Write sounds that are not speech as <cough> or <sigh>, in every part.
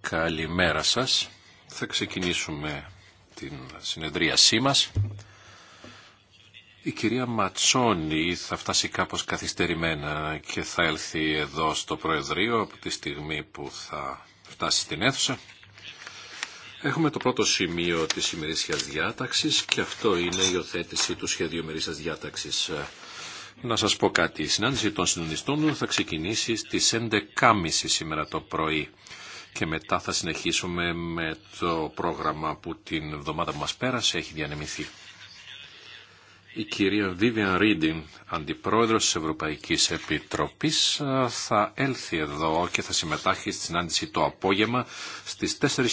Καλημέρα σας. Θα ξεκινήσουμε την συνεδρίασή μας. Η κυρία Ματσόνη θα φτάσει κάπως καθυστερημένα και θα έλθει εδώ στο Προεδρείο από τη στιγμή που θα φτάσει στην αίθουσα. Έχουμε το πρώτο σημείο της ημερήσιας διάταξης και αυτό είναι η οθέτηση του σχεδίου ημερήσιας διάταξης. Να σας πω κάτι. Η συνάντηση των συντονιστών θα ξεκινήσει στις 11.30 σήμερα το πρωί και μετά θα συνεχίσουμε με το πρόγραμμα που την εβδομάδα που μας πέρασε έχει διανεμηθεί. Η κυρία Βίβιαν Reading, αντιπρόεδρος της Ευρωπαϊκής Επιτροπής, θα έλθει εδώ και θα συμμετάχει στη συνάντηση το απόγευμα στις 4.30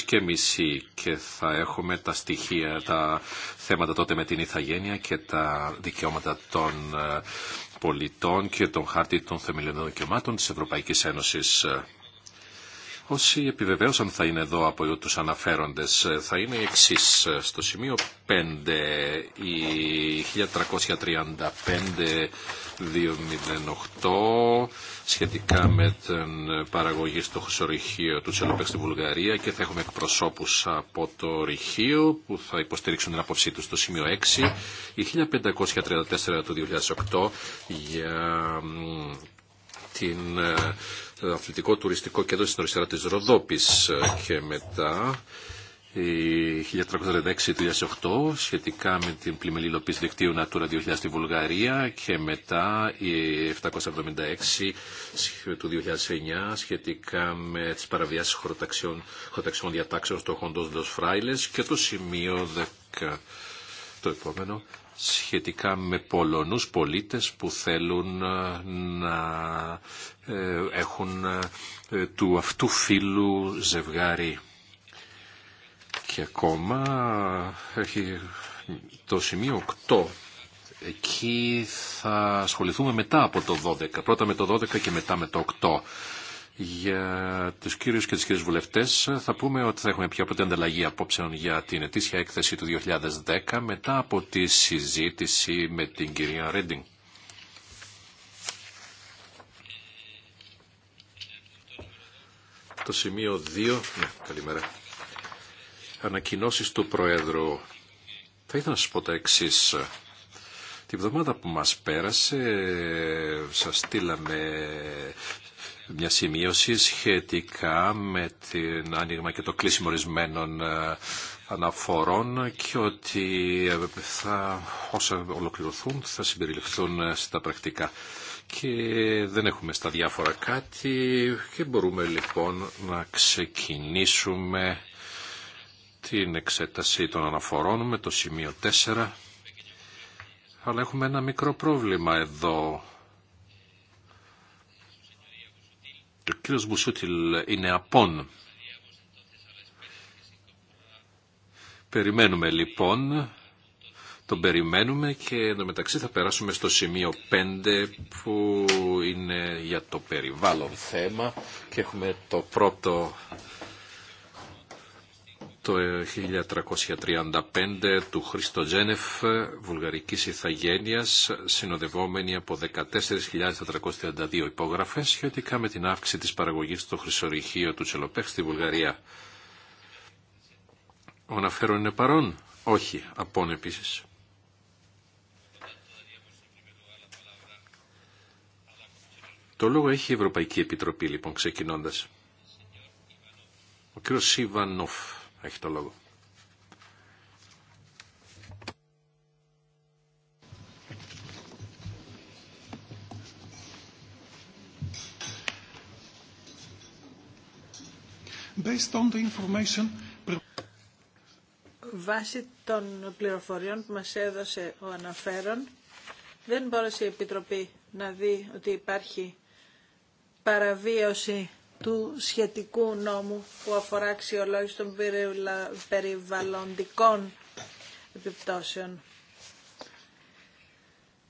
και θα έχουμε τα στοιχεία, τα θέματα τότε με την ηθαγένεια και τα δικαιώματα των ε, πολιτών και τον χάρτη των θεμελιωδών δικαιωμάτων της Ευρωπαϊκής Ένωσης. Όσοι επιβεβαίωσαν θα είναι εδώ από τους αναφέροντες θα είναι οι εξή. Στο σημείο 5 η 1335-208 σχετικά με την παραγωγή στο χρυσορυχείο του Τσελοπέκ στη Βουλγαρία και θα έχουμε εκπροσώπους από το ρηχείο που θα υποστηρίξουν την άποψή του στο σημείο 6. Η 1534 του 2008 για την αθλητικό τουριστικό κέντρο στην οριστερά της Ροδόπης και μετά η 1336-2008 σχετικά με την πλημελή λοπής δικτύου Natura 2000 στη Βουλγαρία και μετά η 776 του 2009 σχετικά με τις παραβιάσεις χωροταξιών, χωροταξιών διατάξεων στο Χοντός Δος Φράιλες και το σημείο 10 το επόμενο σχετικά με Πολωνούς πολίτες που θέλουν ε, να ε, έχουν ε, του αυτού φίλου ζευγάρι. Και ακόμα έχει το σημείο 8 Εκεί θα ασχοληθούμε μετά από το 12. Πρώτα με το 12 και μετά με το 8 για τους κύριους και τις κύριες βουλευτές θα πούμε ότι θα έχουμε πιο πρώτη ανταλλαγή απόψεων για την ετήσια έκθεση του 2010 μετά από τη συζήτηση με την κυρία Ρέντινγκ. Το σημείο 2, ναι, καλημέρα, ανακοινώσεις του Προέδρου. Θα ήθελα να σας πω τα εξής. Τη βδομάδα που μας πέρασε σας στείλαμε μια σημείωση σχετικά με την άνοιγμα και το κλείσιμο ορισμένων ε, αναφορών και ότι ε, θα, όσα ολοκληρωθούν θα συμπεριληφθούν ε, στα πρακτικά. Και δεν έχουμε στα διάφορα κάτι και μπορούμε λοιπόν να ξεκινήσουμε την εξέταση των αναφορών με το σημείο 4. Αλλά έχουμε ένα μικρό πρόβλημα εδώ Το κύριο Μπουσούτιλ είναι απόν. Περιμένουμε λοιπόν, τον περιμένουμε και μεταξύ θα περάσουμε στο σημείο 5 που είναι για το περιβάλλον θέμα και έχουμε το πρώτο το 1335 του Χριστογένεφ βουλγαρικής ηθαγένειας συνοδευόμενη από 14.432 υπόγραφες σχετικά με την αύξηση της παραγωγής στο χρυσορυχείο του Τσελοπέχ στη Βουλγαρία. Ο αναφέρον είναι παρόν. Όχι, απόν επίσης. Το λόγο έχει η Ευρωπαϊκή Επιτροπή, λοιπόν, ξεκινώντας. Ο κύριος Σιβανόφ έχει το λόγο. Βάσει των πληροφοριών που μας έδωσε ο αναφέρον, δεν μπόρεσε η Επιτροπή να δει ότι υπάρχει παραβίωση του σχετικού νόμου που αφορά αξιολόγηση των περιβαλλοντικών επιπτώσεων.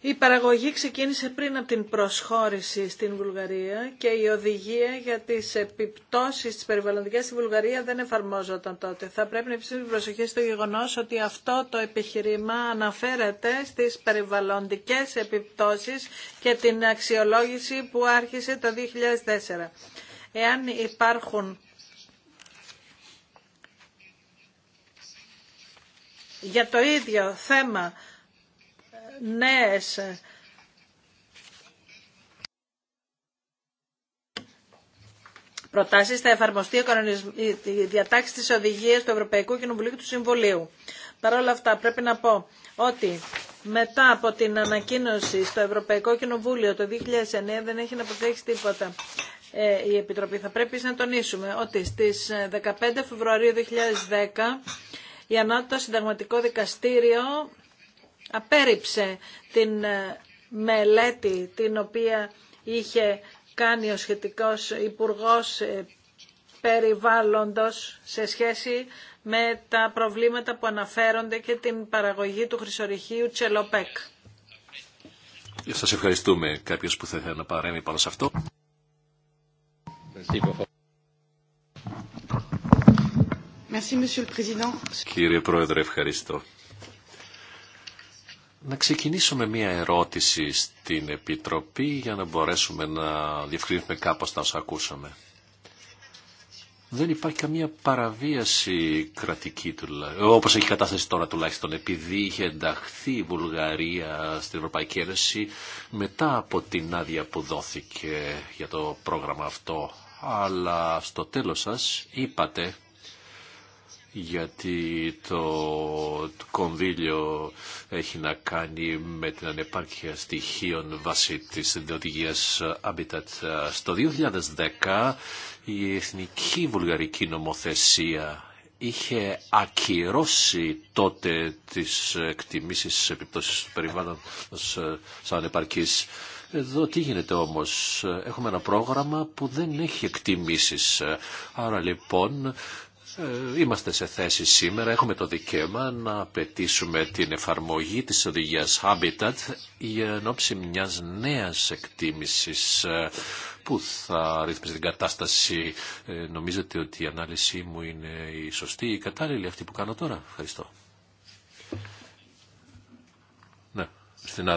Η παραγωγή ξεκίνησε πριν από την προσχώρηση στην Βουλγαρία και η οδηγία για τις επιπτώσεις της περιβαλλοντικές στην Βουλγαρία δεν εφαρμόζονταν τότε. Θα πρέπει να επιστρέψουμε προσοχή στο γεγονός ότι αυτό το επιχειρήμα αναφέρεται στις περιβαλλοντικές επιπτώσεις και την αξιολόγηση που άρχισε το 2004. Εάν υπάρχουν για το ίδιο θέμα ε, νέες ε, προτάσει θα εφαρμοστεί η διατάξη τη οδηγία του Ευρωπαϊκού Κοινοβουλίου και του Συμβουλίου. Παρ' όλα αυτά πρέπει να πω ότι μετά από την ανακοίνωση στο Ευρωπαϊκό Κοινοβούλιο το 2009 δεν έχει να προσέξει τίποτα. Ε, η Επιτροπή. Θα πρέπει να τονίσουμε ότι στις 15 ε, Φεβρουαρίου 2010 η Ανώτατο Συνταγματικό Δικαστήριο απέρριψε την ε, μελέτη την οποία είχε κάνει ο σχετικός Υπουργός Περιβάλλοντος σε σχέση με τα προβλήματα που αναφέρονται και την παραγωγή του χρυσορυχείου Τσελοπέκ. Σας ευχαριστούμε. Κάποιος που θα ήθελε να παρέμει πάνω σε αυτό. Κύριε Πρόεδρε, ευχαριστώ. Να ξεκινήσουμε μία ερώτηση στην Επιτροπή για να μπορέσουμε να διευκρινίσουμε κάπως τα όσα ακούσαμε. Δεν υπάρχει καμία παραβίαση κρατική, όπως έχει κατάσταση τώρα τουλάχιστον, επειδή είχε ενταχθεί η Βουλγαρία στην Ευρωπαϊκή Ένωση μετά από την άδεια που δόθηκε για το πρόγραμμα αυτό αλλά στο τέλος σας είπατε γιατί το κονδύλιο έχει να κάνει με την ανεπάρκεια στοιχείων βάσει της οδηγίας Habitat. Στο 2010 η Εθνική Βουλγαρική Νομοθεσία είχε ακυρώσει τότε τις εκτιμήσεις επιπτώσεις του περιβάλλοντος σαν επαρκής εδώ τι γίνεται όμως. Έχουμε ένα πρόγραμμα που δεν έχει εκτιμήσεις. Άρα λοιπόν ε, είμαστε σε θέση σήμερα, έχουμε το δικαίωμα να απαιτήσουμε την εφαρμογή της οδηγίας Habitat για ενόψη μιας νέας εκτίμησης ε, που θα ρύθμιζε την κατάσταση. Ε, νομίζετε ότι η ανάλυση μου είναι η σωστή ή η κατάλληλη αυτή που κάνω τώρα. Ευχαριστώ. Ναι, στην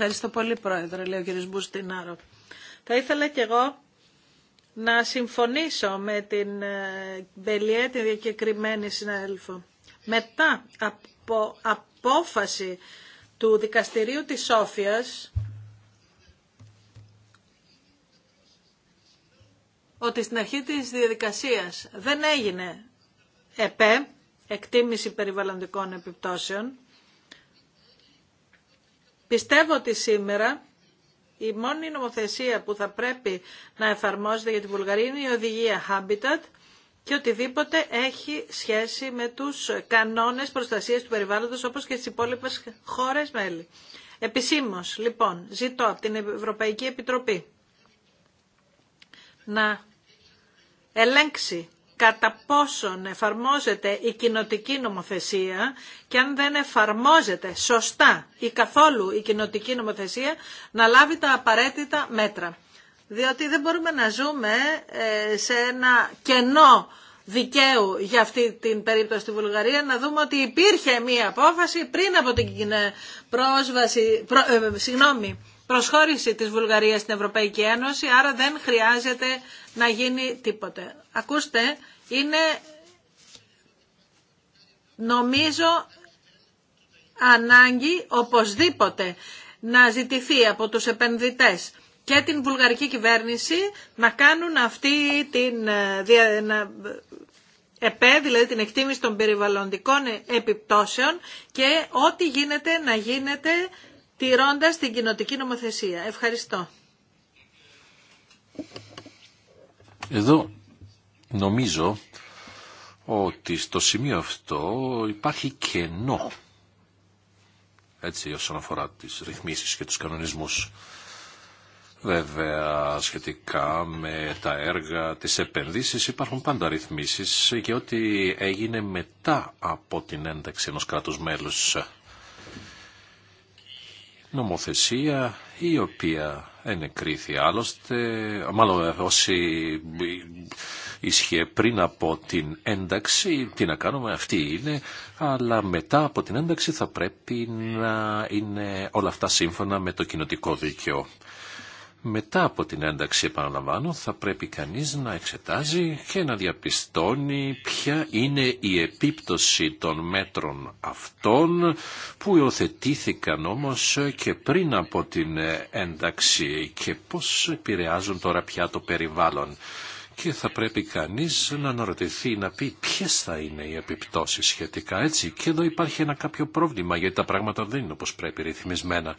Ευχαριστώ πολύ, Πρόεδρε, λέει ο κ. Μπουστινάρο. Θα ήθελα κι εγώ να συμφωνήσω με την ε, Μπελιέ, την διακεκριμένη συνάδελφο. Μετά από απόφαση του δικαστηρίου της Σόφιας, ότι στην αρχή της διαδικασίας δεν έγινε ΕΠΕ, εκτίμηση περιβαλλοντικών επιπτώσεων, Πιστεύω ότι σήμερα η μόνη νομοθεσία που θα πρέπει να εφαρμόζεται για τη Βουλγαρία είναι η οδηγία Habitat και οτιδήποτε έχει σχέση με τους κανόνες προστασίας του περιβάλλοντος όπως και στις υπόλοιπες χώρες μέλη. Επισήμως, λοιπόν, ζητώ από την Ευρωπαϊκή Επιτροπή να ελέγξει κατά πόσον εφαρμόζεται η κοινοτική νομοθεσία και αν δεν εφαρμόζεται σωστά ή καθόλου η κοινοτική νομοθεσία να λάβει τα απαραίτητα μέτρα. Διότι δεν μπορούμε να ζούμε ε, σε ένα κενό δικαίου για αυτή την περίπτωση στη Βουλγαρία, να δούμε ότι υπήρχε μία απόφαση πριν από την ε, πρόσβαση, ε, προσχώρηση της Βουλγαρίας στην Ευρωπαϊκή Ένωση, άρα δεν χρειάζεται να γίνει τίποτε. Ακούστε είναι νομίζω ανάγκη οπωσδήποτε να ζητηθεί από τους επενδυτές και την βουλγαρική κυβέρνηση να κάνουν αυτή την ε, ΕΠΕ, δηλαδή την εκτίμηση των περιβαλλοντικών επιπτώσεων και ό,τι γίνεται να γίνεται τηρώντας την κοινοτική νομοθεσία. Ευχαριστώ. Εδώ Νομίζω ότι στο σημείο αυτό υπάρχει κενό έτσι όσον αφορά τις ρυθμίσεις και τους κανονισμούς. Βέβαια, σχετικά με τα έργα, της επενδύσεις υπάρχουν πάντα ρυθμίσεις και ό,τι έγινε μετά από την ένταξη ενός κράτους μέλους. Νομοθεσία η οποία ενεκρίθη άλλωστε, μάλλον όσοι ίσχυε πριν από την ένταξη, τι να κάνουμε, αυτή είναι, αλλά μετά από την ένταξη θα πρέπει να είναι όλα αυτά σύμφωνα με το κοινοτικό δίκαιο. Μετά από την ένταξη, επαναλαμβάνω, θα πρέπει κανείς να εξετάζει και να διαπιστώνει ποια είναι η επίπτωση των μέτρων αυτών που υιοθετήθηκαν όμως και πριν από την ένταξη και πώς επηρεάζουν τώρα πια το περιβάλλον και θα πρέπει κανείς να αναρωτηθεί, να πει ποιες θα είναι οι επιπτώσεις σχετικά έτσι και εδώ υπάρχει ένα κάποιο πρόβλημα γιατί τα πράγματα δεν είναι όπως πρέπει ρυθμισμένα.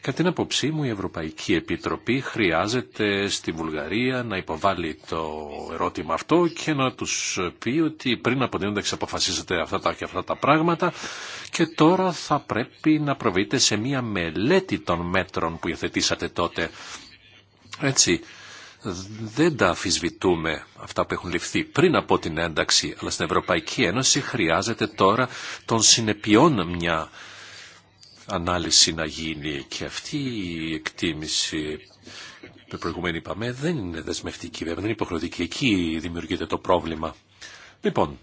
Κατά την άποψή μου η Ευρωπαϊκή Επιτροπή χρειάζεται στη Βουλγαρία να υποβάλει το ερώτημα αυτό και να τους πει ότι πριν από την ένταξη αυτά τα και αυτά τα πράγματα και τώρα θα πρέπει να προβείτε σε μια μελέτη των μέτρων που υιοθετήσατε τότε. Έτσι, δεν τα αφισβητούμε αυτά που έχουν ληφθεί πριν από την ένταξη, αλλά στην Ευρωπαϊκή Ένωση χρειάζεται τώρα των συνεπειών μια ανάλυση να γίνει και αυτή η εκτίμηση που προηγουμένη είπαμε δεν είναι δεσμευτική βέβαια, δεν είναι υποχρεωτική. Εκεί δημιουργείται το πρόβλημα. Λοιπόν,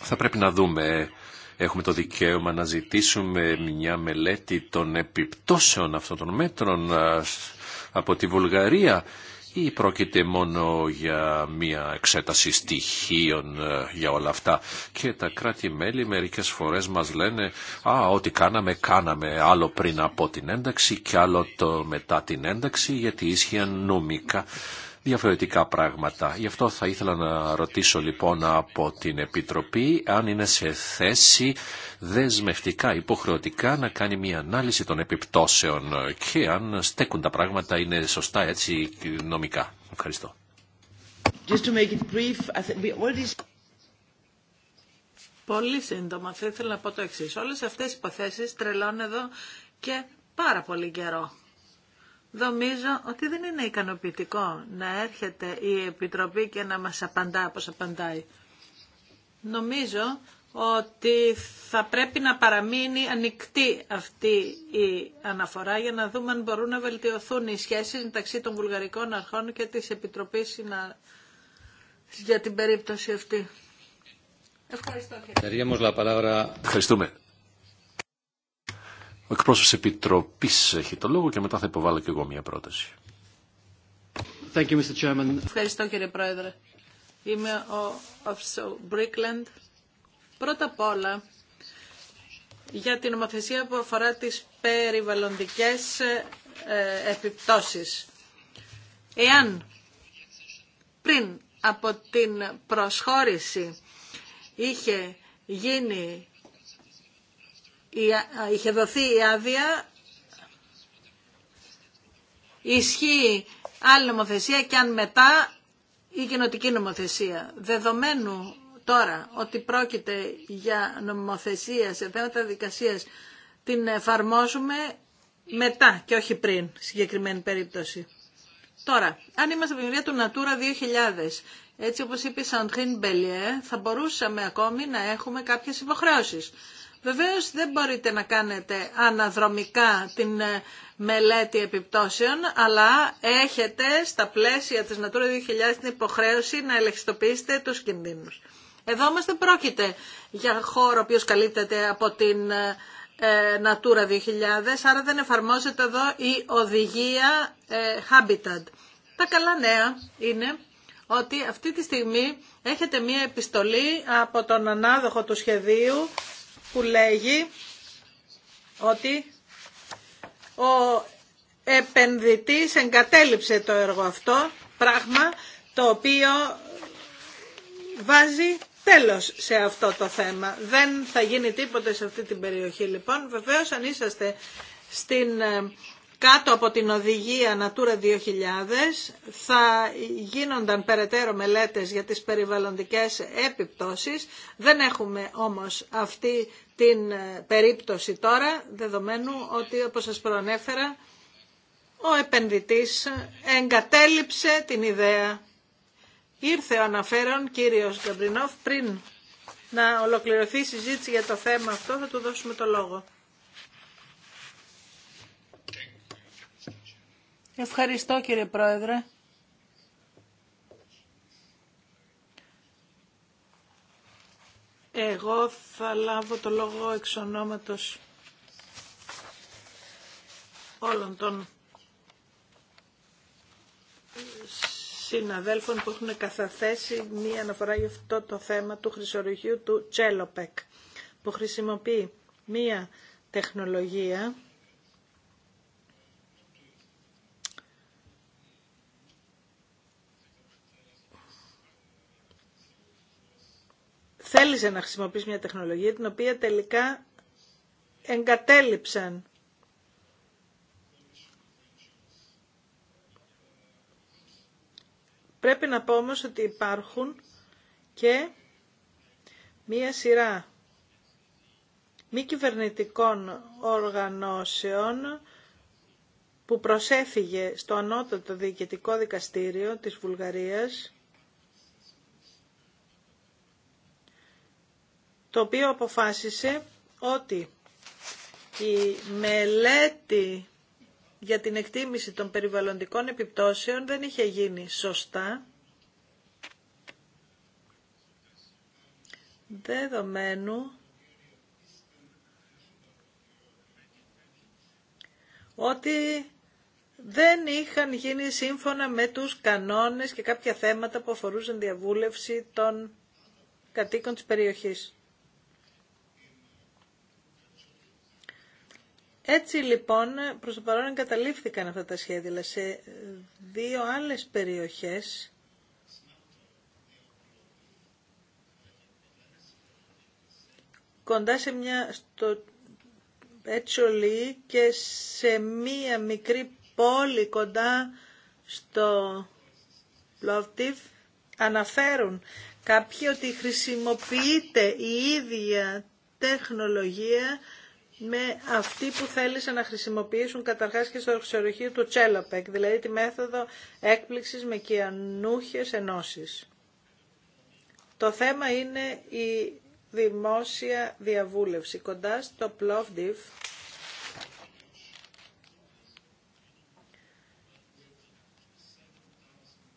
θα πρέπει να δούμε Έχουμε το δικαίωμα να ζητήσουμε μια μελέτη των επιπτώσεων αυτών των μέτρων από τη Βουλγαρία ή πρόκειται μόνο για μια εξέταση στοιχείων για όλα αυτά. Και τα κράτη-μέλη μερικές φορές μας λένε «Α, ό,τι κάναμε, κάναμε άλλο πριν από την ένταξη και άλλο το μετά την ένταξη γιατί ίσχυαν νομικά διαφορετικά πράγματα. Γι' αυτό θα ήθελα να ρωτήσω λοιπόν από την Επιτροπή αν είναι σε θέση δεσμευτικά, υποχρεωτικά να κάνει μια ανάλυση των επιπτώσεων και αν στέκουν τα πράγματα είναι σωστά έτσι νομικά. Ευχαριστώ. Just to make it brief, I we already... Πολύ σύντομα θα ήθελα να πω το εξή. Όλες αυτές οι υποθέσεις τρελώνουν εδώ και πάρα πολύ καιρό. Δομίζω ότι δεν είναι ικανοποιητικό να έρχεται η Επιτροπή και να μας απαντά όπως απαντάει. Νομίζω ότι θα πρέπει να παραμείνει ανοιχτή αυτή η αναφορά για να δούμε αν μπορούν να βελτιωθούν οι σχέσεις μεταξύ των βουλγαρικών αρχών και της Επιτροπής για την περίπτωση αυτή. Ευχαριστώ. Ευχαριστούμε. Ο εκπρόσωπος επιτροπή έχει το λόγο και μετά θα υποβάλω και εγώ μια πρόταση. you, Mr. Ευχαριστώ κύριε Πρόεδρε. Είμαι ο Officer Brickland. Πρώτα απ' όλα, για την νομοθεσία που αφορά τις περιβαλλοντικές ε, επιπτώσεις. Εάν πριν από την προσχώρηση είχε γίνει είχε δοθεί η άδεια, ισχύει άλλη νομοθεσία και αν μετά η κοινοτική νομοθεσία. Δεδομένου τώρα ότι πρόκειται για νομοθεσία σε θέματα δικασίας την εφαρμόζουμε μετά και όχι πριν συγκεκριμένη περίπτωση. Τώρα, αν είμαστε από του Natura 2000, έτσι όπως είπε η Σαντρίν Μπελιέ, θα μπορούσαμε ακόμη να έχουμε κάποιες υποχρεώσεις. Βεβαίως δεν μπορείτε να κάνετε αναδρομικά την ε, μελέτη επιπτώσεων, αλλά έχετε στα πλαίσια της Natura 2000 την υποχρέωση να ελεγχιστοποιήσετε τους κινδύνους. Εδώ όμως δεν πρόκειται για χώρο ο οποίος καλύπτεται από την ε, Natura 2000, άρα δεν εφαρμόζεται εδώ η οδηγία ε, Habitat. Τα καλά νέα είναι ότι αυτή τη στιγμή έχετε μία επιστολή από τον ανάδοχο του σχεδίου που λέγει ότι ο επενδυτής εγκατέλειψε το έργο αυτό, πράγμα το οποίο βάζει τέλος σε αυτό το θέμα. Δεν θα γίνει τίποτε σε αυτή την περιοχή λοιπόν. Βεβαίως αν είσαστε στην ε, κάτω από την οδηγία Natura 2000 θα γίνονταν περαιτέρω μελέτες για τις περιβαλλοντικές επιπτώσεις. Δεν έχουμε όμως αυτή την ε, περίπτωση τώρα, δεδομένου ότι όπως σας προανέφερα ο επενδυτής εγκατέλειψε την ιδέα. Ήρθε ο αναφέρον κύριος Γκαμπρινόφ πριν να ολοκληρωθεί η συζήτηση για το θέμα αυτό, θα του δώσουμε το λόγο. Ευχαριστώ κύριε Πρόεδρε. Εγώ θα λάβω το λόγο εξ ονόματος όλων των συναδέλφων που έχουν καθαθέσει μία αναφορά για αυτό το θέμα του χρυσορυχείου του Τσέλοπεκ που χρησιμοποιεί μία τεχνολογία θέλησε να χρησιμοποιήσει μια τεχνολογία την οποία τελικά εγκατέλειψαν. Πρέπει να πω όμως ότι υπάρχουν και μία σειρά μη κυβερνητικών οργανώσεων που προσέφυγε στο ανώτατο διοικητικό δικαστήριο της Βουλγαρίας το οποίο αποφάσισε ότι η μελέτη για την εκτίμηση των περιβαλλοντικών επιπτώσεων δεν είχε γίνει σωστά, δεδομένου ότι δεν είχαν γίνει σύμφωνα με τους κανόνες και κάποια θέματα που αφορούσαν διαβούλευση των κατοίκων της περιοχής. Έτσι λοιπόν προς το παρόν εγκαταλείφθηκαν αυτά τα σχέδια σε δύο άλλες περιοχές κοντά σε μια στο Ετσολή και σε μια μικρή πόλη κοντά στο Λοβτίβ αναφέρουν κάποιοι ότι χρησιμοποιείται η ίδια τεχνολογία με αυτή που θέλησαν να χρησιμοποιήσουν καταρχάς και στο ξεροχείο του Τσέλοπεκ, δηλαδή τη μέθοδο έκπληξης με κιανούχες ενώσεις. Το θέμα είναι η δημόσια διαβούλευση. Κοντά στο Πλόβδιβ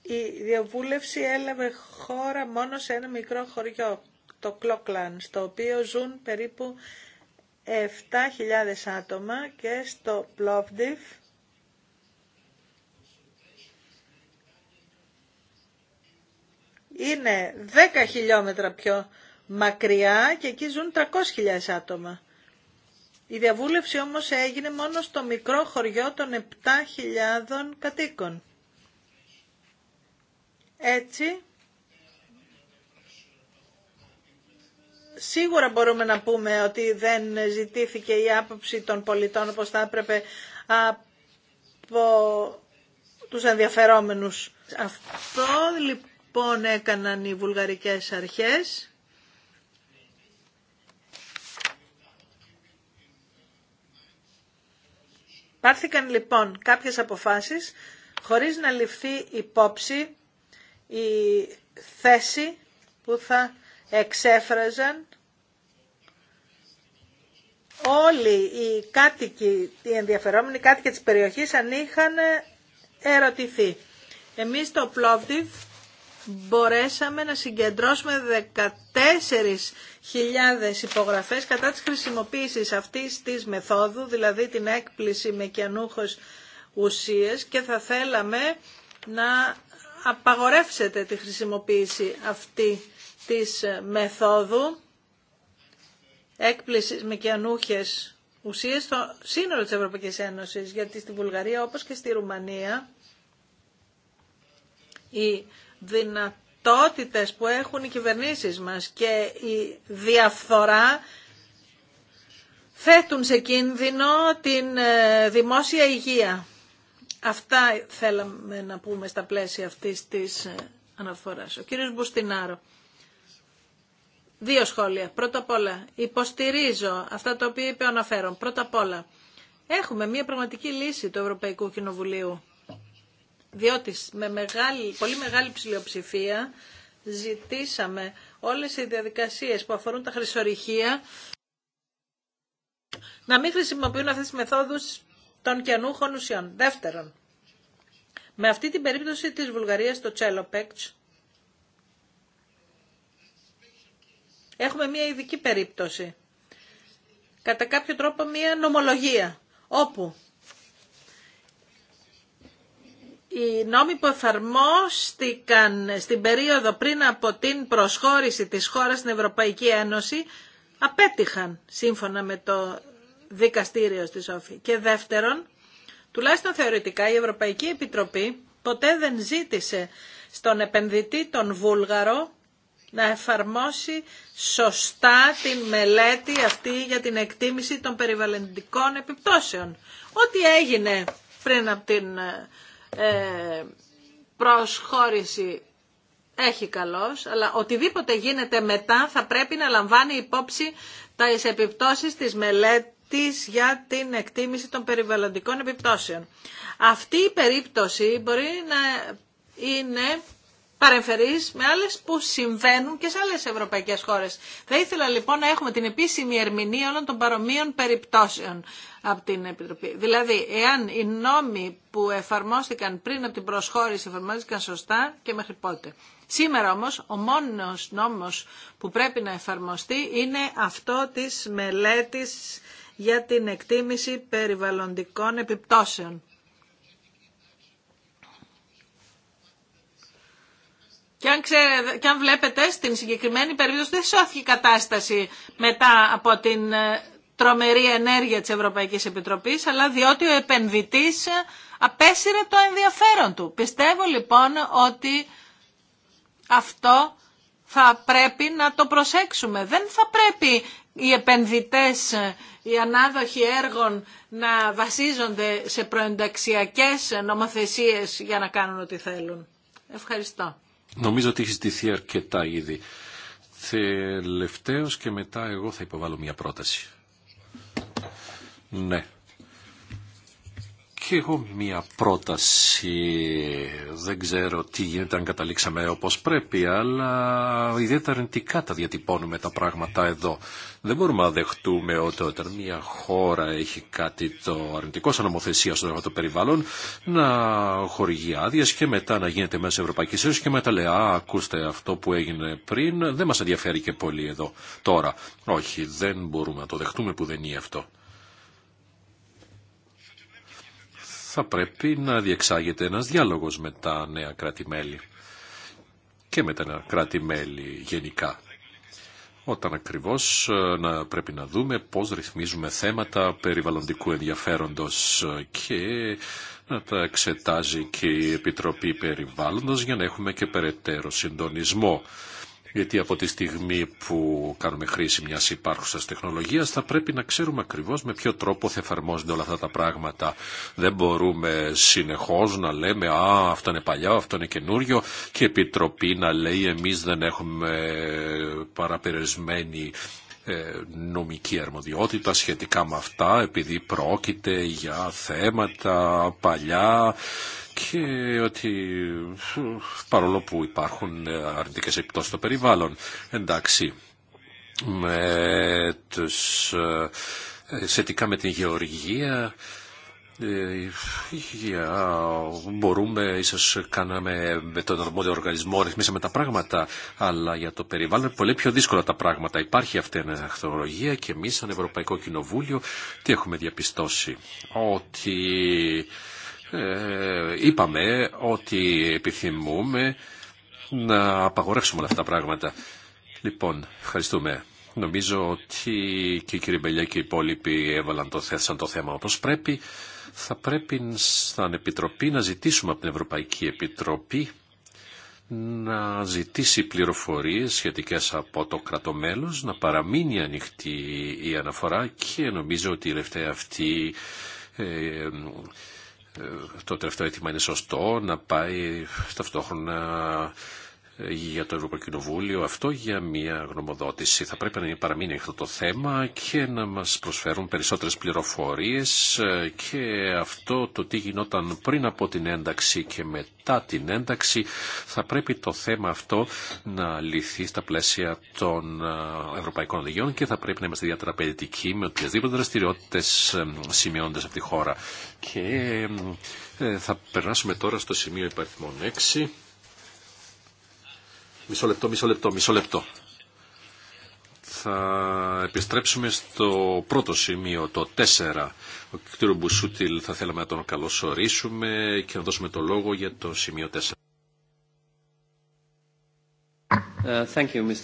η διαβούλευση έλαβε χώρα μόνο σε ένα μικρό χωριό, το Κλόκλαν, στο οποίο ζουν περίπου 7.000 άτομα και στο Plovdiv είναι 10 χιλιόμετρα πιο μακριά και εκεί ζουν 300.000 άτομα. Η διαβούλευση όμως έγινε μόνο στο μικρό χωριό των 7.000 κατοίκων. Έτσι, σίγουρα μπορούμε να πούμε ότι δεν ζητήθηκε η άποψη των πολιτών όπως θα έπρεπε από τους ενδιαφερόμενους. Αυτό λοιπόν έκαναν οι βουλγαρικές αρχές. Πάρθηκαν λοιπόν κάποιες αποφάσεις χωρίς να ληφθεί υπόψη η θέση που θα εξέφραζαν όλοι οι κάτοικοι, οι ενδιαφερόμενοι κάτοικοι της περιοχής αν είχαν ερωτηθεί. Εμείς στο Πλόβδιβ μπορέσαμε να συγκεντρώσουμε 14.000 υπογραφές κατά της χρησιμοποίησης αυτής της μεθόδου, δηλαδή την έκπληση με κιανούχος ουσίες και θα θέλαμε να απαγορεύσετε τη χρησιμοποίηση αυτή της μεθόδου έκπληση με κιανούχες ουσίες στο σύνολο της Ευρωπαϊκής Ένωσης, γιατί στη Βουλγαρία όπως και στη Ρουμανία οι δυνατότητες που έχουν οι κυβερνήσεις μας και η διαφθορά θέτουν σε κίνδυνο την ε, δημόσια υγεία. Αυτά θέλαμε να πούμε στα πλαίσια αυτής της ε, αναφοράς. Ο κύριος Μπουστινάρο. Δύο σχόλια. Πρώτα απ' όλα, υποστηρίζω αυτά τα οποία είπε ο Αναφέρον. Πρώτα απ' όλα, έχουμε μια πραγματική λύση του Ευρωπαϊκού Κοινοβουλίου. Διότι με μεγάλη, πολύ μεγάλη ψηλοψηφία ζητήσαμε όλες οι διαδικασίες που αφορούν τα χρυσορυχεία να μην χρησιμοποιούν αυτές τις μεθόδους των καινούχων ουσιών. Δεύτερον, με αυτή την περίπτωση της Βουλγαρίας το Τσέλοπέκτς, Έχουμε μία ειδική περίπτωση. Κατά κάποιο τρόπο μία νομολογία, όπου οι νόμοι που εφαρμόστηκαν στην περίοδο πριν από την προσχώρηση της χώρας στην Ευρωπαϊκή Ένωση απέτυχαν σύμφωνα με το δικαστήριο στη Σόφη. Και δεύτερον, τουλάχιστον θεωρητικά η Ευρωπαϊκή Επιτροπή ποτέ δεν ζήτησε στον επενδυτή τον Βούλγαρο να εφαρμόσει σωστά την μελέτη αυτή για την εκτίμηση των περιβαλλοντικών επιπτώσεων. Ό,τι έγινε πριν από την ε, ε προσχώρηση έχει καλός, αλλά οτιδήποτε γίνεται μετά θα πρέπει να λαμβάνει υπόψη τα επιπτώσεις της μελέτης για την εκτίμηση των περιβαλλοντικών επιπτώσεων. Αυτή η περίπτωση μπορεί να είναι παρεμφερείς με άλλες που συμβαίνουν και σε άλλες ευρωπαϊκές χώρες. Θα ήθελα λοιπόν να έχουμε την επίσημη ερμηνεία όλων των παρομοίων περιπτώσεων από την Επιτροπή. Δηλαδή, εάν οι νόμοι που εφαρμόστηκαν πριν από την προσχώρηση εφαρμόστηκαν σωστά και μέχρι πότε. Σήμερα όμως ο μόνος νόμος που πρέπει να εφαρμοστεί είναι αυτό της μελέτης για την εκτίμηση περιβαλλοντικών επιπτώσεων. Και αν, βλέπετε στην συγκεκριμένη περίπτωση δεν σώθηκε η κατάσταση μετά από την ε, τρομερή ενέργεια της Ευρωπαϊκής Επιτροπής, αλλά διότι ο επενδυτής ε, απέσυρε το ενδιαφέρον του. Πιστεύω λοιπόν ότι αυτό θα πρέπει να το προσέξουμε. Δεν θα πρέπει οι επενδυτές, ε, οι ανάδοχοι έργων να βασίζονται σε προενταξιακές νομοθεσίες για να κάνουν ό,τι θέλουν. Ευχαριστώ. Νομίζω ότι έχει στηθεί αρκετά ήδη. Τελευταίο και μετά εγώ θα υποβάλω μια πρόταση. Ναι, και εγώ μία πρόταση, δεν ξέρω τι γίνεται αν καταλήξαμε όπως πρέπει, αλλά ιδιαίτερα αρνητικά τα διατυπώνουμε τα πράγματα εδώ. Δεν μπορούμε να δεχτούμε ότι όταν μία χώρα έχει κάτι το αρνητικό σαν νομοθεσία στο το περιβάλλον, να χορηγεί άδειε και μετά να γίνεται μέσα Ευρωπαϊκή Ένωση και μετά λέει Α, ακούστε αυτό που έγινε πριν, δεν μα ενδιαφέρει και πολύ εδώ τώρα. Όχι, δεν μπορούμε να το δεχτούμε που δεν είναι αυτό. θα πρέπει να διεξάγεται ένας διάλογος με τα νέα κράτη-μέλη και με τα νέα κράτη-μέλη γενικά. Όταν ακριβώς ε, να πρέπει να δούμε πώς ρυθμίζουμε θέματα περιβαλλοντικού ενδιαφέροντος και να τα εξετάζει και η Επιτροπή Περιβάλλοντος για να έχουμε και περαιτέρω συντονισμό γιατί από τη στιγμή που κάνουμε χρήση μιας υπάρχουσας τεχνολογίας θα πρέπει να ξέρουμε ακριβώς με ποιο τρόπο θα εφαρμόζονται όλα αυτά τα πράγματα. Δεν μπορούμε συνεχώς να λέμε «Α, αυτό είναι παλιά, αυτό είναι καινούριο» και η Επιτροπή να λέει «Εμείς δεν έχουμε παραπερισμένη ε, νομική αρμοδιότητα σχετικά με αυτά επειδή πρόκειται για θέματα παλιά και ότι παρόλο που υπάρχουν ε, αρνητικές επιπτώσεις στο περιβάλλον, εντάξει, με τους, ε, σχετικά με την γεωργία, ε, μπορούμε, ίσως κάναμε με τον αρμόδιο οργανισμό, ρυθμίσαμε τα πράγματα, αλλά για το περιβάλλον πολύ πιο δύσκολα τα πράγματα. Υπάρχει αυτή η αναχθολογία και εμείς σαν Ευρωπαϊκό Κοινοβούλιο τι έχουμε διαπιστώσει. Ότι ε, είπαμε ότι επιθυμούμε να απαγορεύσουμε όλα αυτά τα πράγματα. Λοιπόν, ευχαριστούμε. Νομίζω ότι και η κυρία Μπελιά και οι υπόλοιποι έβαλαν το, θέσαν το θέμα όπως πρέπει. Θα πρέπει στην Επιτροπή να ζητήσουμε από την Ευρωπαϊκή Επιτροπή να ζητήσει πληροφορίες σχετικές από το κρατομέλος, να παραμείνει ανοιχτή η αναφορά και νομίζω ότι η τελευταία αυτή ε, ε, το τελευταίο αίτημα είναι σωστό να πάει ταυτόχρονα για το Ευρωπαϊκό Κοινοβούλιο. Αυτό για μια γνωμοδότηση. Θα πρέπει να παραμείνει αυτό το θέμα και να μας προσφέρουν περισσότερες πληροφορίες και αυτό το τι γινόταν πριν από την ένταξη και μετά την ένταξη θα πρέπει το θέμα αυτό να λυθεί στα πλαίσια των ε, ευρωπαϊκών οδηγιών και θα πρέπει να είμαστε ιδιαίτερα παιδιτικοί με οποιασδήποτε δραστηριότητε ε, σημειώνονται από τη χώρα. Και ε, θα περάσουμε τώρα στο σημείο υπαριθμών 6 Μισό λεπτό, μισό λεπτό, μισό λεπτό. Θα επιστρέψουμε στο πρώτο σημείο, το 4. Ο κ. Μπουσούτιλ θα θέλαμε να τον καλωσορίσουμε και να δώσουμε το λόγο για το σημείο 4. Uh, uh,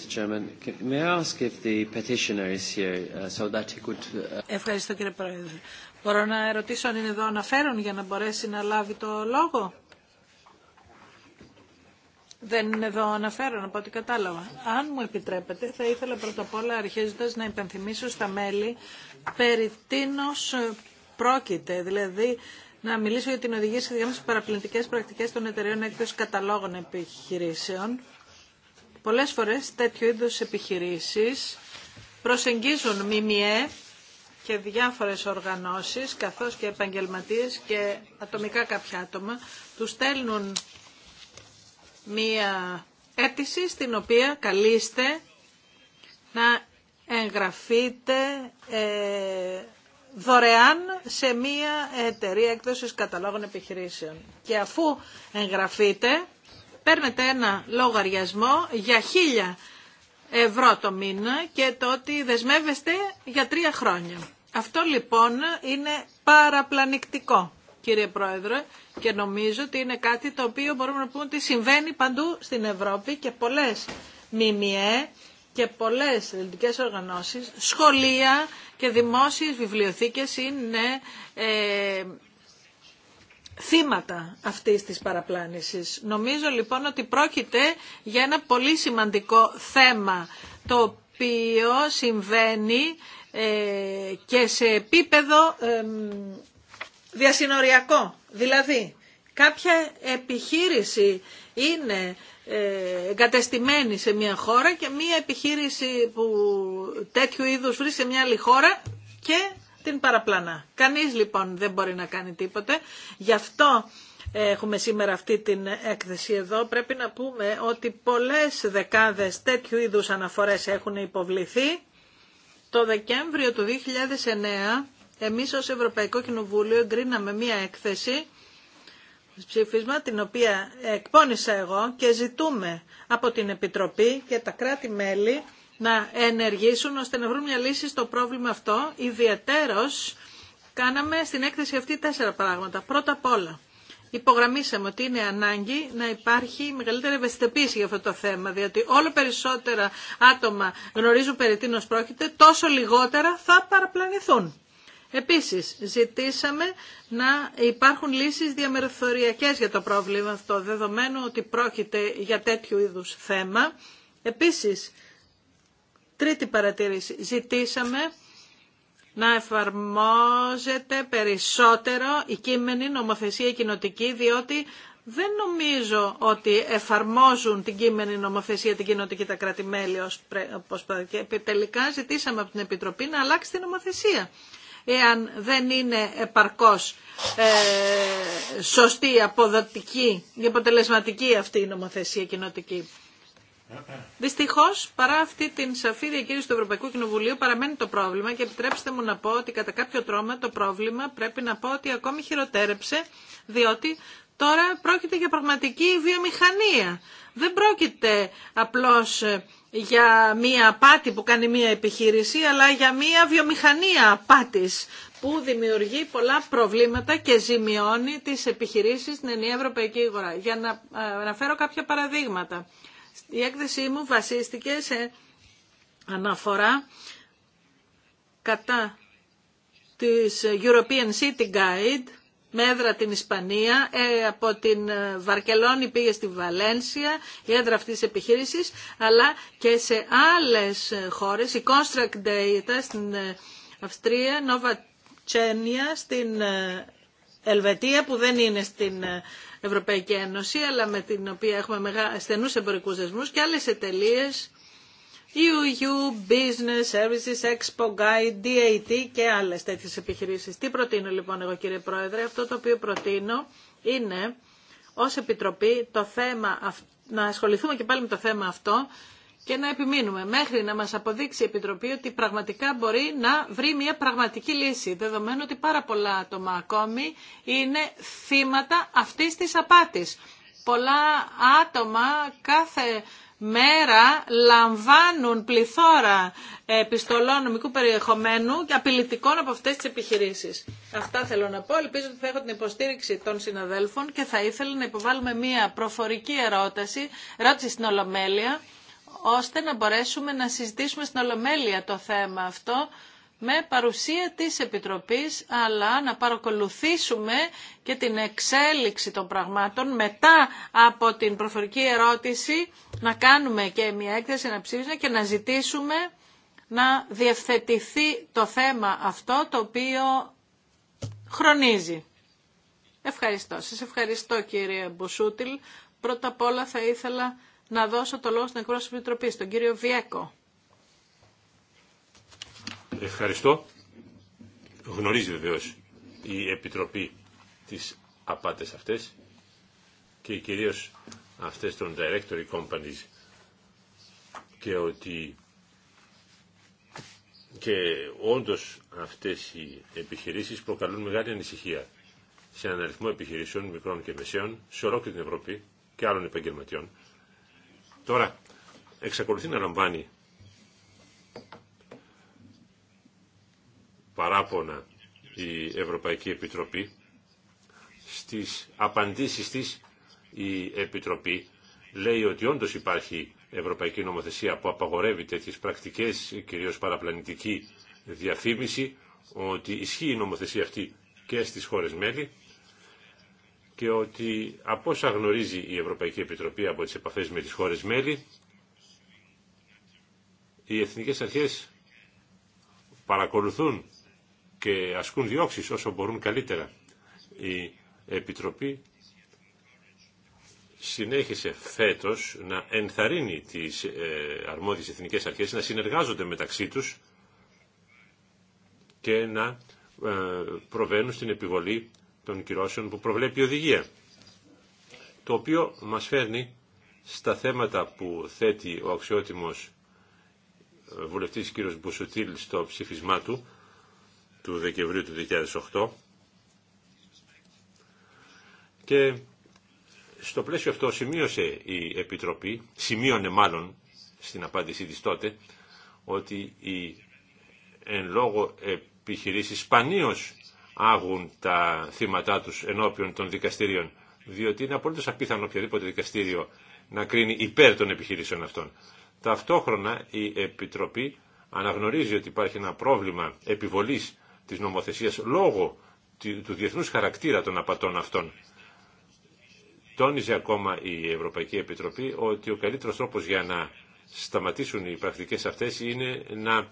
uh, Ευχαριστώ κύριε Πρόεδρε. Μπορώ να ερωτήσω αν είναι εδώ αναφέρον για να μπορέσει να λάβει το λόγο. Δεν είναι εδώ αναφέρον από ό,τι κατάλαβα. Αν μου επιτρέπετε, θα ήθελα πρώτα απ' όλα αρχίζοντας να υπενθυμίσω στα μέλη περί τίνος πρόκειται, δηλαδή να μιλήσω για την οδηγία σχετικά με τι παραπληκτικέ πρακτικέ των εταιρεών έκδοση καταλόγων επιχειρήσεων. Πολλέ φορέ τέτοιου είδου επιχειρήσει προσεγγίζουν ΜΜΕ και διάφορες οργανώσεις καθώς και επαγγελματίες και ατομικά κάποια άτομα του στέλνουν μία αίτηση στην οποία καλείστε να εγγραφείτε ε, δωρεάν σε μία εταιρεία έκδοσης καταλόγων επιχειρήσεων. Και αφού εγγραφείτε, παίρνετε ένα λογαριασμό για χίλια ευρώ το μήνα και το ότι δεσμεύεστε για τρία χρόνια. Αυτό λοιπόν είναι παραπλανηκτικό κύριε Πρόεδρε, και νομίζω ότι είναι κάτι το οποίο μπορούμε να πούμε ότι συμβαίνει παντού στην Ευρώπη και πολλές ΜΜΕ και πολλές ελληνικές οργανώσεις, σχολεία και δημόσιες βιβλιοθήκες είναι ε, θύματα αυτής της παραπλάνησης. Νομίζω λοιπόν ότι πρόκειται για ένα πολύ σημαντικό θέμα το οποίο συμβαίνει ε, και σε επίπεδο διασυνοριακό. Δηλαδή, κάποια επιχείρηση είναι ε, εγκατεστημένη σε μια χώρα και μια επιχείρηση που τέτοιου είδους βρίσκεται σε μια άλλη χώρα και την παραπλανά. Κανείς λοιπόν δεν μπορεί να κάνει τίποτε. Γι' αυτό ε, έχουμε σήμερα αυτή την έκθεση εδώ. Πρέπει να πούμε ότι πολλές δεκάδες τέτοιου είδους αναφορές έχουν υποβληθεί. Το Δεκέμβριο του 2009 εμείς ως Ευρωπαϊκό Κοινοβούλιο εγκρίναμε μία έκθεση ψήφισμα την οποία εκπώνησα εγώ και ζητούμε από την Επιτροπή και τα κράτη-μέλη να ενεργήσουν ώστε να βρουν μια λύση στο πρόβλημα αυτό. Ιδιαιτέρως κάναμε στην έκθεση αυτή τέσσερα πράγματα. Πρώτα απ' όλα, υπογραμμίσαμε ότι είναι ανάγκη να υπάρχει μεγαλύτερη ευαισθητοποίηση για αυτό το θέμα, διότι όλο περισσότερα άτομα γνωρίζουν περί τίνος πρόκειται, τόσο λιγότερα θα παραπλανηθούν. Επίσης, ζητήσαμε να υπάρχουν λύσεις διαμερθωριακές για το πρόβλημα αυτό, δεδομένου ότι πρόκειται για τέτοιου είδους θέμα. Επίσης, τρίτη παρατήρηση, ζητήσαμε να εφαρμόζεται περισσότερο η κείμενη νομοθεσία κοινοτική, διότι δεν νομίζω ότι εφαρμόζουν την κείμενη νομοθεσία την κοινοτική τα κράτη-μέλη. Τελικά ζητήσαμε από την Επιτροπή να αλλάξει την νομοθεσία εάν δεν είναι επαρκώς ε, σωστή, αποδοτική και αποτελεσματική αυτή η νομοθεσία κοινοτική. Δυστυχώ, παρά αυτή την σαφή διακήρυξη του Ευρωπαϊκού Κοινοβουλίου, παραμένει το πρόβλημα και επιτρέψτε μου να πω ότι κατά κάποιο τρόμα το πρόβλημα πρέπει να πω ότι ακόμη χειροτέρεψε, διότι Τώρα πρόκειται για πραγματική βιομηχανία. Δεν πρόκειται απλώς ε, για μία απάτη που κάνει μία επιχείρηση, αλλά για μία βιομηχανία απάτης που δημιουργεί πολλά προβλήματα και ζημιώνει τις επιχειρήσεις στην ενιαία ευρωπαϊκή αγορά. Για να ε, αναφέρω κάποια παραδείγματα. Η έκθεσή μου βασίστηκε σε αναφορά κατά της European City Guide, με έδρα την Ισπανία, ε, από την ε, Βαρκελόνη πήγε στη Βαλένσια, η έδρα αυτής της επιχείρησης, αλλά και σε άλλες ε, χώρες, η Construct Data στην Αυστρία, Νόβα Τσένια στην Ελβετία που δεν είναι στην Ευρωπαϊκή Ένωση αλλά με την οποία έχουμε στενούς εμπορικούς δεσμούς και άλλες εταιρείες EU Business Services, Expo Guide, DAT και άλλες τέτοιες επιχειρήσεις. Τι προτείνω λοιπόν εγώ κύριε Πρόεδρε, αυτό το οποίο προτείνω είναι ως Επιτροπή το θέμα, να ασχοληθούμε και πάλι με το θέμα αυτό και να επιμείνουμε μέχρι να μας αποδείξει η Επιτροπή ότι πραγματικά μπορεί να βρει μια πραγματική λύση, δεδομένου ότι πάρα πολλά άτομα ακόμη είναι θύματα αυτής της απάτης. Πολλά άτομα κάθε μέρα λαμβάνουν πληθώρα επιστολών νομικού περιεχομένου και απειλητικών από αυτές τις επιχειρήσεις. Αυτά θέλω να πω. Ελπίζω ότι θα έχω την υποστήριξη των συναδέλφων και θα ήθελα να υποβάλουμε μία προφορική ερώτηση, ερώτηση στην Ολομέλεια, ώστε να μπορέσουμε να συζητήσουμε στην Ολομέλεια το θέμα αυτό με παρουσία της Επιτροπής, αλλά να παρακολουθήσουμε και την εξέλιξη των πραγμάτων μετά από την προφορική ερώτηση, να κάνουμε και μια έκθεση, να ψήφισμα και να ζητήσουμε να διευθετηθεί το θέμα αυτό το οποίο χρονίζει. Ευχαριστώ. Σας ευχαριστώ κύριε Μποσούτιλ. Πρώτα απ' όλα θα ήθελα να δώσω το λόγο στην εκπρόσωπη Επιτροπή, τον κύριο Βιέκο. Ευχαριστώ. Γνωρίζει βεβαίω η Επιτροπή τις απάτες αυτές και κυρίως αυτές των directory companies και ότι και όντως αυτές οι επιχειρήσεις προκαλούν μεγάλη ανησυχία σε έναν αριθμό επιχειρήσεων μικρών και μεσαίων σε ολόκληρη την Ευρώπη και άλλων επαγγελματιών. Τώρα, εξακολουθεί να λαμβάνει παράπονα η Ευρωπαϊκή Επιτροπή. Στις απαντήσεις της η Επιτροπή λέει ότι όντως υπάρχει ευρωπαϊκή νομοθεσία που απαγορεύει τέτοιες πρακτικές, κυρίως παραπλανητική διαφήμιση, ότι ισχύει η νομοθεσία αυτή και στις χώρες μέλη και ότι από όσα γνωρίζει η Ευρωπαϊκή Επιτροπή από τις επαφές με τις χώρες μέλη, οι εθνικές αρχές παρακολουθούν και ασκούν διώξεις όσο μπορούν καλύτερα. Η Επιτροπή συνέχισε φέτος να ενθαρρύνει τις ε, αρμόδιες εθνικές αρχές να συνεργάζονται μεταξύ τους και να ε, προβαίνουν στην επιβολή των κυρώσεων που προβλέπει η οδηγία. Το οποίο μας φέρνει στα θέματα που θέτει ο αξιότιμος ε, βουλευτής κύριος Μπουσουτήλ στο ψήφισμά του του Δεκεμβρίου του 2008 και στο πλαίσιο αυτό σημείωσε η Επιτροπή, σημείωνε μάλλον στην απάντησή της τότε, ότι οι εν λόγω επιχειρήσεις σπανίως άγουν τα θύματά τους ενώπιον των δικαστηρίων, διότι είναι απολύτως απίθανο οποιοδήποτε δικαστήριο να κρίνει υπέρ των επιχειρήσεων αυτών. Ταυτόχρονα η Επιτροπή αναγνωρίζει ότι υπάρχει ένα πρόβλημα επιβολής της νομοθεσίας λόγω του διεθνούς χαρακτήρα των απατών αυτών. Τόνιζε ακόμα η Ευρωπαϊκή Επιτροπή ότι ο καλύτερος τρόπος για να σταματήσουν οι πρακτικές αυτές είναι να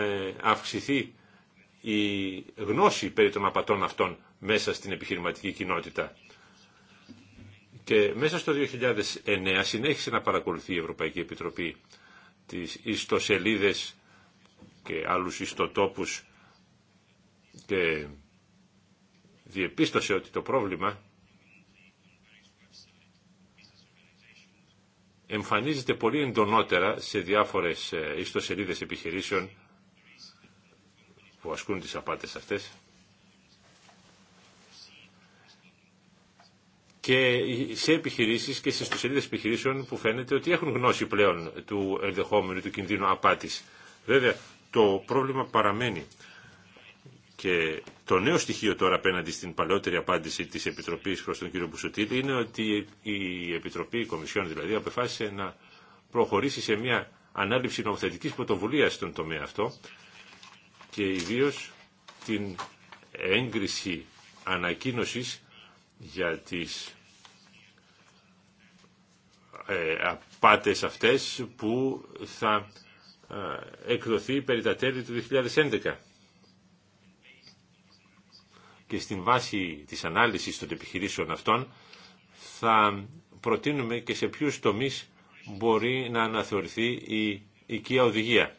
ε, αυξηθεί η γνώση περί των απατών αυτών μέσα στην επιχειρηματική κοινότητα. Και μέσα στο 2009 συνέχισε να παρακολουθεί η Ευρωπαϊκή Επιτροπή τις ιστοσελίδες και άλλους ιστοτόπους και διεπίστωσε ότι το πρόβλημα εμφανίζεται πολύ εντονότερα σε διάφορες ε, ιστοσελίδες επιχειρήσεων που ασκούν τις απάτες αυτές και σε επιχειρήσεις και σε ιστοσελίδες επιχειρήσεων που φαίνεται ότι έχουν γνώση πλέον του ενδεχόμενου του κινδύνου απάτης. Βέβαια, το πρόβλημα παραμένει. Και το νέο στοιχείο τώρα απέναντι στην παλαιότερη απάντηση της Επιτροπής προ τον κύριο Μπουσουτήλη είναι ότι η Επιτροπή η Κομισιόν δηλαδή αποφάσισε να προχωρήσει σε μια ανάληψη νομοθετική πρωτοβουλία στον τομέα αυτό και ιδίω την έγκριση ανακοίνωση για τις ε, απάτες αυτές που θα ε, εκδοθεί περί τα τέλη του 2011 και στην βάση της ανάλυσης των επιχειρήσεων αυτών θα προτείνουμε και σε ποιους τομείς μπορεί να αναθεωρηθεί η οικία οδηγία.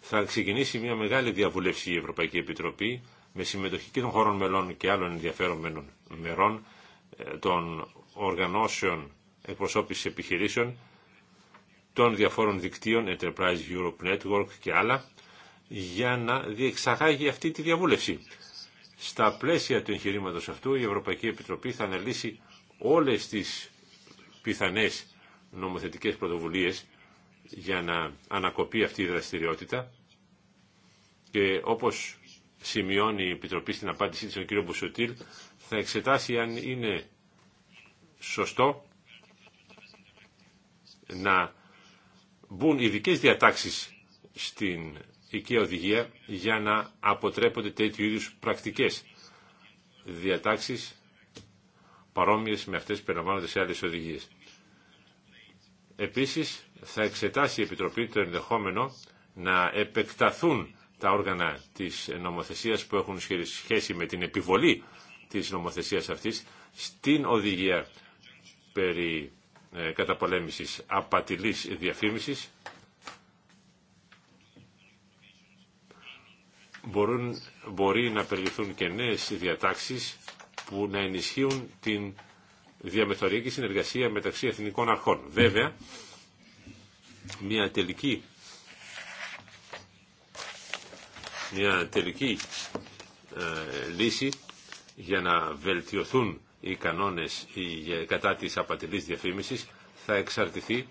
Θα ξεκινήσει μια μεγάλη διαβούλευση η Ευρωπαϊκή Επιτροπή με συμμετοχή και των χωρών μελών και άλλων ενδιαφέρομενων μερών ε, των οργανώσεων εκπροσώπησης επιχειρήσεων των διαφόρων δικτύων Enterprise Europe Network και άλλα για να διεξαγάγει αυτή τη διαβούλευση. Στα πλαίσια του εγχειρήματος αυτού η Ευρωπαϊκή Επιτροπή θα αναλύσει όλες τις πιθανές νομοθετικές πρωτοβουλίες για να ανακοπεί αυτή η δραστηριότητα και όπως σημειώνει η Επιτροπή στην απάντησή της τον κύριο Μπουσουτήλ θα εξετάσει αν είναι σωστό να μπουν ειδικέ διατάξεις στην και οδηγία για να αποτρέπονται τέτοιου είδους πρακτικές διατάξεις παρόμοιες με αυτές που περιλαμβάνονται σε άλλες οδηγίες. Επίσης, θα εξετάσει η Επιτροπή το ενδεχόμενο να επεκταθούν τα όργανα της νομοθεσίας που έχουν σχέση με την επιβολή της νομοθεσίας αυτής στην οδηγία περί ε, καταπολέμησης απατηλής διαφήμισης μπορούν, μπορεί να περιληφθούν και νέες διατάξεις που να ενισχύουν την διαμεθοριακή συνεργασία μεταξύ εθνικών αρχών. Βέβαια, μια τελική, μια τελική ε, λύση για να βελτιωθούν οι κανόνες κατά της απατηλής διαφήμισης θα εξαρτηθεί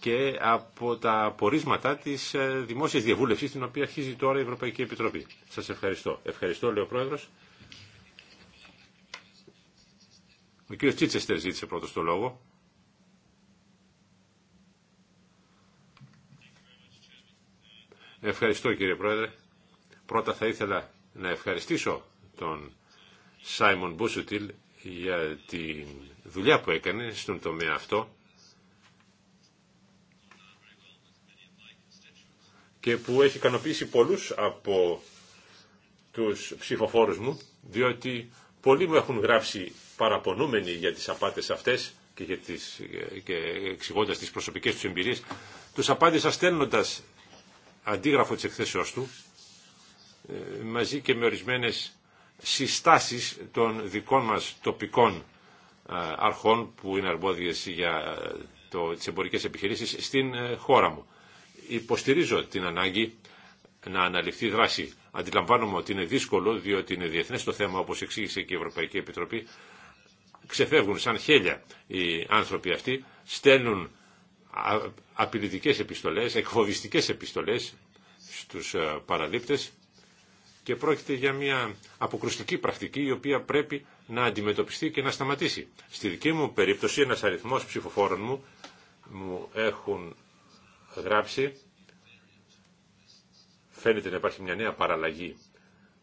και από τα πορίσματα της ε, δημόσιας διαβούλευσης την οποία αρχίζει τώρα η Ευρωπαϊκή Επιτροπή. Σας ευχαριστώ. Ευχαριστώ, λέει ο Πρόεδρος. Ο κ. Τσίτσεστερ ζήτησε πρώτο το λόγο. Ευχαριστώ κύριε Πρόεδρε. Πρώτα θα ήθελα να ευχαριστήσω τον Σάιμον Μπούσουτιλ για τη δουλειά που έκανε στον τομέα αυτό και που έχει ικανοποιήσει πολλούς από τους ψηφοφόρους μου, διότι πολλοί μου έχουν γράψει παραπονούμενοι για τις απάτες αυτές και, για τις, και εξηγώντας τις προσωπικές τους εμπειρίες, τους απάντησα στέλνοντα αντίγραφο της εκθέσεώς του, ε, μαζί και με ορισμένες συστάσεις των δικών μας τοπικών ε, αρχών που είναι αρμόδιες για ε, το, τις εμπορικές επιχειρήσεις στην χώρα μου υποστηρίζω την ανάγκη να αναλυφθεί δράση. Αντιλαμβάνομαι ότι είναι δύσκολο, διότι είναι διεθνές το θέμα, όπως εξήγησε και η Ευρωπαϊκή Επιτροπή. Ξεφεύγουν σαν χέλια οι άνθρωποι αυτοί, στέλνουν απειλητικές επιστολές, εκφοβιστικές επιστολές στους ε, παραλήπτες και πρόκειται για μια αποκρουστική πρακτική η οποία πρέπει να αντιμετωπιστεί και να σταματήσει. Στη δική μου περίπτωση ένας αριθμός ψηφοφόρων μου μου έχουν γράψει. Φαίνεται να υπάρχει μια νέα παραλλαγή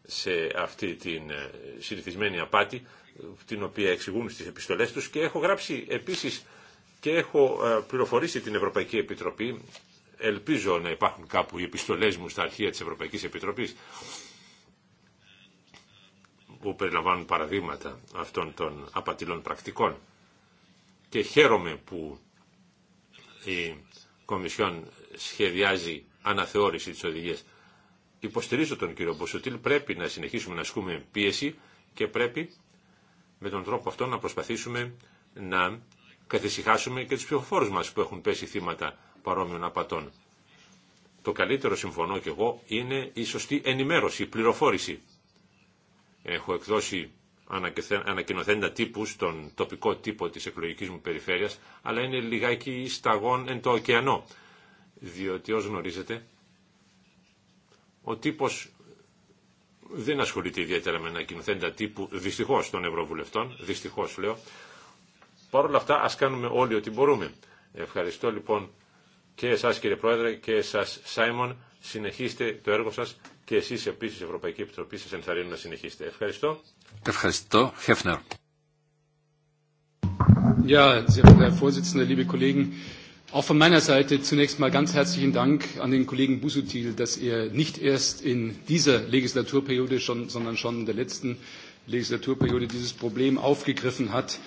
σε αυτή την ε, συνηθισμένη απάτη, την οποία εξηγούν στις επιστολές τους και έχω γράψει επίσης και έχω ε, πληροφορήσει την Ευρωπαϊκή Επιτροπή, ελπίζω να υπάρχουν κάπου οι επιστολές μου στα αρχεία της Ευρωπαϊκής Επιτροπής, που περιλαμβάνουν παραδείγματα αυτών των απατηλών πρακτικών. Και χαίρομαι που η Κομισιόν σχεδιάζει αναθεώρηση τη οδηγία. Υποστηρίζω τον κύριο Μποσουτήλ, πρέπει να συνεχίσουμε να ασκούμε πίεση και πρέπει με τον τρόπο αυτό να προσπαθήσουμε να καθησυχάσουμε και τους ψηφοφόρους μας που έχουν πέσει θύματα παρόμοιων απατών. Το καλύτερο, συμφωνώ και εγώ, είναι η σωστή ενημέρωση, η πληροφόρηση. Έχω εκδώσει ανακοινοθέντα τύπου στον τοπικό τύπο της εκλογικής μου περιφέρειας, αλλά είναι λιγάκι σταγόν εν το ωκεανό, διότι ως γνωρίζετε ο τύπος δεν ασχολείται ιδιαίτερα με ανακοινοθέντα τύπου, δυστυχώς των Ευρωβουλευτών, δυστυχώς λέω. Παρ' όλα αυτά ας κάνουμε όλοι ό,τι μπορούμε. Ευχαριστώ λοιπόν και εσάς κύριε Πρόεδρε και εσάς Σάιμον συνεχίστε το έργο σας και εσείς επίσης Ευρωπαϊκή Επιτροπή σας ενθαρρύνουν να συνεχίσετε. Ευχαριστώ. Ευχαριστώ. Χεφνερ. Ja, sehr verehrter Herr Vorsitzender, liebe Kollegen, auch von meiner Seite zunächst mal ganz herzlichen Dank an den Kollegen Busutil, dass er nicht erst in dieser Legislaturperiode schon, sondern schon in der letzten Legislaturperiode dieses Problem aufgegriffen hat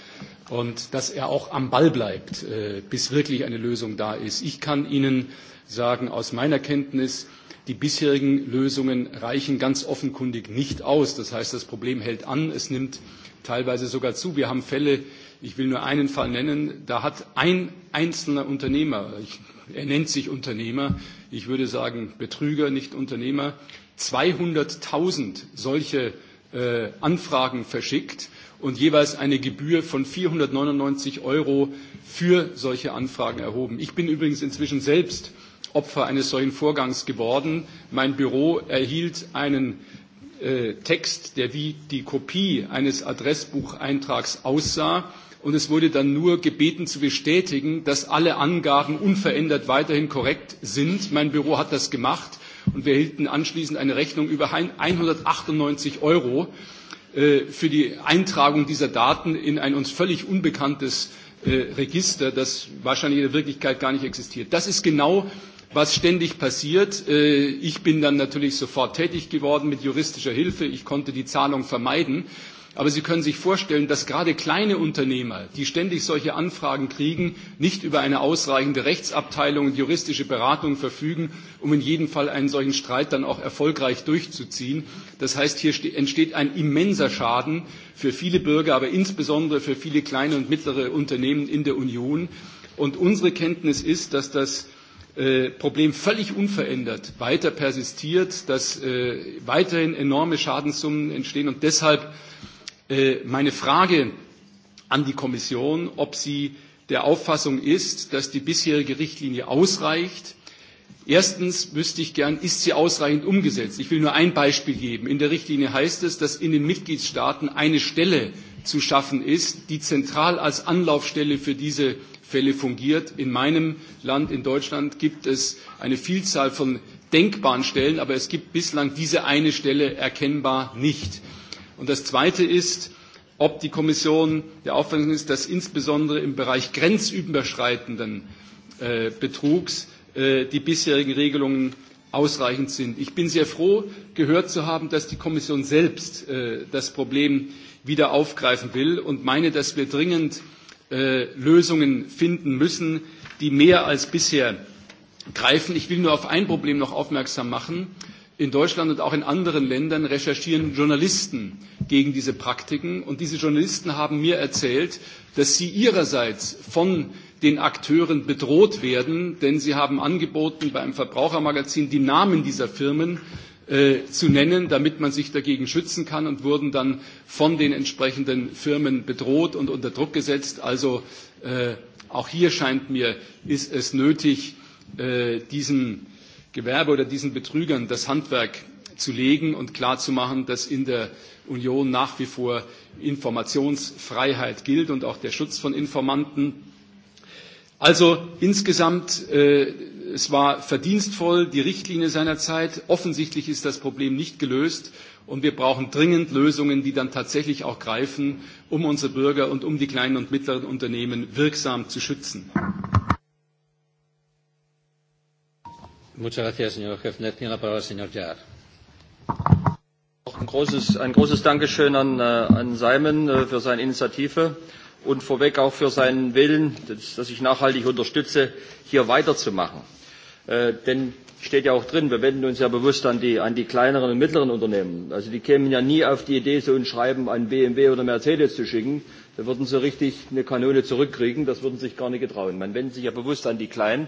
und dass er auch am Ball bleibt, bis wirklich eine Lösung da ist. Ich kann Ihnen sagen, aus meiner Kenntnis, die bisherigen Lösungen reichen ganz offenkundig nicht aus. Das heißt, das Problem hält an, es nimmt teilweise sogar zu. Wir haben Fälle, ich will nur einen Fall nennen, da hat ein einzelner Unternehmer, er nennt sich Unternehmer, ich würde sagen Betrüger, nicht Unternehmer, 200.000 solche Anfragen verschickt und jeweils eine Gebühr von 499 Euro für solche Anfragen erhoben. Ich bin übrigens inzwischen selbst Opfer eines solchen Vorgangs geworden. Mein Büro erhielt einen Text, der wie die Kopie eines Adressbucheintrags aussah, und es wurde dann nur gebeten zu bestätigen, dass alle Angaben unverändert weiterhin korrekt sind. Mein Büro hat das gemacht, und wir erhielten anschließend eine Rechnung über 198 Euro für die Eintragung dieser Daten in ein uns völlig unbekanntes Register, das wahrscheinlich in der Wirklichkeit gar nicht existiert. Das ist genau, was ständig passiert. Ich bin dann natürlich sofort tätig geworden mit juristischer Hilfe. Ich konnte die Zahlung vermeiden. Aber Sie können sich vorstellen, dass gerade kleine Unternehmer, die ständig solche Anfragen kriegen, nicht über eine ausreichende Rechtsabteilung und juristische Beratung verfügen, um in jedem Fall einen solchen Streit dann auch erfolgreich durchzuziehen. Das heißt, hier entsteht ein immenser Schaden für viele Bürger, aber insbesondere für viele kleine und mittlere Unternehmen in der Union. Und unsere Kenntnis ist, dass das Problem völlig unverändert weiter persistiert, dass weiterhin enorme Schadenssummen entstehen. Und deshalb meine Frage an die Kommission, ob sie der Auffassung ist, dass die bisherige Richtlinie ausreicht. Erstens wüsste ich gern, ist sie ausreichend umgesetzt? Ich will nur ein Beispiel geben. In der Richtlinie heißt es, dass in den Mitgliedstaaten eine Stelle zu schaffen ist, die zentral als Anlaufstelle für diese Fälle fungiert. In meinem Land, in Deutschland, gibt es eine Vielzahl von denkbaren Stellen, aber es gibt bislang diese eine Stelle erkennbar nicht. Und das Zweite ist, ob die Kommission der Auffassung ist, dass insbesondere im Bereich grenzüberschreitenden Betrugs die bisherigen Regelungen ausreichend sind. Ich bin sehr froh, gehört zu haben, dass die Kommission selbst das Problem wieder aufgreifen will und meine, dass wir dringend Lösungen finden müssen, die mehr als bisher greifen. Ich will nur auf ein Problem noch aufmerksam machen in Deutschland und auch in anderen Ländern recherchieren Journalisten gegen diese Praktiken. Und diese Journalisten haben mir erzählt, dass sie ihrerseits von den Akteuren bedroht werden, denn sie haben angeboten, beim Verbrauchermagazin die Namen dieser Firmen zu nennen, damit man sich dagegen schützen kann und wurden dann von den entsprechenden Firmen bedroht und unter Druck gesetzt. Also auch hier scheint mir, es nötig, diesen Gewerbe oder diesen Betrügern das Handwerk zu legen und klarzumachen, dass in der Union nach wie vor Informationsfreiheit gilt und auch der Schutz von Informanten. Also insgesamt, es war verdienstvoll, die Richtlinie seiner Zeit. Offensichtlich ist das Problem nicht gelöst und wir brauchen dringend Lösungen, die dann tatsächlich auch greifen, um unsere Bürger und um die kleinen und mittleren Unternehmen wirksam zu schützen. Muchas gracias, señor Hefner. Tiene la palabra el señor ein großes, ein großes Dankeschön an, an Simon für seine Initiative und vorweg auch für seinen Willen, dass ich nachhaltig unterstütze, hier weiterzumachen. Denn steht ja auch drin, wir wenden uns ja bewusst an die, an die kleineren und mittleren Unternehmen. Also die kämen ja nie auf die Idee, so ein Schreiben an BMW oder Mercedes zu schicken. Da würden sie richtig eine Kanone zurückkriegen, das würden sich gar nicht getrauen. Man wendet sich ja bewusst an die Kleinen.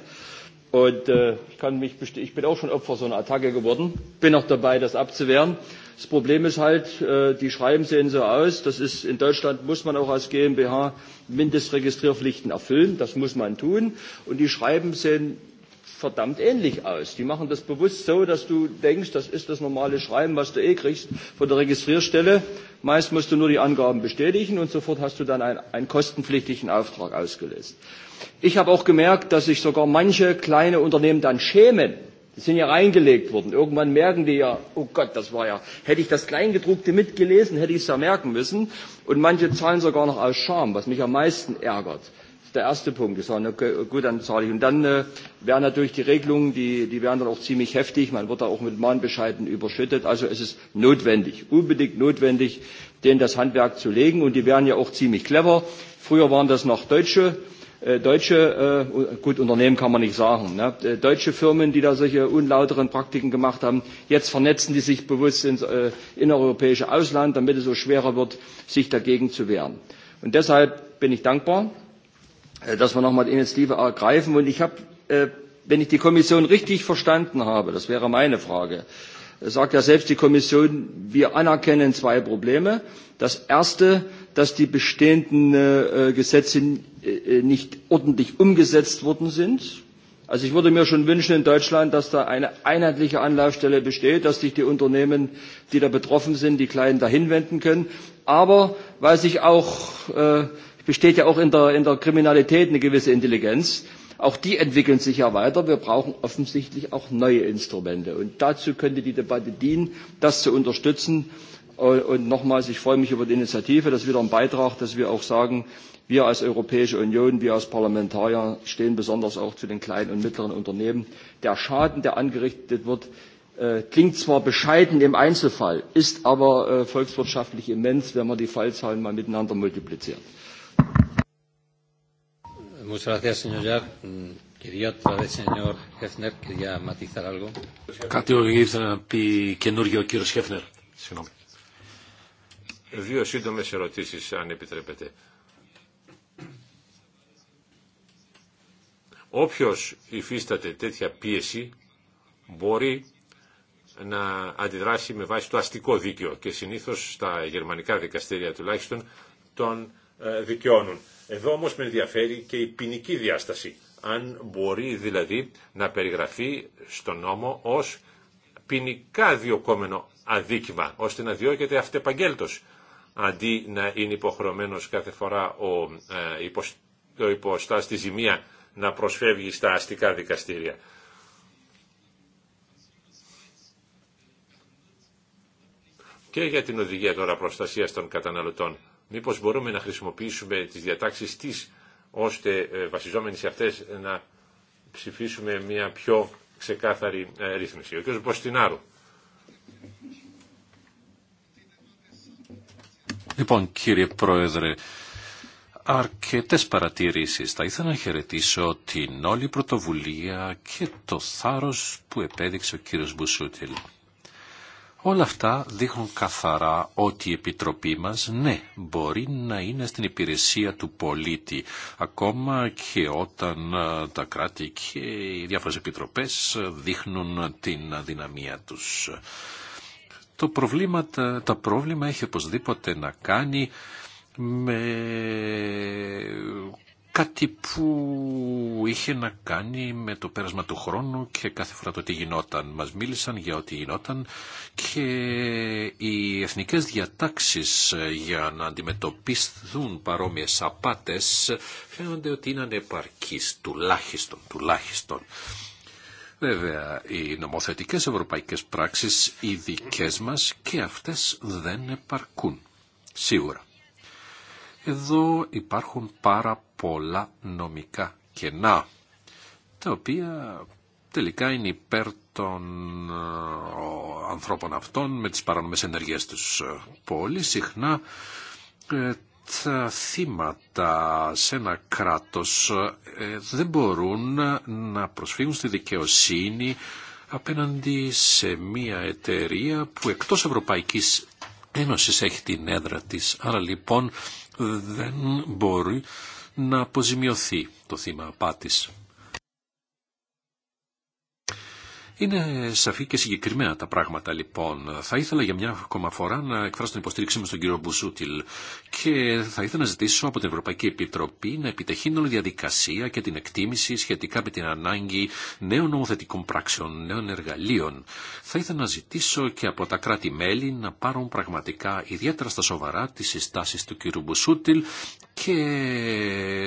Und ich kann mich ich bin auch schon Opfer so einer Attacke geworden, bin auch dabei, das abzuwehren. Das Problem ist halt, die schreiben sehen so aus, das ist in Deutschland muss man auch als GmbH Mindestregistrierpflichten erfüllen, das muss man tun, und die schreiben sehen verdammt ähnlich aus. Die machen das bewusst so, dass du denkst, das ist das normale Schreiben, was du eh kriegst von der Registrierstelle. Meist musst du nur die Angaben bestätigen und sofort hast du dann einen kostenpflichtigen Auftrag ausgelöst. Ich habe auch gemerkt, dass sich sogar manche kleine Unternehmen dann schämen. Die sind ja reingelegt worden. Irgendwann merken die ja, oh Gott, das war ja, hätte ich das Kleingedruckte mitgelesen, hätte ich es ja merken müssen. Und manche zahlen sogar noch aus Scham, was mich am meisten ärgert der erste Punkt. Das auch eine gute Anzahl. Und dann wären natürlich die Regelungen, die, wären dann auch ziemlich heftig. Man wird da auch mit Mahnbescheiden überschüttet. Also es ist notwendig, unbedingt notwendig, denen das Handwerk zu legen. Und die werden ja auch ziemlich clever. Früher waren das noch deutsche, deutsche gut, Unternehmen kann man nicht sagen, deutsche Firmen, die da solche unlauteren Praktiken gemacht haben. Jetzt vernetzen die sich bewusst ins innereuropäische Ausland, damit es so schwerer wird, sich dagegen zu wehren. deshalb bin ich dankbar dass wir nochmal die Initiative ergreifen. Und ich habe, wenn ich die Kommission richtig verstanden habe, das wäre meine Frage, sagt ja selbst die Kommission, wir anerkennen zwei Probleme. Das erste, dass die bestehenden Gesetze nicht ordentlich umgesetzt worden sind. Also ich würde mir schon wünschen in Deutschland, dass da eine einheitliche Anlaufstelle besteht, dass sich die Unternehmen, die da betroffen sind, die Kleinen dahin wenden können. Aber weil sich auch besteht ja auch in der kriminalität eine gewisse intelligenz auch die entwickeln sich ja weiter wir brauchen offensichtlich auch neue instrumente und dazu könnte die debatte dienen das zu unterstützen und nochmals ich freue mich über die initiative das ist wieder ein beitrag dass wir auch sagen wir als europäische union wir als parlamentarier stehen besonders auch zu den kleinen und mittleren unternehmen der schaden der angerichtet wird klingt zwar bescheiden im einzelfall ist aber volkswirtschaftlich immens wenn man die fallzahlen mal miteinander multipliziert. Muchas gracias, señor Yar. Κυρία Χέφνερ, κυρία Ματίθαρ, άλλο. Κάτι ήθελα να πει καινούριο ο κύριο Χέφνερ. Συγγνώμη. Δύο σύντομε ερωτήσει, αν επιτρέπετε. Όποιο υφίσταται τέτοια πίεση μπορεί να αντιδράσει με βάση το αστικό δίκαιο και συνήθως στα γερμανικά δικαστήρια τουλάχιστον τον ε, δικαιώνουν. Εδώ όμως με ενδιαφέρει και η ποινική διάσταση. Αν μπορεί δηλαδή να περιγραφεί στον νόμο ως ποινικά διοκόμενο αδίκημα, ώστε να διώκεται αυτεπαγγέλτος, αντί να είναι υποχρεωμένος κάθε φορά ο, ε, στη ζημία να προσφεύγει στα αστικά δικαστήρια. Και για την οδηγία τώρα προστασίας των καταναλωτών μήπως μπορούμε να χρησιμοποιήσουμε τις διατάξεις της, ώστε ε, βασιζόμενοι σε αυτές να ψηφίσουμε μια πιο ξεκάθαρη ε, ρύθμιση. Ο κ. Μποστινάρου. Λοιπόν, κύριε Πρόεδρε, αρκετές παρατηρήσεις. Θα ήθελα να χαιρετήσω την όλη πρωτοβουλία και το θάρρος που επέδειξε ο κύριος Μπουσούτιλ. Όλα αυτά δείχνουν καθαρά ότι η Επιτροπή μας, ναι, μπορεί να είναι στην υπηρεσία του πολίτη, ακόμα και όταν ε, τα κράτη και οι διάφορες επιτροπές ε, δείχνουν την αδυναμία τους. Το πρόβλημα, τα πρόβλημα έχει οπωσδήποτε να κάνει με κάτι που είχε να κάνει με το πέρασμα του χρόνου και κάθε φορά το τι γινόταν. Μας μίλησαν για ό,τι γινόταν και οι εθνικές διατάξεις για να αντιμετωπιστούν παρόμοιες απάτες φαίνονται ότι είναι ανεπαρκείς, τουλάχιστον, τουλάχιστον. Βέβαια, οι νομοθετικές ευρωπαϊκές πράξεις, οι δικές μας και αυτές δεν επαρκούν, σίγουρα. Εδώ υπάρχουν πάρα πολλά νομικά κενά, τα οποία τελικά είναι υπέρ των ε, ανθρώπων αυτών με τις παράνομες ενεργές τους. Πολύ συχνά ε, τα θύματα σε ένα κράτος ε, δεν μπορούν να προσφύγουν στη δικαιοσύνη απέναντι σε μια εταιρεία που εκτός Ευρωπαϊκής Ένωσης έχει την έδρα της. Άρα λοιπόν δεν μπορεί να αποζημιωθεί το θύμα απάτης. Είναι σαφή και συγκεκριμένα τα πράγματα λοιπόν. Θα ήθελα για μια ακόμα φορά να εκφράσω την υποστήριξή μου στον κύριο Μπουζούτιλ και θα ήθελα να ζητήσω από την Ευρωπαϊκή Επιτροπή να επιτεχύνει όλη διαδικασία και την εκτίμηση σχετικά με την ανάγκη νέων νομοθετικών πράξεων, νέων εργαλείων. Θα ήθελα να ζητήσω και από τα κράτη-μέλη να πάρουν πραγματικά ιδιαίτερα στα σοβαρά τις συστάσει του κύριου Μπουσούτιλ και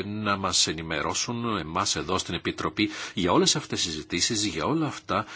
να μα ενημερώσουν εμά εδώ στην Επιτροπή για όλε αυτέ τι συζητήσει, για όλα αυτά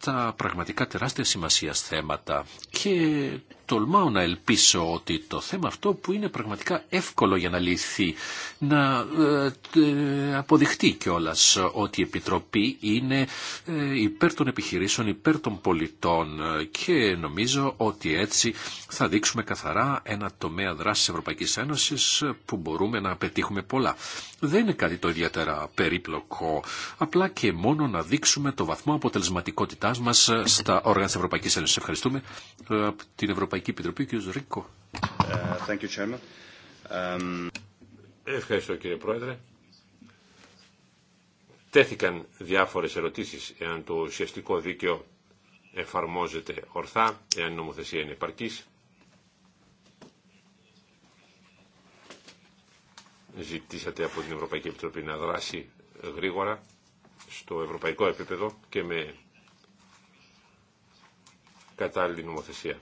τα πραγματικά τεράστια σημασία θέματα και τολμάω να ελπίσω ότι το θέμα αυτό που είναι πραγματικά εύκολο για να λυθεί να ε, ε, αποδειχτεί κιόλα ότι η Επιτροπή είναι ε, υπέρ των επιχειρήσεων, υπέρ των πολιτών και νομίζω ότι έτσι θα δείξουμε καθαρά ένα τομέα δράσης Ευρωπαϊκής Ένωσης που μπορούμε να πετύχουμε πολλά. Δεν είναι κάτι το ιδιαίτερα περίπλοκο, απλά και μόνο να δείξουμε το βαθμό αποτελεσματικότητα ε, στα όργανα Ευχαριστούμε. Ε, από την Ευρωπαϊκή Επιτροπή, κ. Ρίκο. Ε, Ευχαριστώ κύριε Πρόεδρε. Τέθηκαν διάφορες ερωτήσεις εάν το ουσιαστικό δίκαιο εφαρμόζεται ορθά, εάν η νομοθεσία είναι επαρκής. Ζητήσατε από την Ευρωπαϊκή Επιτροπή να δράσει γρήγορα στο ευρωπαϊκό επίπεδο και με κατάλληλη νομοθεσία.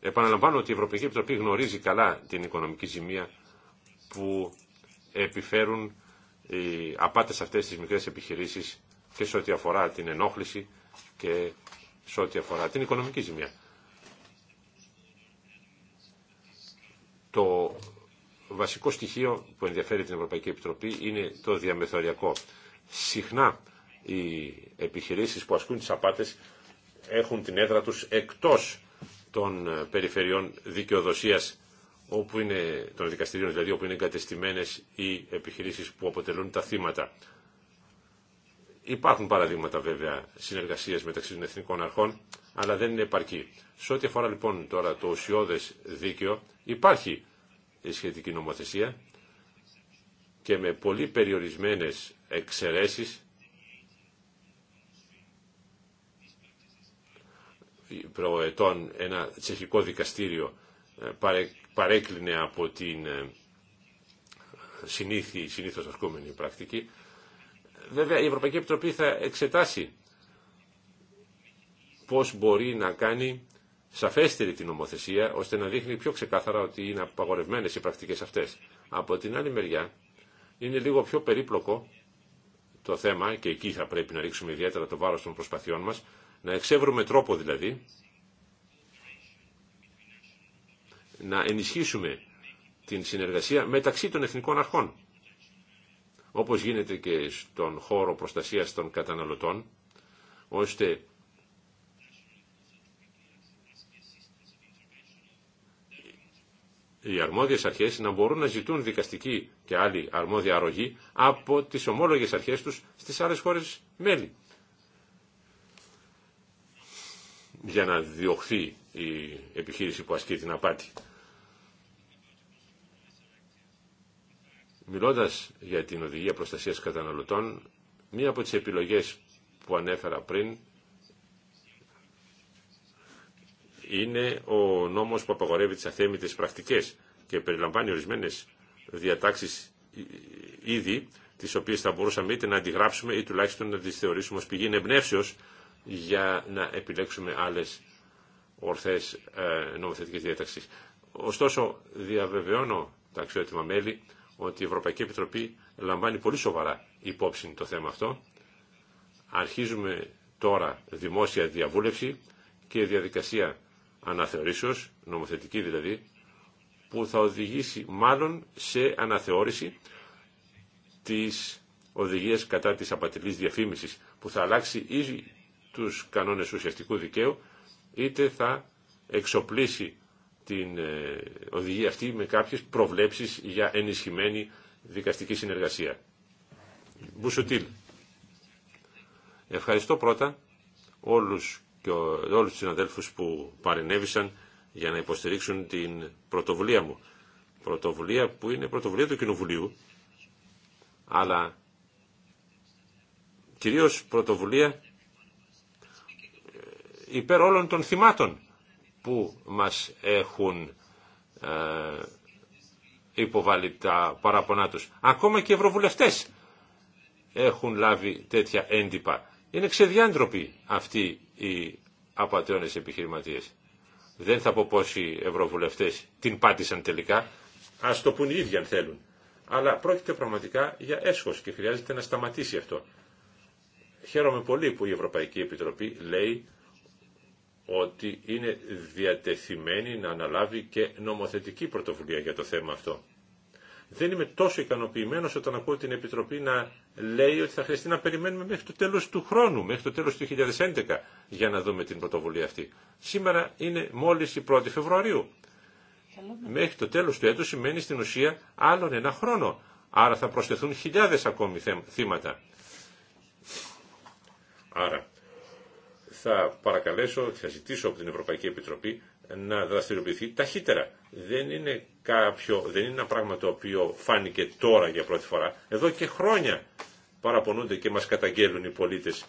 Επαναλαμβάνω ότι η Ευρωπαϊκή Επιτροπή γνωρίζει καλά την οικονομική ζημία που επιφέρουν οι απάτες αυτές τις μικρές επιχειρήσεις και σε ό,τι αφορά την ενόχληση και σε ό,τι αφορά την οικονομική ζημία. Το βασικό στοιχείο που ενδιαφέρει την Ευρωπαϊκή Επιτροπή είναι το διαμεθοριακό. Συχνά οι επιχειρήσεις που ασκούν τις απάτες έχουν την έδρα τους εκτός των ε, περιφερειών δικαιοδοσίας όπου είναι, των δικαστηρίων δηλαδή όπου είναι εγκατεστημένες οι επιχειρήσεις που αποτελούν τα θύματα. Υπάρχουν παραδείγματα βέβαια συνεργασίας μεταξύ των εθνικών αρχών, αλλά δεν είναι επαρκή. Σε ό,τι αφορά λοιπόν τώρα το ουσιώδες δίκαιο, υπάρχει η σχετική νομοθεσία και με πολύ περιορισμένες εξαιρέσεις προετών ένα τσεχικό δικαστήριο ε, παρέκλεινε από την ε, συνήθι, συνήθως ασκούμενη πρακτική. Βέβαια η Ευρωπαϊκή Επιτροπή θα εξετάσει πώς μπορεί να κάνει σαφέστερη την νομοθεσία, ώστε να δείχνει πιο ξεκάθαρα ότι είναι απαγορευμένες οι πρακτικές αυτές. Από την άλλη μεριά, είναι λίγο πιο περίπλοκο το θέμα, και εκεί θα πρέπει να ρίξουμε ιδιαίτερα το βάρος των προσπαθειών μας, να εξεύρουμε τρόπο δηλαδή να ενισχύσουμε την συνεργασία μεταξύ των εθνικών αρχών. Όπως γίνεται και στον χώρο προστασίας των καταναλωτών, ώστε οι αρμόδιες αρχές να μπορούν να ζητούν δικαστική και άλλη αρμόδια αρρωγή από τις ομόλογες αρχές τους στις άλλες χώρες μέλη. για να διωχθεί η επιχείρηση που ασκεί την απάτη. Μιλώντας για την οδηγία προστασίας καταναλωτών, μία από τις επιλογές που ανέφερα πριν είναι ο νόμος που απαγορεύει τις αθέμητες πρακτικές και περιλαμβάνει ορισμένες διατάξεις ήδη, τις οποίες θα μπορούσαμε είτε να αντιγράψουμε ή τουλάχιστον να τις θεωρήσουμε ως πηγή εμπνεύσεως για να επιλέξουμε άλλες ορθές ε, νομοθετικές διέταξεις. Ωστόσο, διαβεβαιώνω τα αξιότιμα μέλη ότι η Ευρωπαϊκή Επιτροπή λαμβάνει πολύ σοβαρά υπόψη το θέμα αυτό. Αρχίζουμε τώρα δημόσια διαβούλευση και διαδικασία αναθεωρήσεως, νομοθετική δηλαδή, που θα οδηγήσει μάλλον σε αναθεώρηση της οδηγίας κατά της απατηλής διαφήμισης, που θα αλλάξει ήδη τους κανόνες ουσιαστικού δικαίου, είτε θα εξοπλίσει την ε, οδηγία αυτή με κάποιες προβλέψεις για ενισχυμένη δικαστική συνεργασία. Μπουσουτήλ. Ευχαριστώ πρώτα όλους και όλους τους συναδέλφους που παρενέβησαν για να υποστηρίξουν την πρωτοβουλία μου. Πρωτοβουλία που είναι πρωτοβουλία του Κοινοβουλίου, αλλά κυρίως πρωτοβουλία υπέρ όλων των θυμάτων που μας έχουν ε, υποβάλει τα παραπονά τους. Ακόμα και ευρωβουλευτές έχουν λάβει τέτοια έντυπα. Είναι ξεδιάντροποι αυτοί οι απατεώνες επιχειρηματίες. Δεν θα πω οι ευρωβουλευτές την πάτησαν τελικά, ας το πούν οι ίδιοι αν θέλουν. Αλλά πρόκειται πραγματικά για έσχος και χρειάζεται να σταματήσει αυτό. Χαίρομαι πολύ που η Ευρωπαϊκή Επιτροπή λέει ότι είναι διατεθειμένη να αναλάβει και νομοθετική πρωτοβουλία για το θέμα αυτό. Δεν είμαι τόσο ικανοποιημένος όταν ακούω την Επιτροπή να λέει ότι θα χρειαστεί να περιμένουμε μέχρι το τέλος του χρόνου, μέχρι το τέλος του 2011, για να δούμε την πρωτοβουλία αυτή. Σήμερα είναι μόλις η 1η Φεβρουαρίου. Μέχρι το τέλος του έτου σημαίνει στην ουσία άλλον ένα χρόνο. Άρα θα προσθεθούν χιλιάδες ακόμη θύματα. Άρα θα παρακαλέσω, θα ζητήσω από την Ευρωπαϊκή Επιτροπή να δραστηριοποιηθεί ταχύτερα. Δεν είναι, κάποιο, δεν είναι ένα πράγμα το οποίο φάνηκε τώρα για πρώτη φορά. Εδώ και χρόνια παραπονούνται και μας καταγγέλουν οι πολίτες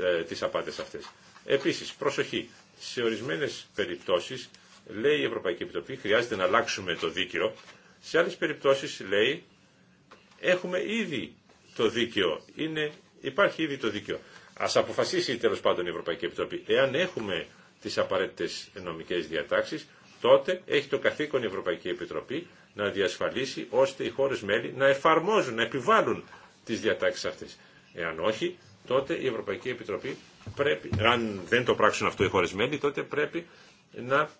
ε, τις απάτες αυτές. Επίσης, προσοχή, σε ορισμένες περιπτώσεις λέει η Ευρωπαϊκή Επιτροπή χρειάζεται να αλλάξουμε το δίκαιο. Σε άλλες περιπτώσεις λέει έχουμε ήδη το δίκαιο, είναι, υπάρχει ήδη το δίκαιο. Α αποφασίσει τέλο πάντων η Ευρωπαϊκή Επιτροπή. Εάν έχουμε τις απαραίτητες νομικέ διατάξεις, τότε έχει το καθήκον η Ευρωπαϊκή Επιτροπή να διασφαλίσει ώστε οι χώρες μέλη να εφαρμόζουν, να επιβάλλουν τις διατάξεις αυτές. Εάν όχι, τότε η Ευρωπαϊκή Επιτροπή πρέπει, αν δεν το πράξουν αυτό οι χώρε μέλη, τότε πρέπει να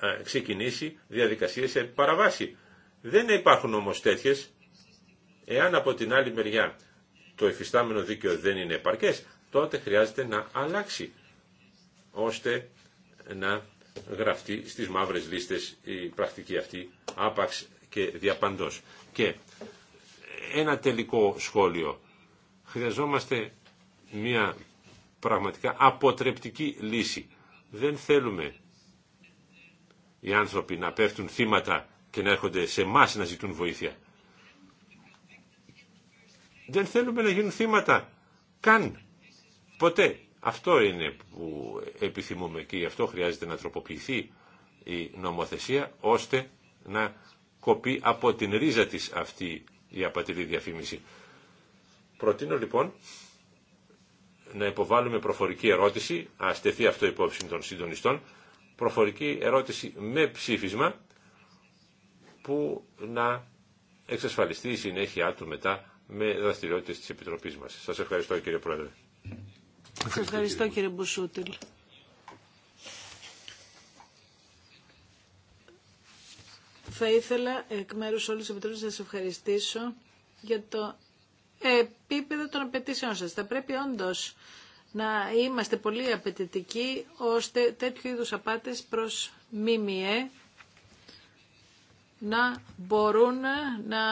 ε, ξεκινήσει διαδικασίε σε παραβάση. Δεν υπάρχουν όμω τέτοιε, εάν από την άλλη μεριά το εφιστάμενο δίκαιο δεν είναι επαρκές, τότε χρειάζεται να αλλάξει ώστε να γραφτεί στις μαύρες λίστες η πρακτική αυτή άπαξ και διαπαντός. Και ένα τελικό σχόλιο. Χρειαζόμαστε μια πραγματικά αποτρεπτική λύση. Δεν θέλουμε οι άνθρωποι να πέφτουν θύματα και να έρχονται σε εμά να ζητούν βοήθεια. Δεν θέλουμε να γίνουν θύματα. Καν. Ποτέ. Αυτό είναι που επιθυμούμε και γι' αυτό χρειάζεται να τροποποιηθεί η νομοθεσία ώστε να κοπεί από την ρίζα της αυτή η απατηλή διαφήμιση. Προτείνω λοιπόν να υποβάλουμε προφορική ερώτηση, αστεθεί αυτό υπόψη των συντονιστών, προφορική ερώτηση με ψήφισμα που να εξασφαλιστεί η συνέχειά του μετά με δραστηριότητες της Επιτροπής μας. Σας ευχαριστώ κύριε Πρόεδρε. Σας ευχαριστώ κύριε Μπουσούτιλ. Θα ήθελα εκ μέρου όλη τη Επιτροπή να σας ευχαριστήσω για το επίπεδο των απαιτήσεών σας. Θα πρέπει όντω να είμαστε πολύ απαιτητικοί ώστε τέτοιου είδου απάτε προς ΜΜΕ να μπορούν να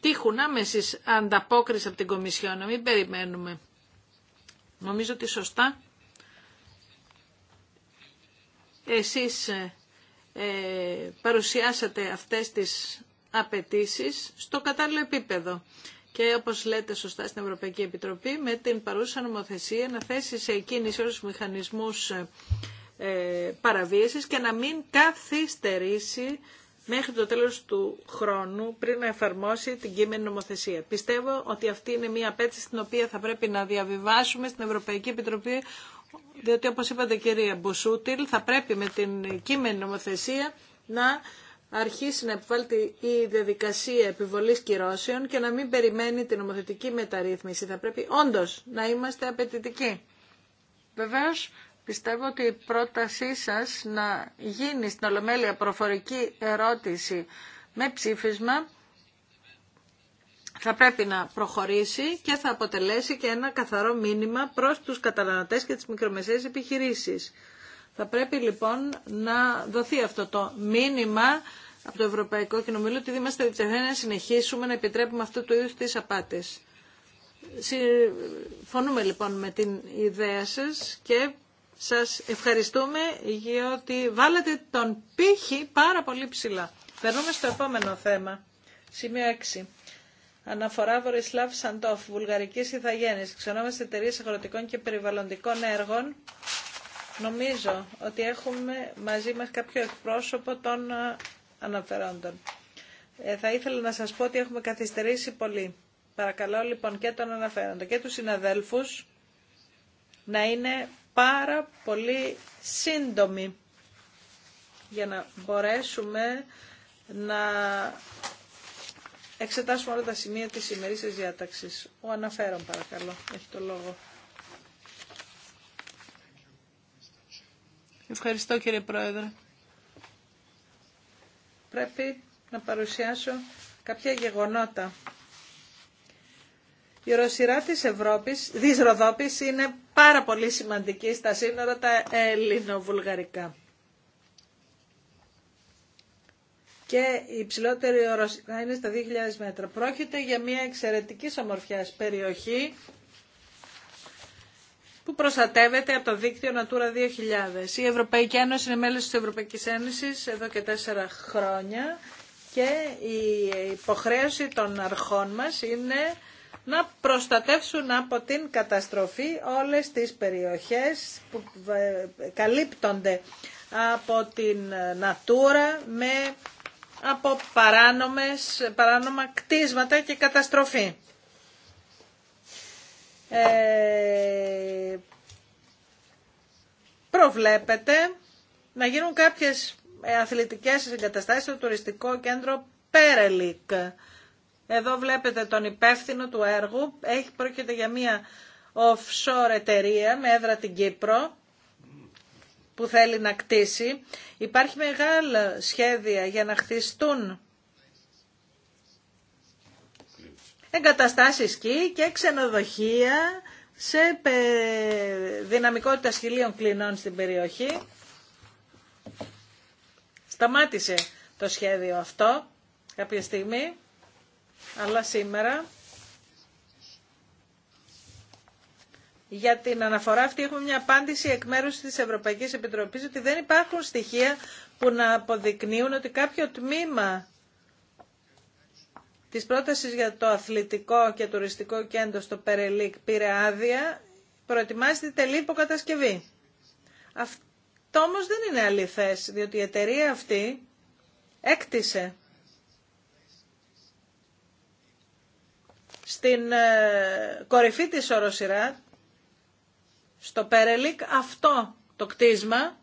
τύχουν άμεση ανταπόκριση από την Κομισιόν. Να μην περιμένουμε. Νομίζω ότι σωστά εσείς ε, ε παρουσιάσατε αυτές τις απαιτήσει στο κατάλληλο επίπεδο. Και όπως λέτε σωστά στην Ευρωπαϊκή Επιτροπή, με την παρούσα νομοθεσία να θέσει σε εκείνη όλους τους μηχανισμούς ε, παραβίασης και να μην καθυστερήσει μέχρι το τέλος του χρόνου πριν να εφαρμόσει την κείμενη νομοθεσία. Πιστεύω ότι αυτή είναι μια απέτηση στην οποία θα πρέπει να διαβιβάσουμε στην Ευρωπαϊκή Επιτροπή διότι όπως είπατε κυρία Μπουσούτιλ θα πρέπει με την κείμενη νομοθεσία να αρχίσει να επιβάλλει η διαδικασία επιβολής κυρώσεων και να μην περιμένει την νομοθετική μεταρρύθμιση. Θα πρέπει όντως να είμαστε απαιτητικοί. Βεβαίως Πιστεύω ότι η πρότασή σας να γίνει στην Ολομέλεια προφορική ερώτηση με ψήφισμα θα πρέπει να προχωρήσει και θα αποτελέσει και ένα καθαρό μήνυμα προς τους καταναλωτές και τις μικρομεσαίες επιχειρήσεις. Θα πρέπει λοιπόν να δοθεί αυτό το μήνυμα από το Ευρωπαϊκό Κοινοβούλιο ότι είμαστε να συνεχίσουμε να επιτρέπουμε αυτού του είδους τις απάτες. Συμφωνούμε λοιπόν με την ιδέα σας και σας ευχαριστούμε γιατί βάλατε τον πύχη πάρα πολύ ψηλά. Περνούμε στο επόμενο θέμα. Σημείο 6. Αναφορά Βορισλάβ Σαντόφ, βουλγαρική Ιθαγέννη, ξενόμαστε εταιρείε αγροτικών και περιβαλλοντικών έργων. Νομίζω ότι έχουμε μαζί μα κάποιο εκπρόσωπο των ε, αναφερόντων. Ε, θα ήθελα να σα πω ότι έχουμε καθυστερήσει πολύ. Παρακαλώ λοιπόν και τον αναφέροντα και του συναδέλφου να είναι πάρα πολύ σύντομη για να μπορέσουμε να εξετάσουμε όλα τα σημεία της σημερινή διάταξης. Ο αναφέρον παρακαλώ, έχει το λόγο. Ευχαριστώ κύριε Πρόεδρε. Πρέπει να παρουσιάσω κάποια γεγονότα η οροσυρά της Ευρώπης, της Ροδόπης, είναι πάρα πολύ σημαντική στα σύνορα τα ελληνοβουλγαρικά. Και η υψηλότερη οροσυρά είναι στα 2.000 μέτρα. Πρόκειται για μια εξαιρετική ομορφιάς περιοχή που προστατεύεται από το δίκτυο Natura 2000. Η Ευρωπαϊκή Ένωση είναι μέλος της Ευρωπαϊκής Ένωσης εδώ και τέσσερα χρόνια και η υποχρέωση των αρχών μας είναι να προστατεύσουν από την καταστροφή όλες τις περιοχές που ε, καλύπτονται από την Νατούρα ε, με από παράνομες, παράνομα κτίσματα και καταστροφή. Ε, προβλέπεται να γίνουν κάποιες αθλητικές εγκαταστάσεις στο τουριστικό κέντρο Πέρελικ εδώ βλέπετε τον υπεύθυνο του έργου. Έχει πρόκειται για μια offshore εταιρεία με έδρα την Κύπρο που θέλει να κτίσει. Υπάρχει μεγάλα σχέδια για να χτιστούν εγκαταστάσεις σκι και ξενοδοχεία σε δυναμικότητα σχηλίων κλινών στην περιοχή. Σταμάτησε το σχέδιο αυτό κάποια στιγμή αλλά σήμερα για την αναφορά αυτή έχουμε μια απάντηση εκ μέρους της Ευρωπαϊκής Επιτροπής ότι δεν υπάρχουν στοιχεία που να αποδεικνύουν ότι κάποιο τμήμα της πρότασης για το αθλητικό και τουριστικό κέντρο στο Περελίκ πήρε άδεια, προετοιμάζεται τελή κατασκευή. Αυτό όμως δεν είναι αληθές, διότι η εταιρεία αυτή έκτισε στην ε, κορυφή της οροσυρά, στο Πέρελικ, αυτό το κτίσμα.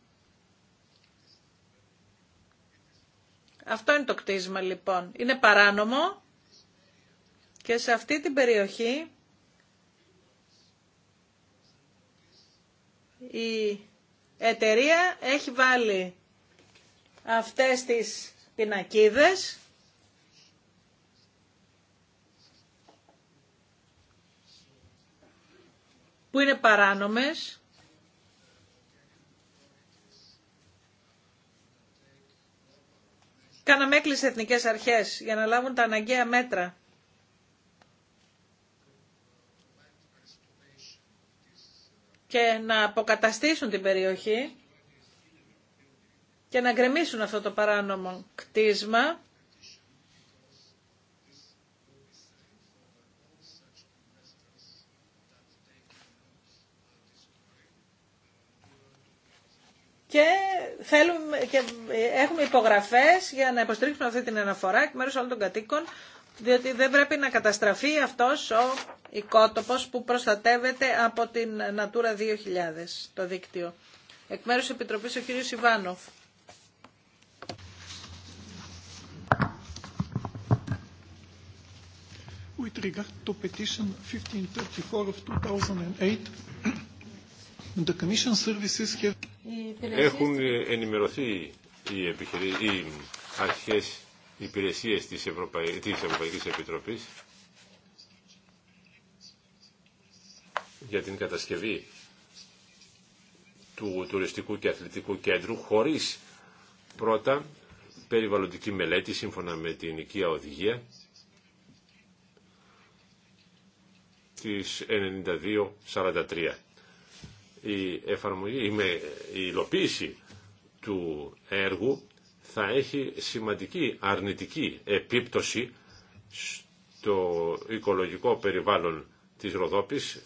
Αυτό είναι το κτίσμα λοιπόν. Είναι παράνομο και σε αυτή την περιοχή η εταιρεία έχει βάλει αυτές τις πινακίδες που είναι παράνομες Κάναμε έκκληση εθνικές αρχές για να λάβουν τα αναγκαία μέτρα. και να αποκαταστήσουν την περιοχή και να γκρεμίσουν αυτό το παράνομο κτίσμα και, θέλουμε, και έχουμε υπογραφές για να υποστηρίξουμε αυτή την αναφορά εκ μέρους όλων των κατοίκων, διότι δεν πρέπει να καταστραφεί αυτός ο οικότοπος που προστατεύεται από την Natura 2000, το δίκτυο. Εκ μέρους της Επιτροπής ο κύριος Ιβάνοφ. With regard to petition 1534 of 2008, the Commission services have έχουν ενημερωθεί οι, επιχειρή... οι αρχές υπηρεσίες της, Ευρωπαϊ... Ευρωπαϊκής Επιτροπής για την κατασκευή του τουριστικού και αθλητικού κέντρου χωρίς πρώτα περιβαλλοντική μελέτη σύμφωνα με την οικία οδηγία της 92.43 η, εφαρμογή, η υλοποίηση του έργου θα έχει σημαντική αρνητική επίπτωση στο οικολογικό περιβάλλον της Ροδόπης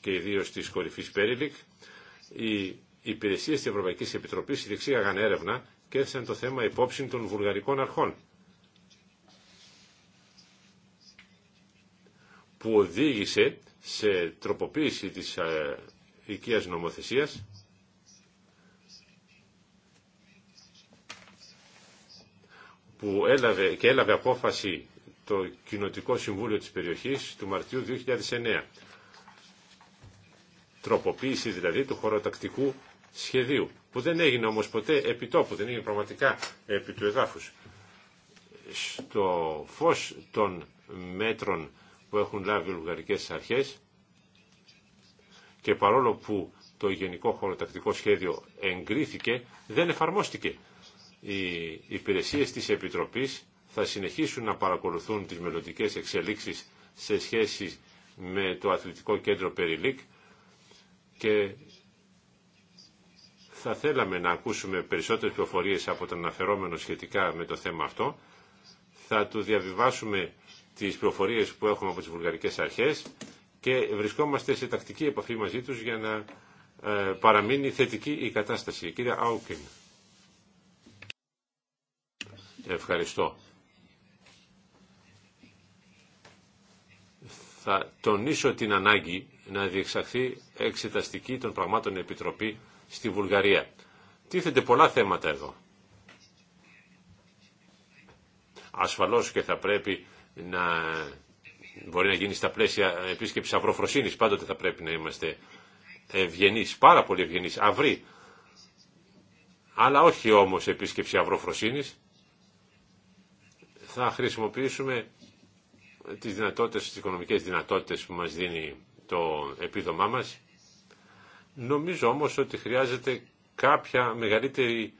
και ιδίως της κορυφής Πέριδικ. Οι υπηρεσίες της Ευρωπαϊκής Επιτροπής διεξήγαγαν έρευνα και έθεσαν το θέμα υπόψη των βουλγαρικών αρχών που οδήγησε σε τροποποίηση της ε, οικίας νομοθεσίας που έλαβε και έλαβε απόφαση το Κοινοτικό Συμβούλιο της περιοχής του Μαρτίου 2009. Τροποποίηση δηλαδή του χωροτακτικού σχεδίου, που δεν έγινε όμως ποτέ τόπου δεν έγινε πραγματικά επί του εδάφους. Στο φως των μέτρων που έχουν λάβει οι βουλγαρικές αρχές, και παρόλο που το Γενικό Χωροτακτικό Σχέδιο εγκρίθηκε, δεν εφαρμόστηκε. Οι υπηρεσίες της Επιτροπής θα συνεχίσουν να παρακολουθούν τις μελλοντικέ εξελίξεις σε σχέση με το Αθλητικό Κέντρο Περιλίκ και θα θέλαμε να ακούσουμε περισσότερες πληροφορίες από τον αναφερόμενο σχετικά με το θέμα αυτό. Θα του διαβιβάσουμε τις πληροφορίες που έχουμε από τις βουλγαρικές αρχές και βρισκόμαστε σε τακτική επαφή μαζί τους για να ε, παραμείνει θετική η κατάσταση. Κύριε Άουκεν. Ευχαριστώ. Θα τονίσω την ανάγκη να διεξαχθεί εξεταστική των πραγμάτων επιτροπή στη Βουλγαρία. Τίθενται πολλά θέματα εδώ. Ασφαλώς και θα πρέπει να μπορεί να γίνει στα πλαίσια επίσκεψη αυροφροσύνη. Πάντοτε θα πρέπει να είμαστε ευγενεί, πάρα πολύ ευγενεί, αυροί. Αλλά όχι όμως επίσκεψη αυροφροσύνη. Θα χρησιμοποιήσουμε τις δυνατότητες, τι οικονομικές δυνατότητες που μας δίνει το επίδομά μας. Νομίζω όμως ότι χρειάζεται κάποια μεγαλύτερη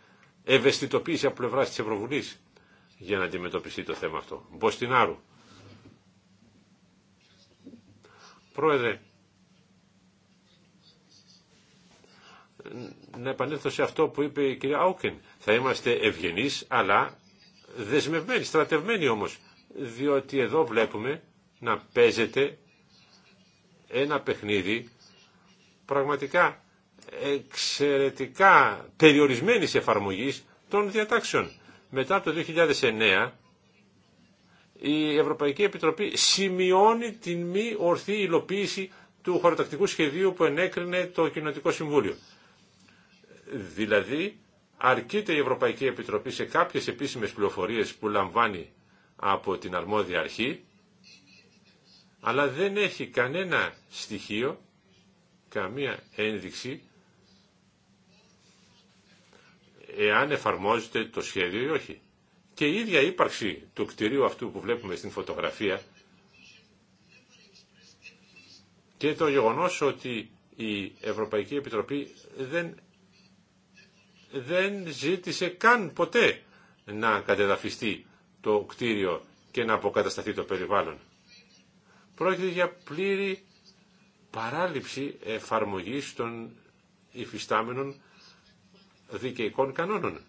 ευαισθητοποίηση από πλευρά τη Ευρωβουλή για να αντιμετωπιστεί το θέμα αυτό. Μποστινάρου. Πρόεδρε, να επανέλθω σε αυτό που είπε η κυρία Άουκεν. Θα είμαστε ευγενείς, αλλά δεσμευμένοι, στρατευμένοι όμως, διότι εδώ βλέπουμε να παίζεται ένα παιχνίδι πραγματικά εξαιρετικά περιορισμένης εφαρμογής των διατάξεων. Μετά το 2009 η Ευρωπαϊκή Επιτροπή σημειώνει την μη ορθή υλοποίηση του χωροτακτικού σχεδίου που ενέκρινε το Κοινοτικό Συμβούλιο. Δηλαδή, αρκείται η Ευρωπαϊκή Επιτροπή σε κάποιες επίσημες πληροφορίες που λαμβάνει από την αρμόδια αρχή, αλλά δεν έχει κανένα στοιχείο, καμία ένδειξη, εάν εφαρμόζεται το σχέδιο ή όχι και η ίδια ύπαρξη του κτηρίου αυτού που βλέπουμε στην φωτογραφία και το γεγονός ότι η Ευρωπαϊκή Επιτροπή δεν, δεν ζήτησε καν ποτέ να κατεδαφιστεί το κτίριο και να αποκατασταθεί το περιβάλλον. Πρόκειται για πλήρη παράληψη εφαρμογής των υφιστάμενων δικαιικών κανόνων.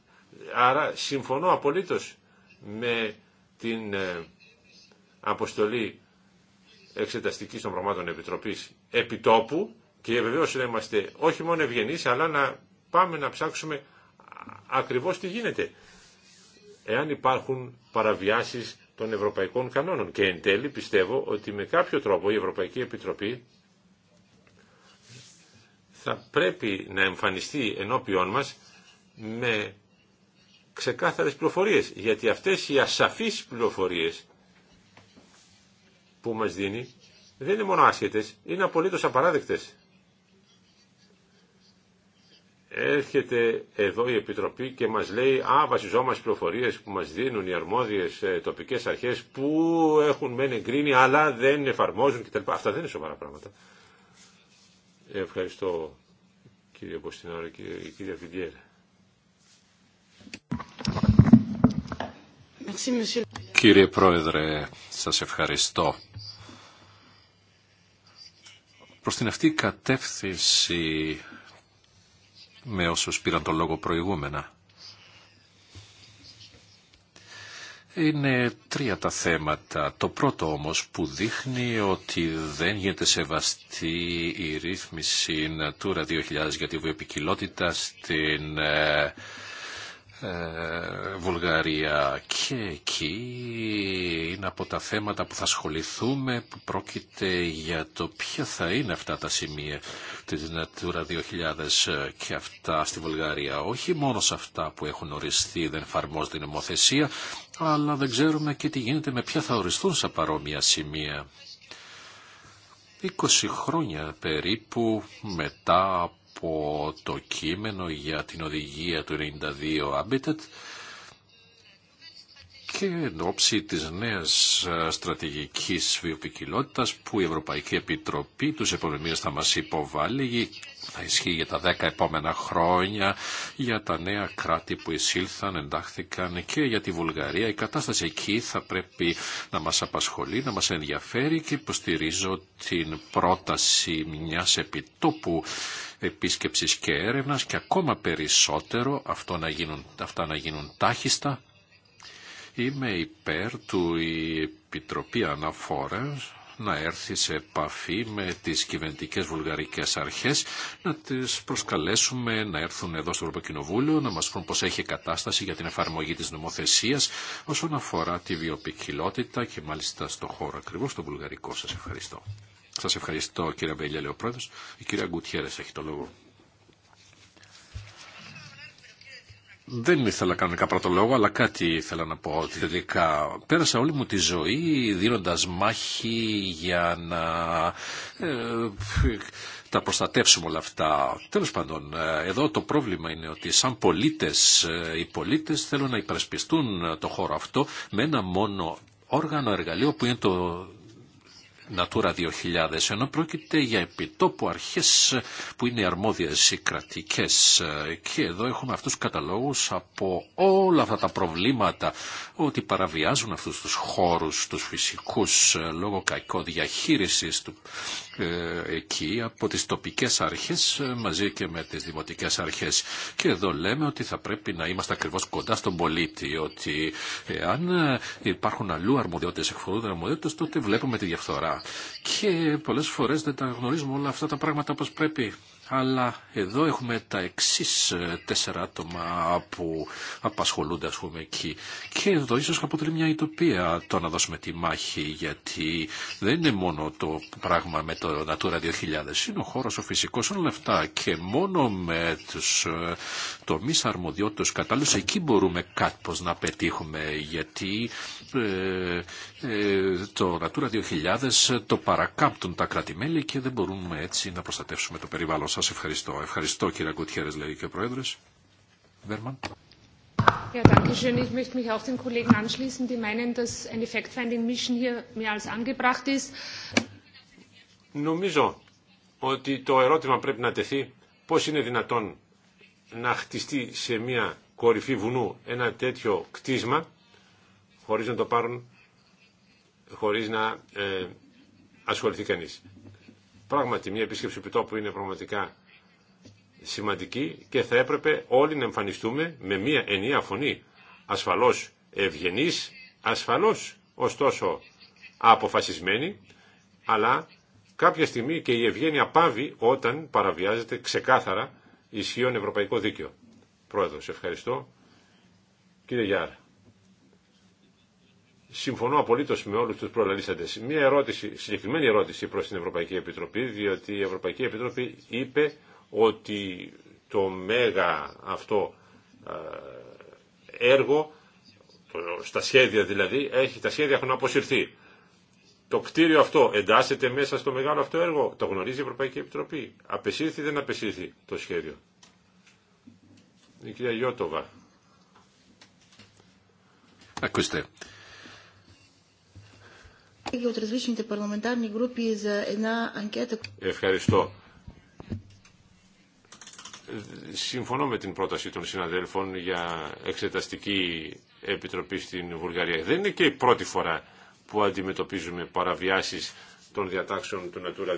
Άρα συμφωνώ απολύτως με την ε, αποστολή εξεταστική των πραγμάτων επιτροπής επιτόπου και βεβαίω να είμαστε όχι μόνο ευγενεί, αλλά να πάμε να ψάξουμε ακριβώς τι γίνεται εάν υπάρχουν παραβιάσεις των ευρωπαϊκών κανόνων και εν τέλει πιστεύω ότι με κάποιο τρόπο η Ευρωπαϊκή Επιτροπή θα πρέπει να εμφανιστεί ενώπιόν μας με ξεκάθαρες πληροφορίες, γιατί αυτές οι ασαφείς πληροφορίες που μας δίνει δεν είναι μόνο άσχετες, είναι απολύτως απαράδεκτες. Έρχεται εδώ η Επιτροπή και μας λέει «Α, βασιζόμαστε πληροφορίες που μας δίνουν οι αρμόδιες ε, τοπικές αρχές που έχουν μεν εγκρίνει αλλά δεν εφαρμόζουν κτλ». Αυτά δεν είναι σοβαρά πράγματα. Ευχαριστώ κύριε Ποστινάρο και κύριε Βιντιέρα. Κύριε Πρόεδρε, σας ευχαριστώ. Προς την αυτή κατεύθυνση με όσους πήραν τον λόγο προηγούμενα. Είναι τρία τα θέματα. Το πρώτο όμως που δείχνει ότι δεν γίνεται σεβαστή η ρύθμιση Natura 2000 για τη βιοπικιλότητα στην ε, ε, Βουλγαρία και εκεί είναι από τα θέματα που θα ασχοληθούμε που πρόκειται για το ποια θα είναι αυτά τα σημεία της Natura 2000 και αυτά στη Βουλγαρία. Όχι μόνο σε αυτά που έχουν οριστεί δεν εφαρμόζεται η νομοθεσία αλλά δεν ξέρουμε και τι γίνεται με ποια θα οριστούν σε παρόμοια σημεία. 20 χρόνια περίπου μετά από το κείμενο για την οδηγία του 92 Habitat και εν ώψη της νέας στρατηγικής βιοπικιλότητας που η Ευρωπαϊκή Επιτροπή τους μήνε θα μας υποβάλει θα ισχύει για τα δέκα επόμενα χρόνια για τα νέα κράτη που εισήλθαν, εντάχθηκαν και για τη Βουλγαρία. Η κατάσταση εκεί θα πρέπει να μας απασχολεί, να μας ενδιαφέρει και υποστηρίζω την πρόταση μιας επιτόπου επίσκεψης και έρευνας και ακόμα περισσότερο αυτά να γίνουν τάχιστα Είμαι υπέρ του η Επιτροπή Αναφόρας να έρθει σε επαφή με τις κυβερνητικές βουλγαρικές αρχές, να τις προσκαλέσουμε να έρθουν εδώ στο Ευρωπαϊκό να μας πούν πως έχει κατάσταση για την εφαρμογή της νομοθεσίας όσον αφορά τη βιοπικιλότητα και μάλιστα στο χώρο ακριβώς, το βουλγαρικό. Σας ευχαριστώ. Σας ευχαριστώ κύριε ο Η κυρία Γκουτιέρες έχει το λόγο. Δεν ήθελα κανονικά πρώτο λόγο, αλλά κάτι ήθελα να πω ότι τελικά πέρασα όλη μου τη ζωή δίνοντας μάχη για να ε, τα προστατεύσουμε όλα αυτά. Τέλος πάντων, ε, εδώ το πρόβλημα είναι ότι σαν πολίτες, ε, οι πολίτες θέλουν να υπερασπιστούν το χώρο αυτό με ένα μόνο όργανο εργαλείο που είναι το Natura 2000, ενώ πρόκειται για επιτόπου αρχές που είναι αρμόδιες ή κρατικές. Και εδώ έχουμε αυτούς καταλόγους από όλα αυτά τα προβλήματα ότι παραβιάζουν αυτούς τους χώρους, τους φυσικούς, λόγω κακό διαχείρισης του ε, εκεί από τις τοπικές αρχές ε, μαζί και με τις δημοτικές αρχές. Και εδώ λέμε ότι θα πρέπει να είμαστε ακριβώς κοντά στον πολίτη, ότι αν ε, υπάρχουν αλλού αρμοδιότητες, εκφορούνται αρμοδιότητες, τότε βλέπουμε τη διαφθορά. Και πολλές φορές δεν τα γνωρίζουμε όλα αυτά τα πράγματα όπως πρέπει αλλά εδώ έχουμε τα εξή ε, τέσσερα άτομα που απασχολούνται ας πούμε εκεί. Και εδώ ίσως αποτελεί μια ητοπία το να δώσουμε τη μάχη γιατί δεν είναι μόνο το πράγμα με το Natura 2000, είναι ο χώρος ο φυσικός όλα αυτά και μόνο με τους ε, τομείς αρμοδιότητας κατάλληλους εκεί μπορούμε κάπως να πετύχουμε γιατί ε, ε, το Natura 2000 ε, το παρακάμπτουν τα κράτη-μέλη και δεν μπορούμε έτσι να προστατεύσουμε το περιβάλλον. Σας ευχαριστώ. Ευχαριστώ κύριε Κουτιέρες, λέει και ο Πρόεδρος. Βέρμαν. Ja, danke schön. Ich möchte mich auch den Kollegen anschließen, die meinen, dass eine fact finding Mission hier mehr als angebracht ist. Νομίζω ότι το ερώτημα πρέπει να τεθεί πώς είναι δυνατόν να χτιστεί σε μια κορυφή βουνού ένα τέτοιο κτίσμα χωρίς να το πάρουν χωρίς να ε, ασχοληθεί κανείς. Πράγματι, μια επίσκεψη επιτόπου είναι πραγματικά σημαντική και θα έπρεπε όλοι να εμφανιστούμε με μια ενιαία φωνή. Ασφαλώς ευγενής, ασφαλώς ωστόσο αποφασισμένη, αλλά κάποια στιγμή και η ευγένεια πάβει όταν παραβιάζεται ξεκάθαρα ισχύον ευρωπαϊκό δίκαιο. Πρόεδρος, ευχαριστώ. Κύριε Γιάρα. Συμφωνώ απολύτως με όλους τους προλαλήσαντες. Μία ερώτηση, συγκεκριμένη ερώτηση προς την Ευρωπαϊκή Επιτροπή, διότι η Ευρωπαϊκή Επιτροπή είπε ότι το μέγα αυτό ε, έργο, στα σχέδια δηλαδή, έχει, τα σχέδια έχουν αποσυρθεί. Το κτίριο αυτό εντάσσεται μέσα στο μεγάλο αυτό έργο. Το γνωρίζει η Ευρωπαϊκή Επιτροπή. Απεσύρθη ή δεν απεσύρθη το σχέδιο. Η κυρία Γιώτοβα. Ακούστε, Ευχαριστώ. Συμφωνώ με την πρόταση των συναδέλφων για εξεταστική επιτροπή στην Βουλγαρία. Δεν είναι και η πρώτη φορά που αντιμετωπίζουμε παραβιάσεις των διατάξεων του Natura 2000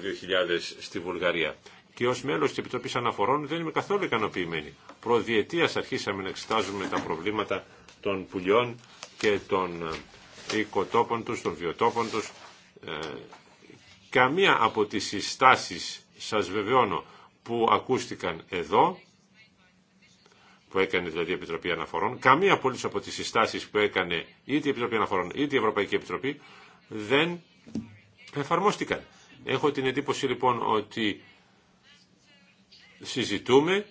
στη Βουλγαρία. Και ως μέλος της Επιτροπής Αναφορών δεν είμαι καθόλου ικανοποιημένη. Προδιετίας αρχίσαμε να εξετάζουμε τα προβλήματα των πουλιών και των ε, οικοτόπων τους, των βιοτόπων τους. Ε, καμία από τις συστάσεις, σας βεβαιώνω, που ακούστηκαν εδώ, που έκανε δηλαδή η Επιτροπή Αναφορών, καμία από από τις συστάσεις που έκανε είτε η Επιτροπή Αναφορών είτε η Ευρωπαϊκή Επιτροπή δεν εφαρμόστηκαν. Έχω την εντύπωση λοιπόν ότι συζητούμε,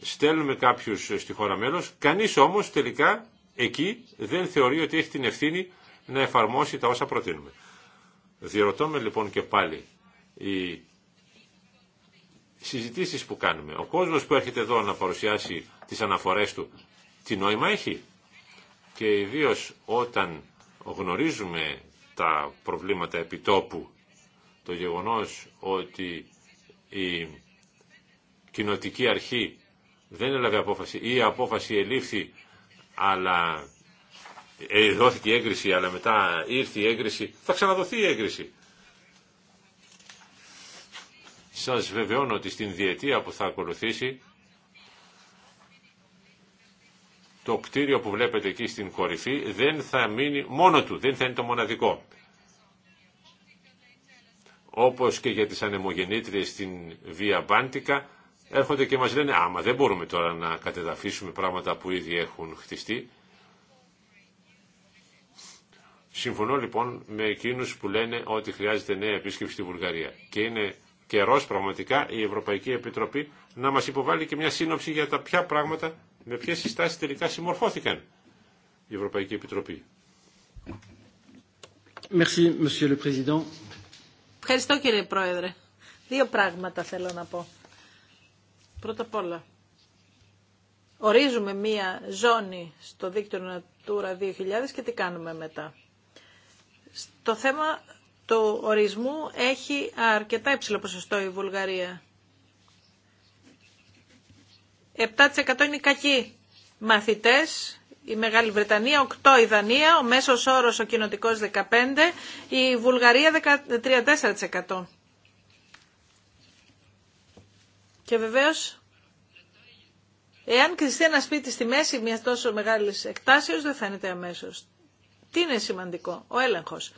στέλνουμε κάποιους στη χώρα μέλος, κανείς όμως τελικά εκεί δεν θεωρεί ότι έχει την ευθύνη να εφαρμόσει τα όσα προτείνουμε. Διερωτώμε λοιπόν και πάλι οι συζητήσεις που κάνουμε. Ο κόσμος που έρχεται εδώ να παρουσιάσει τις αναφορές του, τι νόημα έχει. Και ιδίω όταν γνωρίζουμε τα προβλήματα επιτόπου, το γεγονός ότι η κοινοτική αρχή δεν έλαβε απόφαση ή η απόφαση ελήφθη αλλά ε, δόθηκε η έγκριση αλλά μετά ήρθε η έγκριση, θα ξαναδοθεί η έγκριση. Σας βεβαιώνω ότι στην διετία που θα ακολουθήσει το κτίριο που βλέπετε εκεί στην κορυφή δεν θα μείνει μόνο του, δεν θα είναι το μοναδικό. Όπως και για τις ανεμογεννήτριες στην Βία Μπάντικα, έρχονται και μας λένε «Άμα δεν μπορούμε τώρα να κατεδαφίσουμε πράγματα που ήδη έχουν χτιστεί». Συμφωνώ λοιπόν με εκείνους που λένε ότι χρειάζεται νέα επίσκεψη στη Βουλγαρία και είναι καιρό πραγματικά η Ευρωπαϊκή Επιτροπή να μας υποβάλει και μια σύνοψη για τα ποια πράγματα, με ποιες συστάσεις τελικά συμμορφώθηκαν η Ευρωπαϊκή Επιτροπή. Merci, Monsieur le Président. Ευχαριστώ κύριε Πρόεδρε. Δύο πράγματα θέλω να πω. Πρώτα απ' όλα, ορίζουμε μία ζώνη στο δίκτυο Natura 2000 και τι κάνουμε μετά. Στο θέμα του ορισμού έχει αρκετά υψηλό ποσοστό η Βουλγαρία. 7% είναι οι κακοί μαθητές, η Μεγάλη Βρετανία 8 η Δανία, ο μέσος όρος ο κοινοτικός 15, η Βουλγαρία 34%. Και βεβαίως, εάν κρυστεί ένα σπίτι στη μέση μια τόσο μεγάλης εκτάσεως, δεν φαίνεται αμέσως. Τι είναι σημαντικό, ο έλεγχος.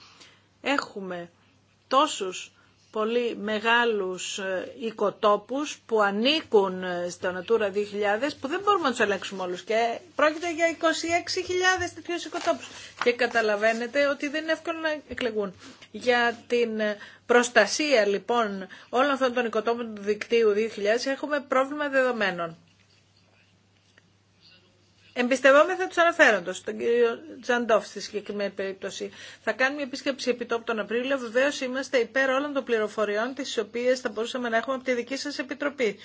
Έχουμε τόσους πολύ μεγάλους ε, οικοτόπους που ανήκουν ε, στο Natura 2000 που δεν μπορούμε να τους ελέγξουμε όλους και πρόκειται για 26.000 τέτοιους οικοτόπους και καταλαβαίνετε ότι δεν είναι εύκολο να εκλεγούν. Για την ε, προστασία λοιπόν όλων αυτών των οικοτόπων του δικτύου 2000 έχουμε πρόβλημα δεδομένων. Εμπιστευόμεθα του αναφέροντο, τον κύριο Τζαντόφ στη συγκεκριμένη περίπτωση. Θα κάνουμε επίσκεψη τόπου τον Απρίλιο. Βεβαίω είμαστε υπέρ όλων των πληροφοριών, τι οποίε θα μπορούσαμε να έχουμε από τη δική σα επιτροπή.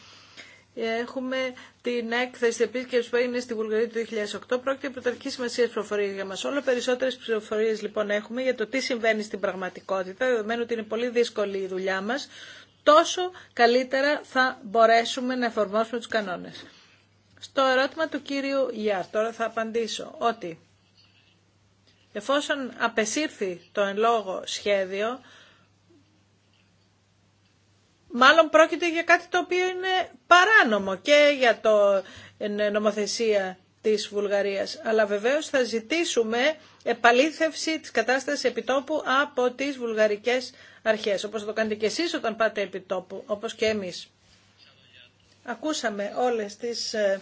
Έχουμε την έκθεση επίσκεψη που έγινε στη Βουλγαρία του 2008. Πρόκειται πρωταρχική σημασία πληροφορία για μα. Όλο περισσότερε πληροφορίε λοιπόν έχουμε για το τι συμβαίνει στην πραγματικότητα, δεδομένου ότι είναι πολύ δύσκολη η δουλειά μα, τόσο καλύτερα θα μπορέσουμε να εφαρμόσουμε του κανόνε. Στο ερώτημα του κύριου Γιάρ, τώρα θα απαντήσω ότι εφόσον απεσύρθη το εν λόγω σχέδιο, μάλλον πρόκειται για κάτι το οποίο είναι παράνομο και για το νομοθεσία της Βουλγαρίας. Αλλά βεβαίως θα ζητήσουμε επαλήθευση της κατάστασης επιτόπου από τις βουλγαρικές αρχές, όπως θα το κάνετε και εσείς όταν πάτε επιτόπου, όπως και εμείς. Ακούσαμε όλες τις ε,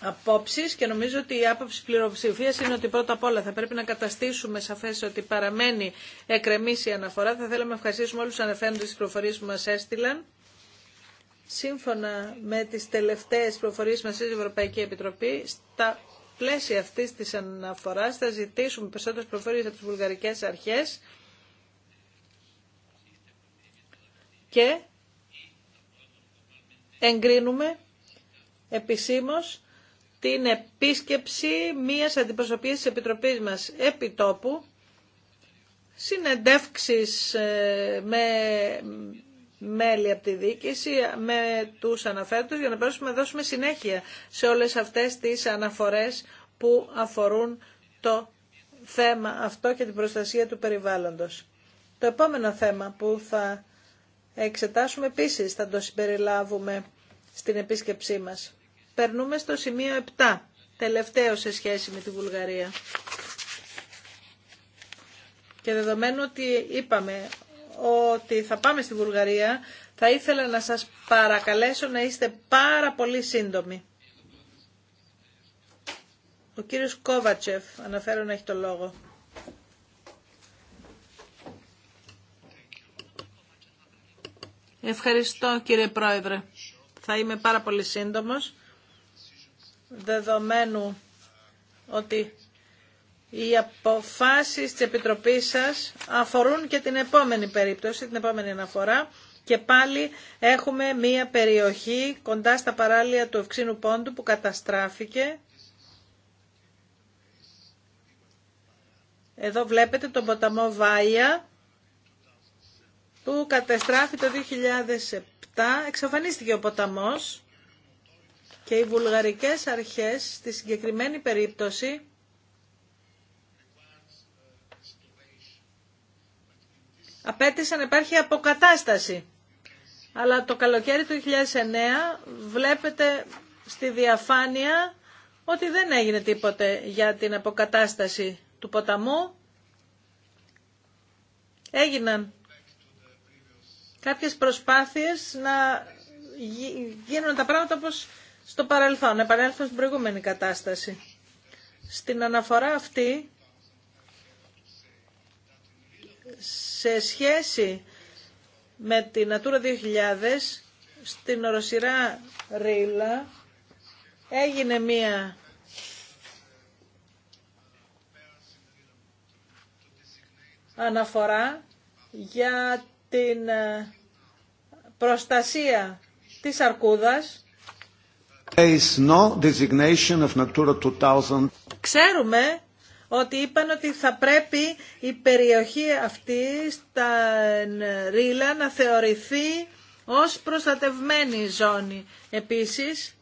απόψεις και νομίζω ότι η άποψη πληροψηφία είναι ότι πρώτα απ' όλα θα πρέπει να καταστήσουμε σαφές ότι παραμένει εκρεμής η αναφορά. Θα θέλαμε να ευχαριστήσουμε όλους τους τις προφορίες που μας έστειλαν. Σύμφωνα με τις τελευταίες προφορίες μας στην Ευρωπαϊκή Επιτροπή, στα πλαίσια αυτής της αναφοράς θα ζητήσουμε περισσότερες προφορίες από τις βουλγαρικές αρχές και εγκρίνουμε επισήμως την επίσκεψη μίας αντιπροσωπείας της Επιτροπής μας επί τόπου, συνεντεύξεις ε, με μέλη από τη διοίκηση, με τους αναφέρτους, για να μπορέσουμε να δώσουμε συνέχεια σε όλες αυτές τις αναφορές που αφορούν το θέμα αυτό και την προστασία του περιβάλλοντος. Το επόμενο θέμα που θα εξετάσουμε επίσης, θα το συμπεριλάβουμε στην επίσκεψή μας. Περνούμε στο σημείο 7, τελευταίο σε σχέση με τη Βουλγαρία. Και δεδομένου ότι είπαμε ότι θα πάμε στη Βουλγαρία, θα ήθελα να σας παρακαλέσω να είστε πάρα πολύ σύντομοι. Ο κύριος Κόβατσεφ, αναφέρω να έχει το λόγο. Ευχαριστώ κύριε Πρόεδρε. Θα είμαι πάρα πολύ σύντομος, δεδομένου ότι οι αποφάσεις της Επιτροπής σας αφορούν και την επόμενη περίπτωση, την επόμενη αναφορά και πάλι έχουμε μία περιοχή κοντά στα παράλια του Ευξήνου Πόντου που καταστράφηκε. Εδώ βλέπετε τον ποταμό Βάια που καταστράφη το 2007, εξαφανίστηκε ο ποταμός και οι βουλγαρικές αρχές στη συγκεκριμένη περίπτωση απέτησαν υπάρχει αποκατάσταση. Αλλά το καλοκαίρι του 2009 βλέπετε στη διαφάνεια ότι δεν έγινε τίποτε για την αποκατάσταση του ποταμού. Έγιναν κάποιες προσπάθειες να γίνουν τα πράγματα όπως στο παρελθόν, να επανέλθουν στην προηγούμενη κατάσταση. Στην αναφορά αυτή, σε σχέση με την Natura 2000, στην Οροσιρά Ρίλα έγινε μία αναφορά για την ε, προστασία της αρκούδας. Ξέρουμε ότι είπαν ότι θα πρέπει η περιοχή αυτή στα Ρίλα να θεωρηθεί ως προστατευμένη ζώνη. Επίσης,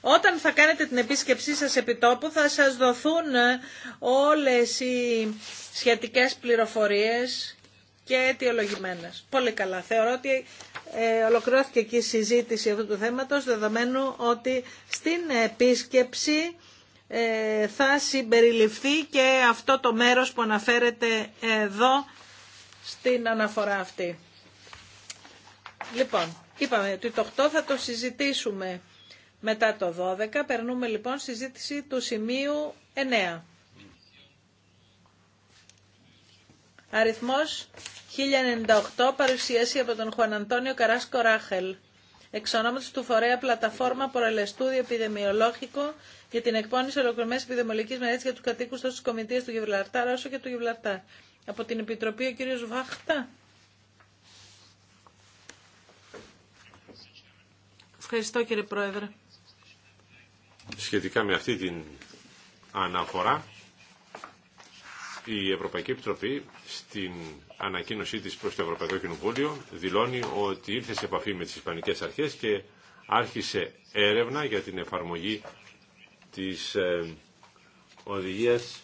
Όταν θα κάνετε την επίσκεψή σας επί τόπου θα σας δοθούν όλες οι σχετικές πληροφορίες και αιτιολογημένε. Πολύ καλά. Θεωρώ ότι ε, ολοκληρώθηκε εκεί η συζήτηση αυτού του θέματος, δεδομένου ότι στην επίσκεψη ε, θα συμπεριληφθεί και αυτό το μέρος που αναφέρεται εδώ στην αναφορά αυτή. Λοιπόν, είπαμε ότι το 8 θα το συζητήσουμε μετά το 12. Περνούμε λοιπόν συζήτηση του σημείου 9. Αριθμός 1098 παρουσίαση από τον Χουαν Αντώνιο Καράσκο Ράχελ. Εξ του φορέα Πλαταφόρμα Πορελεστούδιο Επιδημιολόγικο για την εκπόνηση ολοκληρωμένη επιδημιολογική μελέτη για του κατοίκου τόσο τη Κομιτεία του Γιβλαρτάρ όσο και του Γιβλαρτάρ. Από την Επιτροπή ο κ. Βάχτα. Ευχαριστώ κύριε Πρόεδρε. Σχετικά με αυτή την αναφορά η Ευρωπαϊκή Επιτροπή στην ανακοίνωσή της προς το Ευρωπαϊκό Κοινοβούλιο δηλώνει ότι ήρθε σε επαφή με τις Ισπανικές Αρχές και άρχισε έρευνα για την εφαρμογή της ε, οδηγίας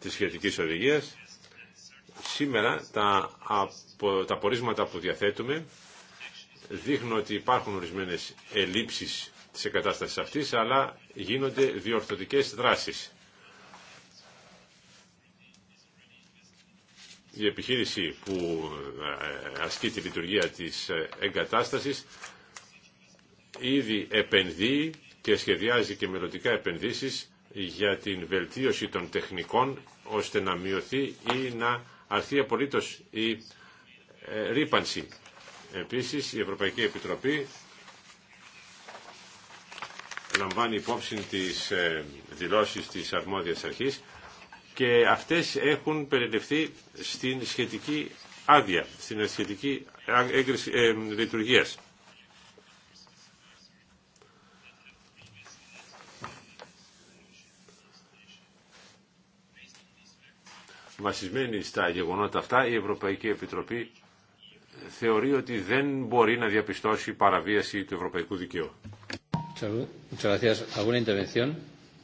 της σχετικής οδηγίας. Σήμερα τα, απο, τα πορίσματα που διαθέτουμε δείχνουν ότι υπάρχουν ορισμένες ελλείψεις της εγκατάστασης αυτής, αλλά γίνονται διορθωτικές δράσεις. η επιχείρηση που ε, ασκεί τη λειτουργία της ε, εγκατάστασης ήδη επενδύει και σχεδιάζει και μελλοντικά επενδύσεις για την βελτίωση των τεχνικών ώστε να μειωθεί ή να αρθεί απολύτως η ε, ρήπανση. Επίσης η Ευρωπαϊκή Επιτροπή λαμβάνει υπόψη τις δηλώσεις της αρμόδιας αρχής και αυτές έχουν περιληφθεί στην σχετική άδεια, στην σχετική έγκριση ε, λειτουργίας. Βασισμένη στα γεγονότα αυτά, η Ευρωπαϊκή Επιτροπή θεωρεί ότι δεν μπορεί να διαπιστώσει παραβίαση του ευρωπαϊκού δικαίου.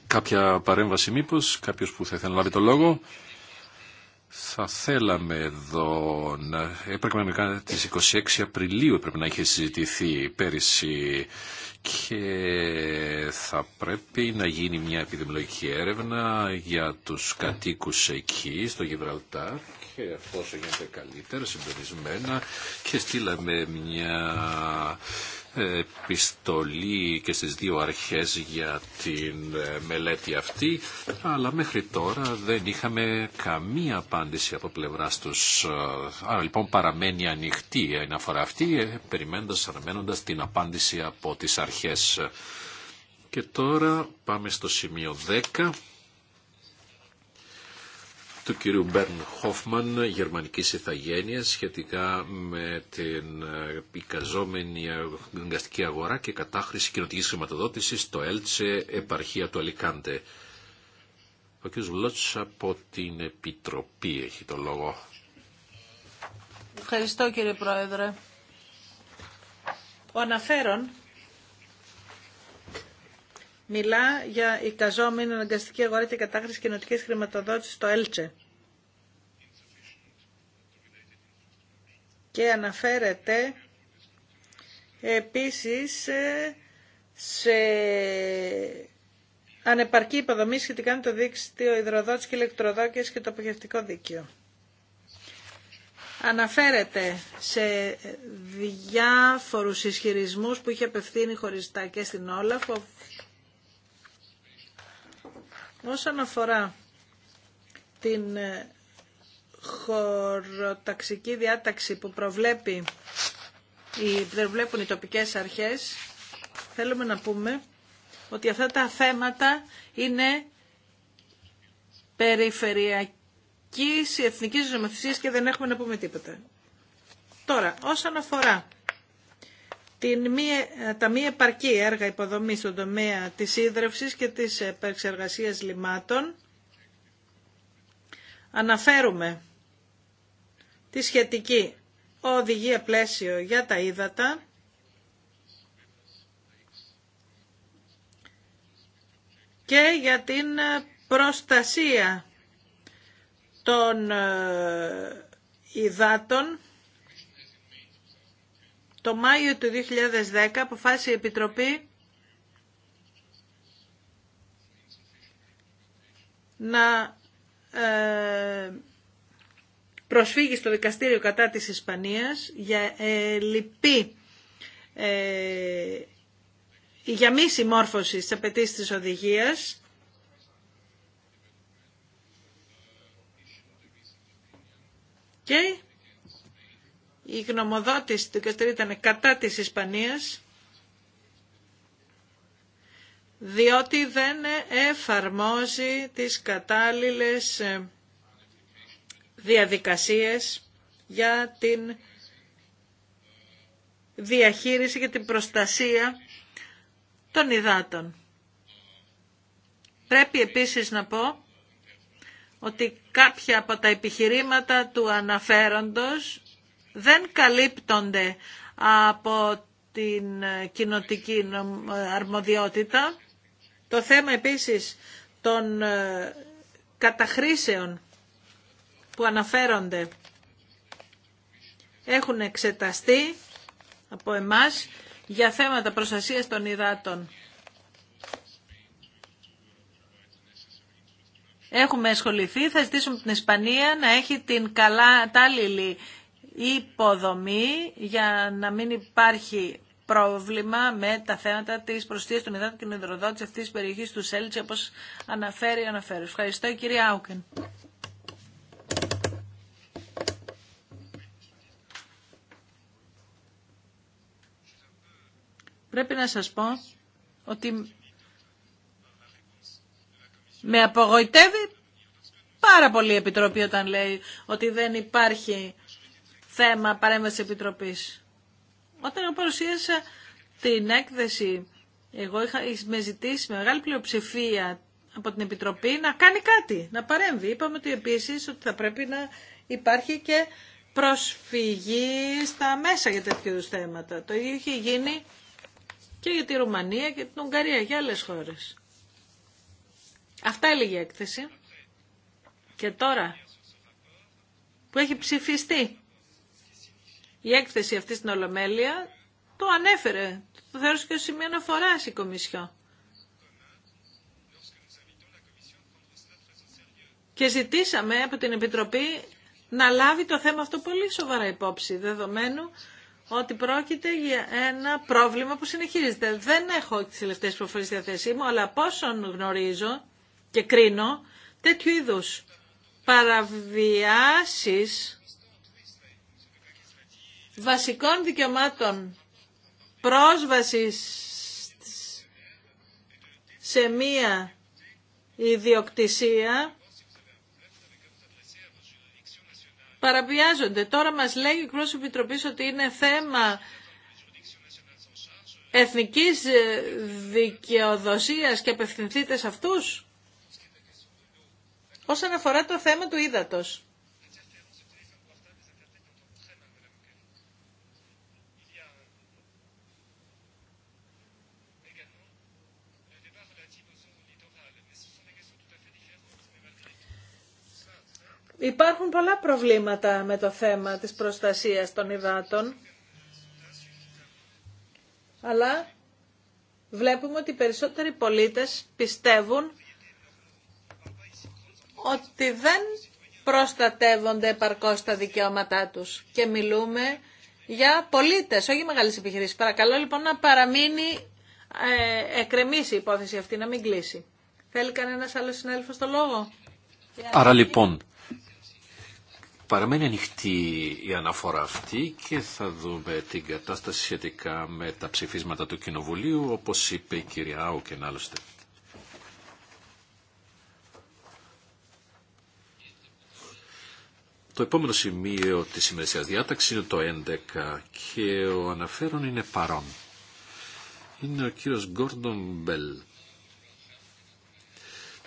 Κάποια παρέμβαση μήπως, κάποιος που θα ήθελε να λάβει το λόγο. Θα θέλαμε εδώ να έπρεπε να κάνει τις 26 Απριλίου έπρεπε να είχε συζητηθεί πέρυσι και θα πρέπει να γίνει μια επιδημιολογική έρευνα για τους κατοίκους εκεί στο Γιβραλτάρ και όσο γίνεται καλύτερα συμπερισμένα και στείλαμε μια επιστολή και στις δύο αρχές για την ε, μελέτη αυτή, αλλά μέχρι τώρα δεν είχαμε καμία απάντηση από πλευρά τους. Άρα ε, λοιπόν παραμένει ανοιχτή η αναφορά αυτή, ε, περιμένοντας, αναμένοντας την απάντηση από τις αρχές. Και τώρα πάμε στο σημείο 10 του κυρίου Μπέρν Χόφμαν γερμανικής ηθαγένεια, σχετικά με την ε, εικαζόμενη εγκαστική αγορά και κατάχρηση κοινωτικής χρηματοδότησης στο Έλτσε, επαρχία του Αλικάντε. Ο κ. Βλότς από την Επιτροπή έχει το λόγο. Ευχαριστώ κύριε Πρόεδρε. Ο αναφέρον μιλά για εικαζόμενη αναγκαστική αγορά και κατάχρηση κοινοτικής χρηματοδότησης στο ΕΛΤΣΕ. Και αναφέρεται επίσης ε, σε ανεπαρκή υποδομή σχετικά με το δίκτυο υδροδότης και ηλεκτροδότηση και το αποχευτικό δίκαιο. Αναφέρεται σε διάφορους ισχυρισμούς που είχε απευθύνει χωριστά και στην Όλαφ, Όσον αφορά την ε, χωροταξική διάταξη που προβλέπει οι, προβλέπουν οι τοπικές αρχές, θέλουμε να πούμε ότι αυτά τα θέματα είναι περιφερειακής εθνικής νομοθεσίας και δεν έχουμε να πούμε τίποτα. Τώρα, όσον αφορά τα μη επαρκή έργα υποδομής στον τομέα της ίδρευσης και της επεξεργασίας λιμάτων. Αναφέρουμε τη σχετική οδηγία πλαίσιο για τα ύδατα και για την προστασία των ε, υδάτων το Μάιο του 2010 αποφάσισε η Επιτροπή να ε, προσφύγει στο δικαστήριο κατά της Ισπανίας για ε, λυπή ε, για μη συμμόρφωση στις απαιτήσεις της οδηγίας και η γνωμοδότηση του δικαστηρίου ήταν κατά της Ισπανίας διότι δεν εφαρμόζει τις κατάλληλες ε, διαδικασίες για την διαχείριση και την προστασία των υδάτων. Πρέπει επίσης να πω ότι κάποια από τα επιχειρήματα του αναφέροντος δεν καλύπτονται από την κοινοτική αρμοδιότητα. Το θέμα επίσης των ε, καταχρήσεων που αναφέρονται έχουν εξεταστεί από εμάς για θέματα προστασίας των υδάτων. Έχουμε ασχοληθεί, θα ζητήσουμε την Ισπανία να έχει την καλά τάλληλη υποδομή για να μην υπάρχει πρόβλημα με τα θέματα της προστίας των υδάτων και υδροδότης αυτής της περιοχής του Σέλτσε, όπως αναφέρει ο Ευχαριστώ, κύριε Άουκεν. Πρέπει να σας πω ότι με απογοητεύει πάρα πολύ η Επιτροπή όταν λέει ότι δεν υπάρχει θέμα παρέμβαση επιτροπή. Όταν παρουσίασα την έκθεση, εγώ είχα, με ζητήσει με μεγάλη πλειοψηφία από την Επιτροπή να κάνει κάτι, να παρέμβει. Είπαμε ότι επίση ότι θα πρέπει να υπάρχει και προσφυγή στα μέσα για τέτοιου θέματα. Το ίδιο είχε γίνει και για τη Ρουμανία και την Ουγγαρία, για άλλες χώρες. Αυτά έλεγε η έκθεση. Και τώρα που έχει ψηφιστεί η έκθεση αυτή στην Ολομέλεια το ανέφερε. Το θεωρούσε και ως σημείο αναφορά η Κομισιό. Και ζητήσαμε από την Επιτροπή να λάβει το θέμα αυτό πολύ σοβαρά υπόψη, δεδομένου ότι πρόκειται για ένα πρόβλημα που συνεχίζεται. Δεν έχω τις τελευταίε προφορές στη διαθέσή μου, αλλά πόσον γνωρίζω και κρίνω, τέτοιου είδους παραβιάσεις βασικών δικαιωμάτων πρόσβασης σε μία ιδιοκτησία παραβιάζονται. Τώρα μας λέει η Κρός Επιτροπής ότι είναι θέμα εθνικής δικαιοδοσίας και απευθυνθείτε σε αυτούς. Όσον αφορά το θέμα του ύδατος. Υπάρχουν πολλά προβλήματα με το θέμα της προστασίας των υδάτων, αλλά βλέπουμε ότι οι περισσότεροι πολίτες πιστεύουν ότι δεν προστατεύονται επαρκώς τα δικαιώματά τους και μιλούμε για πολίτες, όχι μεγάλες επιχειρήσεις. Παρακαλώ λοιπόν να παραμείνει ε, η υπόθεση αυτή, να μην κλείσει. Θέλει κανένας άλλος συνέλφος το λόγο. Άρα λοιπόν Παραμένει ανοιχτή η αναφορά αυτή και θα δούμε την κατάσταση σχετικά με τα ψηφίσματα του Κοινοβουλίου, όπως είπε η κυρία Άουκεν άλλωστε. Το επόμενο σημείο της ημερησίας διάταξης είναι το 11 και ο αναφέρον είναι παρόν. Είναι ο κύριος Γκόρντον Μπέλ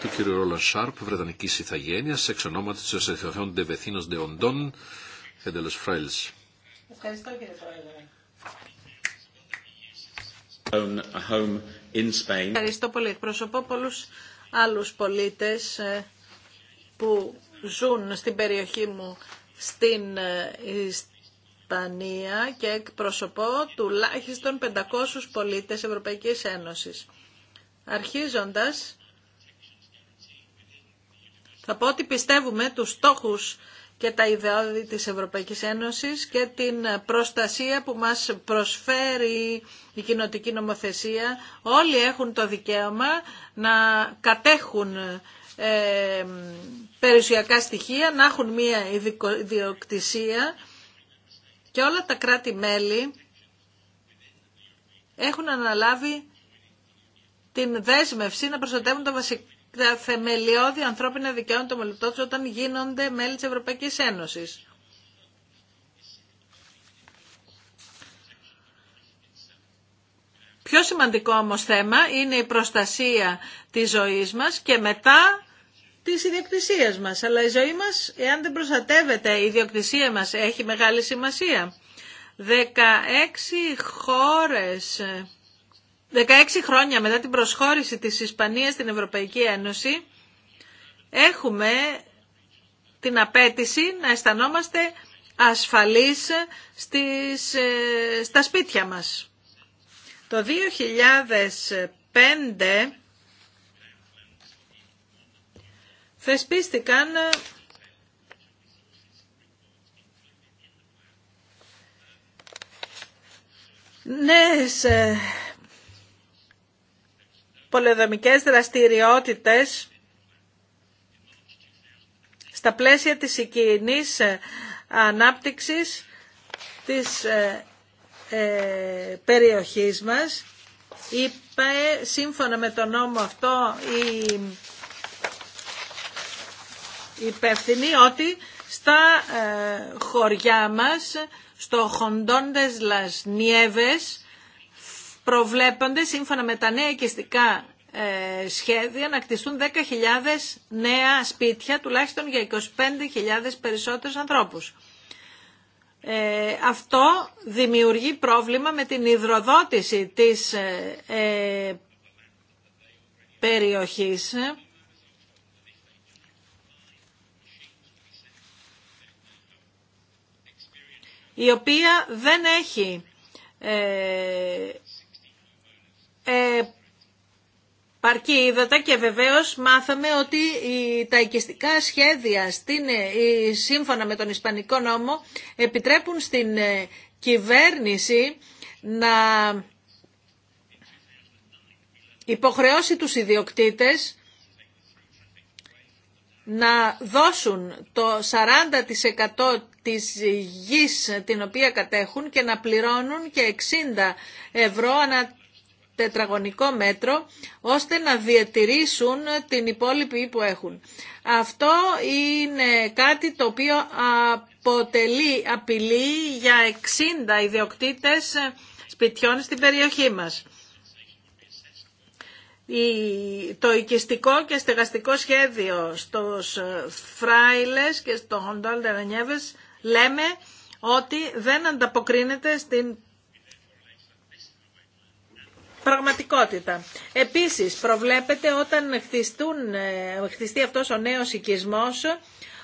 του κ. Ρόλαν Σάρπ, Βρετανική Ιθαγένεια, εξ ονόματο της Εθιωθών Ντεβεθίνο Ντεοντών, Χέντελο Φράιλς. Ευχαριστώ κύριε Πρόεδρε. Ευχαριστώ πολύ. Εκπροσωπώ πολλού άλλου πολίτε ε, που ζουν στην περιοχή μου στην ε, Ισπανία και εκπροσωπώ τουλάχιστον 500 πολίτες Ευρωπαϊκής Ένωσης. Αρχίζοντας, θα πω ότι πιστεύουμε τους στόχους και τα ιδεώδη της Ευρωπαϊκής Ένωσης και την προστασία που μας προσφέρει η κοινοτική νομοθεσία. Όλοι έχουν το δικαίωμα να κατέχουν ε, περιουσιακά στοιχεία, να έχουν μία ιδιοκτησία και όλα τα κράτη-μέλη έχουν αναλάβει την δέσμευση να προστατεύουν τα βασικά τα θεμελιώδη ανθρώπινα δικαιώματα των πολιτών όταν γίνονται μέλη της Ευρωπαϊκής Ένωσης. Πιο σημαντικό όμως θέμα είναι η προστασία της ζωής μας και μετά της ιδιοκτησίας μας. Αλλά η ζωή μας, εάν δεν προστατεύεται, η ιδιοκτησία μας έχει μεγάλη σημασία. 16 χώρες 16 χρόνια μετά την προσχώρηση της Ισπανίας στην Ευρωπαϊκή Ένωση έχουμε την απέτηση να αισθανόμαστε ασφαλείς στις, ε, στα σπίτια μας. Το 2005 θεσπίστηκαν ε, νέες ε, πολεδομικές δραστηριότητες στα πλαίσια της οικοινής ε, ανάπτυξης της ε, ε, περιοχής μας. Είπε, σύμφωνα με τον νόμο αυτό, η υπεύθυνη ότι στα ε, χωριά μας, στο Χοντόντες Λας Νιέβες, προβλέπονται σύμφωνα με τα νέα οικιστικά ε, σχέδια να κτιστούν 10.000 νέα σπίτια, τουλάχιστον για 25.000 περισσότερους ανθρώπους. Ε, αυτό δημιουργεί πρόβλημα με την υδροδότηση της ε, ε περιοχής. η οποία δεν έχει ε, Παρκή είδωτα και βεβαίως μάθαμε ότι τα οικιστικά σχέδια στην, ε, σύμφωνα με τον Ισπανικό νόμο επιτρέπουν στην ε, κυβέρνηση να υποχρεώσει τους ιδιοκτήτες να δώσουν το 40% της γης την οποία κατέχουν και να πληρώνουν και 60 ευρώ ανά τετραγωνικό μέτρο ώστε να διατηρήσουν την υπόλοιπη που έχουν. Αυτό είναι κάτι το οποίο αποτελεί απειλή για 60 ιδιοκτήτες σπιτιών στην περιοχή μας. Το οικιστικό και στεγαστικό σχέδιο στους Φράιλες και στο Χοντόλ Νιέβες λέμε ότι δεν ανταποκρίνεται στην πραγματικότητα. Επίσης προβλέπεται όταν χτιστούν, ε, χτιστεί αυτός ο νέος οικισμός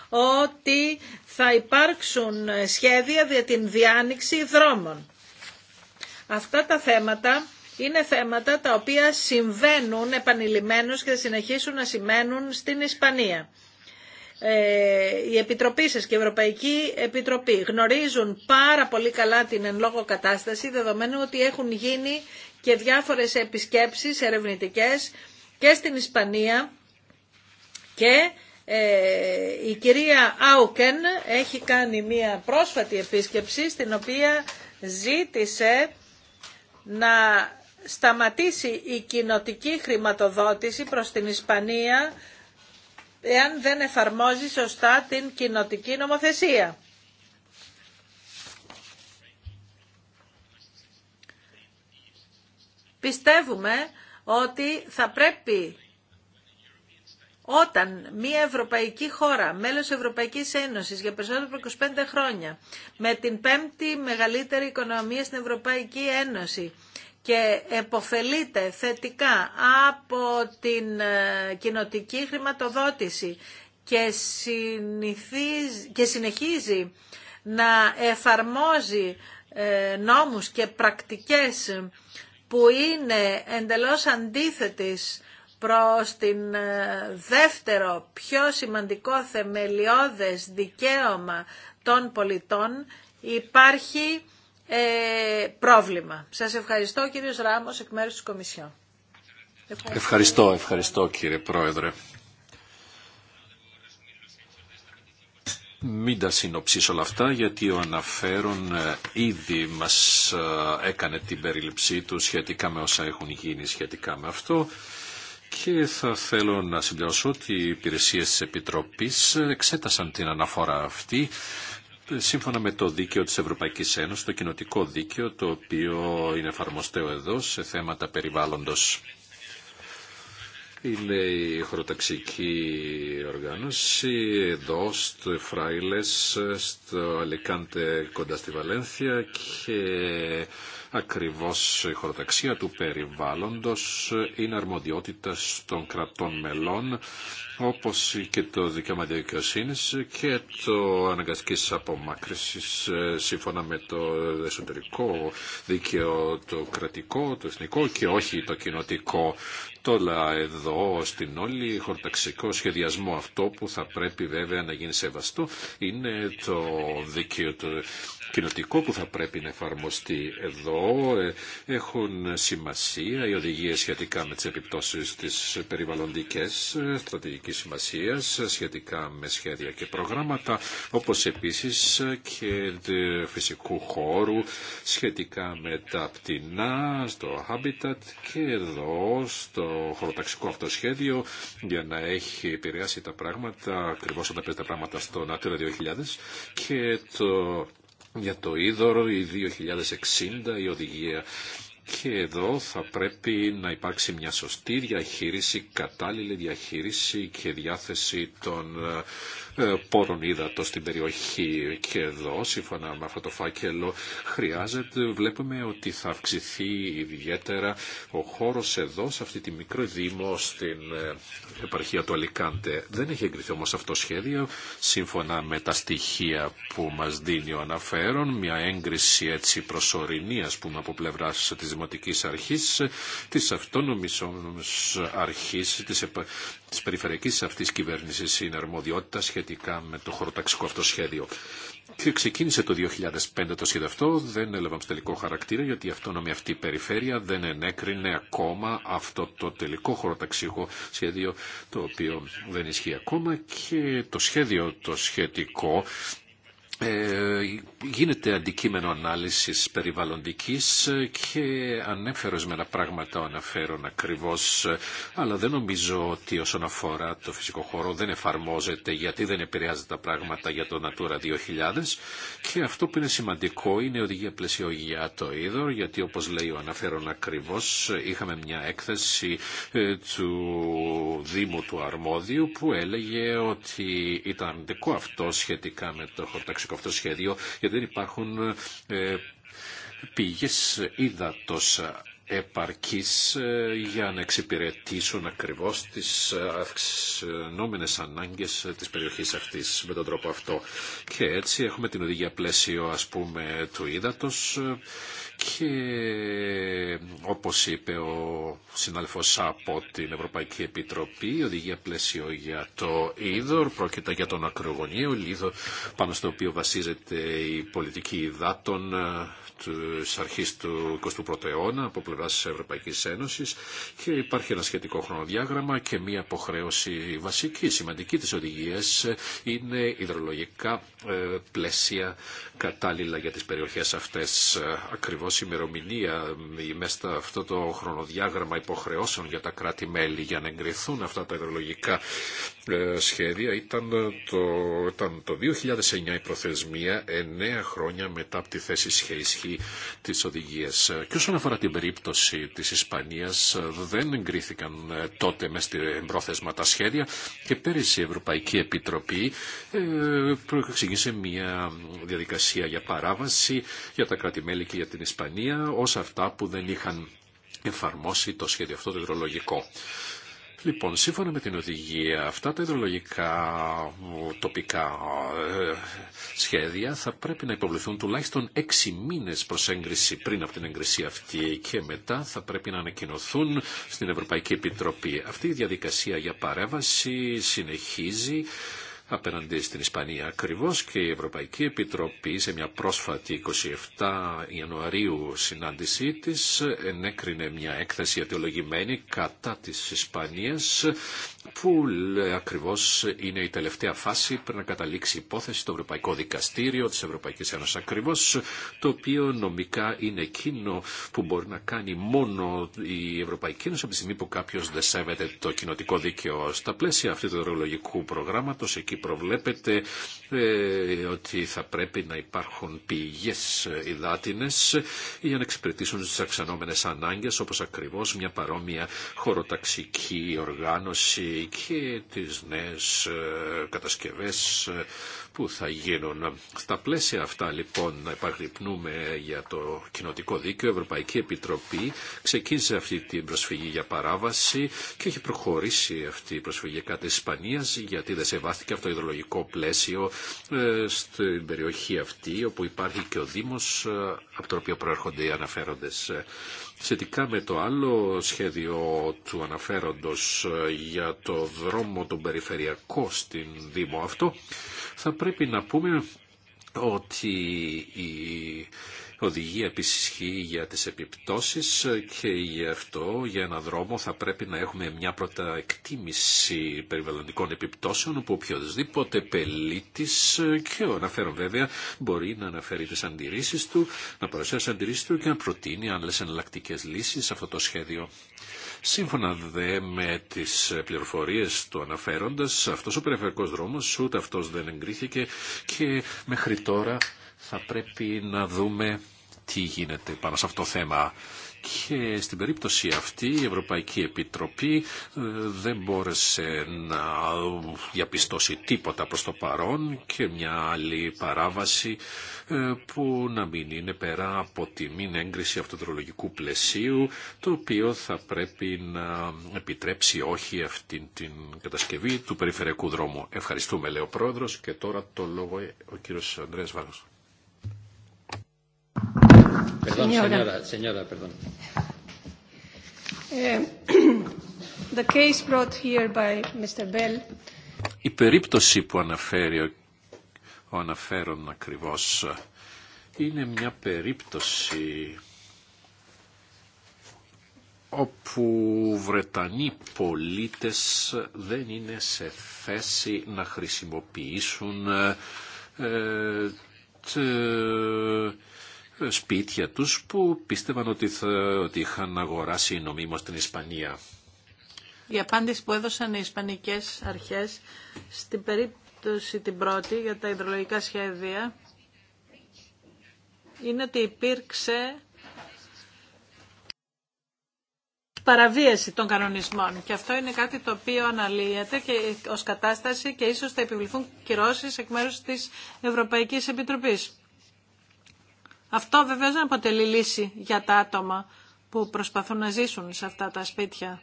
ότι θα υπάρξουν ε, σχέδια για την διάνοιξη δρόμων. Αυτά τα θέματα είναι θέματα τα οποία συμβαίνουν επανειλημμένως και θα συνεχίσουν να συμβαίνουν στην Ισπανία. Ε, η Επιτροπή σας και η Ευρωπαϊκή Επιτροπή γνωρίζουν πάρα πολύ καλά την εν λόγω κατάσταση δεδομένου ότι έχουν γίνει και διάφορες επισκέψεις ερευνητικές και στην Ισπανία και ε, η κυρία Άουκεν έχει κάνει μία πρόσφατη επίσκεψη στην οποία ζήτησε να σταματήσει η κοινοτική χρηματοδότηση προς την Ισπανία εάν δεν εφαρμόζει σωστά την κοινοτική νομοθεσία. Πιστεύουμε ότι θα πρέπει όταν μια ευρωπαϊκή χώρα, μέλος Ευρωπαϊκής Ένωσης για περισσότερο από 25 χρόνια, με την πέμπτη μεγαλύτερη οικονομία στην Ευρωπαϊκή Ένωση και εποφελείται θετικά από την ε, κοινοτική χρηματοδότηση και, και συνεχίζει να εφαρμόζει ε, νόμους και πρακτικές που είναι εντελώς αντίθετης προς την ε, δεύτερο πιο σημαντικό θεμελιώδες δικαίωμα των πολιτών υπάρχει ε, πρόβλημα. Σας ευχαριστώ κύριος Ράμος εκ μέρους της Κομισιόν. Ευχαριστώ, ευχαριστώ κύριε Πρόεδρε. Μην τα συνοψίσω όλα αυτά γιατί ο αναφέρον ε, ήδη μας ε, έκανε την περίληψή του σχετικά με όσα έχουν γίνει σχετικά με αυτό και θα θέλω να συμπληρώσω ότι οι υπηρεσίες της Επιτροπής εξέτασαν την αναφορά αυτή σύμφωνα με το δίκαιο της Ευρωπαϊκής Ένωσης, το κοινοτικό δίκαιο το οποίο είναι εφαρμοστέο εδώ σε θέματα περιβάλλοντος. Η χωροταξική οργάνωση εδώ στο Φράιλες, στο Αλικάντε κοντά στη Βαλένθια και ακριβώς η χωροταξία του περιβάλλοντος είναι αρμοδιότητα των κρατών μελών όπως και το δικαίωμα δικαιοσύνη και το αναγκαστική απομάκρυση σύμφωνα με το εσωτερικό δίκαιο, το κρατικό, το εθνικό και όχι το κοινοτικό τώρα εδώ στην όλη χορταξικό σχεδιασμό. Αυτό που θα πρέπει βέβαια να γίνει σεβαστό είναι το δίκαιο το κοινοτικό που θα πρέπει να εφαρμοστεί εδώ. Ε, έχουν σημασία οι οδηγίες σχετικά με τις επιπτώσεις της περιβαλλοντικές ε, στρατηγικής σημασίας, ε, σχετικά με σχέδια και προγράμματα, όπως επίσης και φυσικού χώρου σχετικά με τα πτηνά στο Habitat και εδώ στο το χωροταξικό αυτό σχέδιο για να έχει επηρεάσει τα πράγματα, ακριβώ όταν παίζει τα πράγματα στο Natura 2000 και το για το Ίδωρο, η 2060, η οδηγία και εδώ θα πρέπει να υπάρξει μια σωστή διαχείριση, κατάλληλη διαχείριση και διάθεση των ε, πόρων ύδατο στην περιοχή. Και εδώ, σύμφωνα με αυτό το φάκελο, χρειάζεται, βλέπουμε ότι θα αυξηθεί ιδιαίτερα ο χώρος εδώ, σε αυτή τη μικρή δήμο, στην ε, επαρχία του Αλικάντε. Δεν έχει εγκριθεί όμως αυτό το σχέδιο, σύμφωνα με τα στοιχεία που μας δίνει ο αναφέρον, μια έγκριση έτσι προσωρινή, ας πούμε, από πλευράς Δημοτικής Αρχής, της αυτόνομης όμως αρχής, της, επα... της περιφερειακής αυτής κυβέρνησης είναι αρμοδιότητα σχετικά με το χωροταξικό αυτό σχέδιο. Και ξεκίνησε το 2005 το σχέδιο αυτό, δεν έλαβαν τελικό χαρακτήρα γιατί η αυτόνομη αυτή περιφέρεια δεν ενέκρινε ακόμα αυτό το τελικό χωροταξικό σχέδιο το οποίο δεν ισχύει ακόμα και το σχέδιο το σχετικό ε, γίνεται αντικείμενο ανάλυσης περιβαλλοντικής και με τα πράγματα αναφέρον ακριβώς, αλλά δεν νομίζω ότι όσον αφορά το φυσικό χώρο δεν εφαρμόζεται γιατί δεν επηρεάζεται τα πράγματα για το Natura 2000 και αυτό που είναι σημαντικό είναι η οδηγία πλαισιο για το είδο γιατί όπως λέει ο αναφέρον ακριβώς είχαμε μια έκθεση ε, του Δήμου του Αρμόδιου που έλεγε ότι ήταν δικό αυτό σχετικά με το χορταξ τοξικό αυτό το σχέδιο, γιατί δεν υπάρχουν ε, πηγές ύδατος επαρκής ε, για να εξυπηρετήσουν ακριβώς τις αυξανόμενες ανάγκες της περιοχής αυτής με τον τρόπο αυτό. Και έτσι έχουμε την οδηγία πλαίσιο ας πούμε του ύδατος και όπως είπε ο συνάδελφος από την Ευρωπαϊκή Επιτροπή, η οδηγία πλαίσιο για το είδωρ πρόκειται για τον ακρογωνίο λίδο πάνω στο οποίο βασίζεται η πολιτική υδάτων ε, της αρχής του 21ου αιώνα από πλευρά πλευράς Ευρωπαϊκής Ένωσης και υπάρχει ένα σχετικό χρονοδιάγραμμα και μία αποχρέωση βασική, σημαντική της οδηγίας ε, είναι υδρολογικά ε, πλαίσια κατάλληλα για τις περιοχές αυτές ακριβώς ως ημερομηνία ε, μέσα αυτό το χρονοδιάγραμμα υποχρεώσεων για τα κράτη-μέλη για να εγκριθούν αυτά τα υδρολογικά ε, σχέδια ήταν ε, το, ήταν το 2009 η προθεσμία, εννέα χρόνια μετά από τη θέση σχέση της οδηγίας. Και όσον αφορά την περίπτωση της Ισπανίας δεν εγκρίθηκαν τότε μέσα στην πρόθεσμα τα σχέδια και πέρυσι η Ευρωπαϊκή Επιτροπή ε, ξεκίνησε μια διαδικασία για παράβαση για τα κράτη-μέλη και για την Ισπανία Ισπανία ως αυτά που δεν είχαν εφαρμόσει το σχέδιο αυτό το υδρολογικό. Λοιπόν, σύμφωνα με την οδηγία, αυτά τα υδρολογικά τοπικά ε, σχέδια θα πρέπει να υποβληθούν τουλάχιστον έξι μήνες προς έγκριση πριν από την έγκριση αυτή και μετά θα πρέπει να ανακοινωθούν στην Ευρωπαϊκή Επιτροπή. Αυτή η διαδικασία για παρέβαση συνεχίζει απέναντι στην Ισπανία. Ακριβώς και η Ευρωπαϊκή Επιτροπή σε μια πρόσφατη 27 Ιανουαρίου συνάντησή της ενέκρινε μια έκθεση αιτιολογημένη κατά της Ισπανίας που ακριβώς είναι η τελευταία φάση πριν να καταλήξει η υπόθεση το Ευρωπαϊκό Δικαστήριο της Ευρωπαϊκής Ένωσης. Ακριβώς το οποίο νομικά είναι εκείνο που μπορεί να κάνει μόνο η Ευρωπαϊκή Ένωση από τη στιγμή που κάποιος δεν σέβεται το κοινοτικό δίκαιο. Στα πλαίσια αυτού του ρολογικού προγράμματο. εκεί προβλέπεται ε, ότι θα πρέπει να υπάρχουν πηγές υδάτινες για να εξυπηρετήσουν τις αυξανόμενες ανάγκες όπως ακριβώς μια παρόμοια χωροταξική οργάνωση και τις νέες ε, κατασκευές ε, που θα γίνουν. Στα πλαίσια αυτά λοιπόν να επαγρυπνούμε για το κοινοτικό δίκαιο, η Ευρωπαϊκή Επιτροπή ξεκίνησε αυτή την προσφυγή για παράβαση και έχει προχωρήσει αυτή η προσφυγή κατά της Ισπανίας γιατί δεν σεβάστηκε αυτό το ιδεολογικό πλαίσιο ε, στην περιοχή αυτή όπου υπάρχει και ο Δήμος ε, από το οποίο προέρχονται οι αναφέροντες. Σχετικά με το άλλο σχέδιο του αναφέροντος ε, για το δρόμο τον περιφερειακό στην Δήμο αυτό, θα πρέπει να πούμε ότι η Οδηγεί επίσης για τις επιπτώσεις και γι' αυτό για ένα δρόμο θα πρέπει να έχουμε μια πρώτα εκτίμηση περιβαλλοντικών επιπτώσεων που οποιοδήποτε πελίτης και ο αναφέρον βέβαια μπορεί να αναφέρει τις αντιρρήσεις του, να παρουσιάσει αντιρρήσεις του και να προτείνει άλλε εναλλακτικέ λύσεις σε αυτό το σχέδιο. Σύμφωνα δε με τις πληροφορίες του αναφέροντας, αυτός ο περιφερειακός δρόμος ούτε αυτός δεν εγκρίθηκε και μέχρι τώρα θα πρέπει να δούμε τι γίνεται πάνω σε αυτό το θέμα. Και στην περίπτωση αυτή η Ευρωπαϊκή Επιτροπή ε, δεν μπόρεσε να διαπιστώσει τίποτα προς το παρόν και μια άλλη παράβαση ε, που να μην είναι πέρα από τη μην έγκριση αυτοδρολογικού πλαισίου το οποίο θα πρέπει να επιτρέψει όχι αυτή την κατασκευή του περιφερειακού δρόμου. Ευχαριστούμε λέει ο Πρόεδρος και τώρα το λόγο ο κύριος Ανδρέας Βάρος. Η περίπτωση που αναφέρει ο αναφέρον ακριβώς είναι μια περίπτωση όπου Βρετανοί πολίτες δεν είναι σε θέση να χρησιμοποιήσουν ε, σπίτια τους που πίστευαν ότι, θα, ότι είχαν αγοράσει νομίμως την Ισπανία. Η απάντηση που έδωσαν οι Ισπανικές αρχές στην περίπτωση την πρώτη για τα υδρολογικά σχέδια είναι ότι υπήρξε παραβίαση των κανονισμών. Και αυτό είναι κάτι το οποίο αναλύεται και ως κατάσταση και ίσως θα επιβληθούν κυρώσεις εκ μέρους της Ευρωπαϊκής Επιτροπής. Αυτό βεβαίω δεν αποτελεί λύση για τα άτομα που προσπαθούν να ζήσουν σε αυτά τα σπίτια.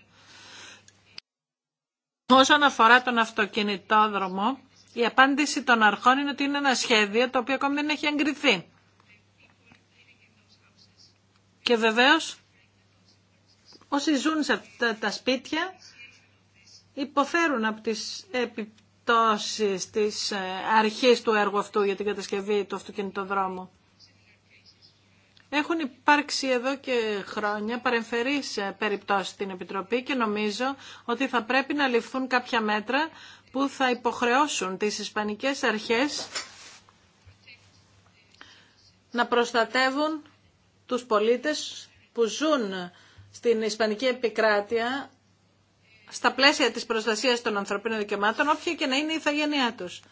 Όσον αφορά τον αυτοκινητόδρομο, η απάντηση των αρχών είναι ότι είναι ένα σχέδιο το οποίο ακόμη δεν έχει εγκριθεί. Και βεβαίως όσοι ζουν σε αυτά τα σπίτια υποφέρουν από τις επιπτώσεις της ε, αρχής του έργου αυτού για την κατασκευή του αυτοκινητοδρόμου. Έχουν υπάρξει εδώ και χρόνια παρεμφερείς ε, περιπτώσεις στην Επιτροπή και νομίζω ότι θα πρέπει να ληφθούν κάποια μέτρα που θα υποχρεώσουν τις Ισπανικές αρχές να προστατεύουν τους πολίτες που ζουν στην Ισπανική επικράτεια στα πλαίσια της προστασίας των ανθρωπίνων δικαιωμάτων, όποια και να είναι η ηθαγένειά τους.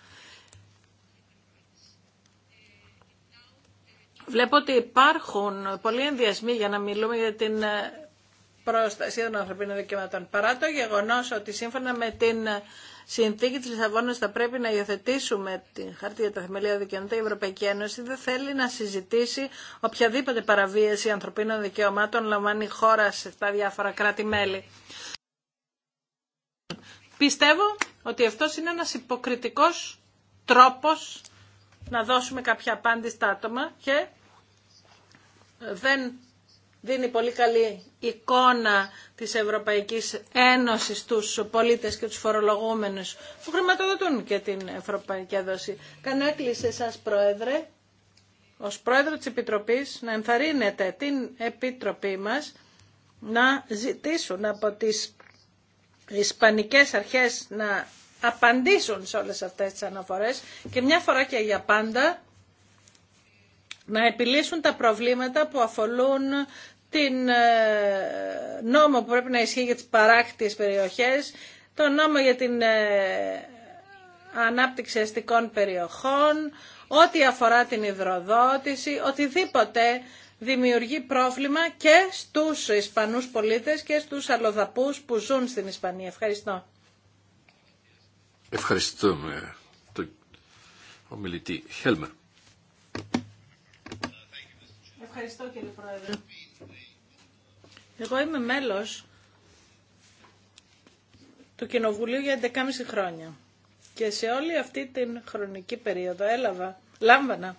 Βλέπω ότι υπάρχουν πολλοί ενδιασμοί για να μιλούμε για την ε, προστασία των ανθρωπίνων δικαιωμάτων. Παρά το γεγονός ότι σύμφωνα με την ε, συνθήκη της Λισαβόνας θα πρέπει να υιοθετήσουμε την Χαρτή για τα θεμελία δικαιώματα, η Ευρωπαϊκή Ένωση δεν θέλει να συζητήσει οποιαδήποτε παραβίαση ανθρωπίνων δικαιωμάτων λαμβάνει η χώρα τα διάφορα κράτη-μέλη. Πιστεύω ότι αυτό είναι ένας υποκριτικός τρόπος να δώσουμε κάποια απάντηση στα άτομα και δεν δίνει πολύ καλή εικόνα της Ευρωπαϊκής Ένωσης τους πολίτες και τους φορολογούμενους που χρηματοδοτούν και την Ευρωπαϊκή Ένωση. Κανέκλεισε σας, Πρόεδρε, ως Πρόεδρο της Επιτροπής, να ενθαρρύνετε την Επιτροπή μας να ζητήσουν από τις Ισπανικές αρχές να απαντήσουν σε όλες αυτές τις αναφορές και μια φορά και για πάντα να επιλύσουν τα προβλήματα που αφορούν την ε, νόμο που πρέπει να ισχύει για τις παράκτιες περιοχές, το νόμο για την ε, ανάπτυξη αστικών περιοχών, ό,τι αφορά την υδροδότηση, οτιδήποτε δημιουργεί πρόβλημα και στους Ισπανούς πολίτες και στους αλλοδαπούς που ζουν στην Ισπανία. Ευχαριστώ. Ευχαριστούμε τον ομιλητή Χέλμερ. Ευχαριστώ κύριε Εγώ είμαι μέλος του Κοινοβουλίου για 11,5 χρόνια και σε όλη αυτή την χρονική περίοδο έλαβα, λάμβανα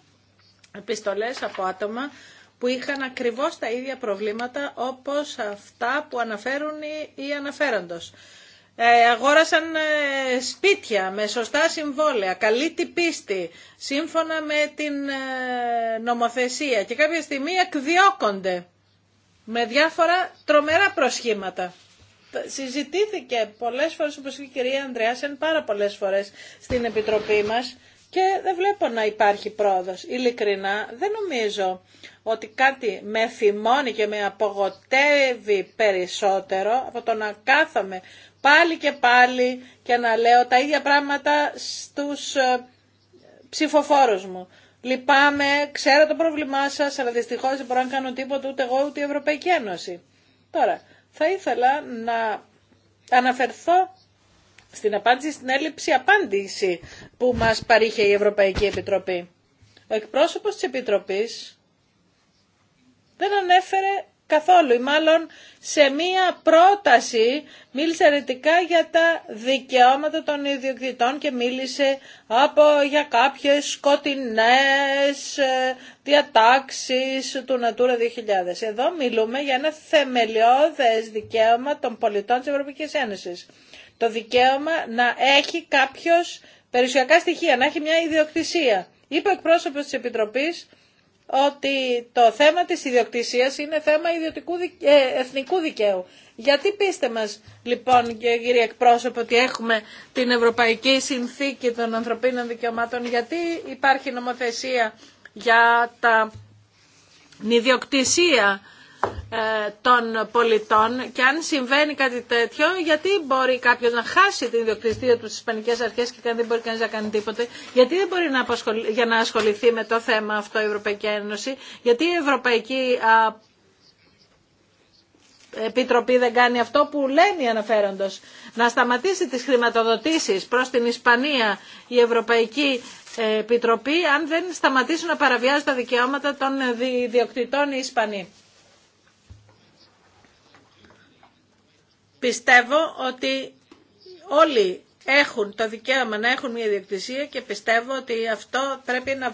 επιστολές από άτομα που είχαν ακριβώς τα ίδια προβλήματα όπως αυτά που αναφέρουν ή αναφέροντος. Ε, αγόρασαν ε, σπίτια με σωστά συμβόλαια, καλή πίστη, σύμφωνα με την ε, νομοθεσία και κάποια στιγμή εκδιώκονται με διάφορα τρομερά προσχήματα. Συζητήθηκε πολλές φορές, όπως η κυρία Ανδρεάσεν, πάρα πολλές φορές στην Επιτροπή μας και δεν βλέπω να υπάρχει πρόοδος. Ειλικρινά δεν νομίζω ότι κάτι με θυμώνει και με απογοτεύει περισσότερο από το να κάθομαι πάλι και πάλι και να λέω τα ίδια πράγματα στους ε, ψηφοφόρους μου. Λυπάμαι, ξέρω το πρόβλημά σας, αλλά δυστυχώς δεν μπορώ να κάνω τίποτα ούτε εγώ ούτε η Ευρωπαϊκή Ένωση. Τώρα, θα ήθελα να αναφερθώ στην απάντηση στην έλλειψη απάντηση που μας παρήχε η Ευρωπαϊκή Επιτροπή. Ο εκπρόσωπος της Επιτροπής δεν ανέφερε καθόλου ή μάλλον σε μία πρόταση μίλησε αρνητικά για τα δικαιώματα των ιδιοκτητών και μίλησε από, για κάποιες σκοτεινές ε, διατάξεις του Natura 2000. Εδώ μιλούμε για ένα θεμελιώδες δικαίωμα των πολιτών της Ευρωπαϊκής Ένωσης. Το δικαίωμα να έχει κάποιος περιουσιακά στοιχεία, να έχει μια ιδιοκτησία. Είπε ο εκπρόσωπος της Επιτροπής ότι το θέμα της ιδιοκτησίας είναι θέμα ιδιωτικού ε, εθνικού δικαίου. Γιατί πείστε μας λοιπόν κύριε εκπρόσωπο ότι έχουμε την Ευρωπαϊκή Συνθήκη των Ανθρωπίνων Δικαιωμάτων, γιατί υπάρχει νομοθεσία για τα ιδιοκτησία ε, των πολιτών και αν συμβαίνει κάτι τέτοιο γιατί μπορεί κάποιο να χάσει την ιδιοκτησία του στι Ισπανικέ Αρχές και δεν μπορεί κανεί να κάνει τίποτε γιατί δεν μπορεί να να ασχοληθεί με το θέμα αυτό η Ευρωπαϊκή Ένωση γιατί η Ευρωπαϊκή Επιτροπή δεν κάνει αυτό που λένε αναφέροντος να σταματήσει τι χρηματοδοτήσει προ την Ισπανία η Ευρωπαϊκή ε, Επιτροπή αν δεν σταματήσουν να παραβιάζουν τα δικαιώματα των ε, διοκτητών οι Ισπανοί. Πιστεύω ότι όλοι έχουν το δικαίωμα να έχουν μια ιδιοκτησία και πιστεύω ότι αυτό πρέπει να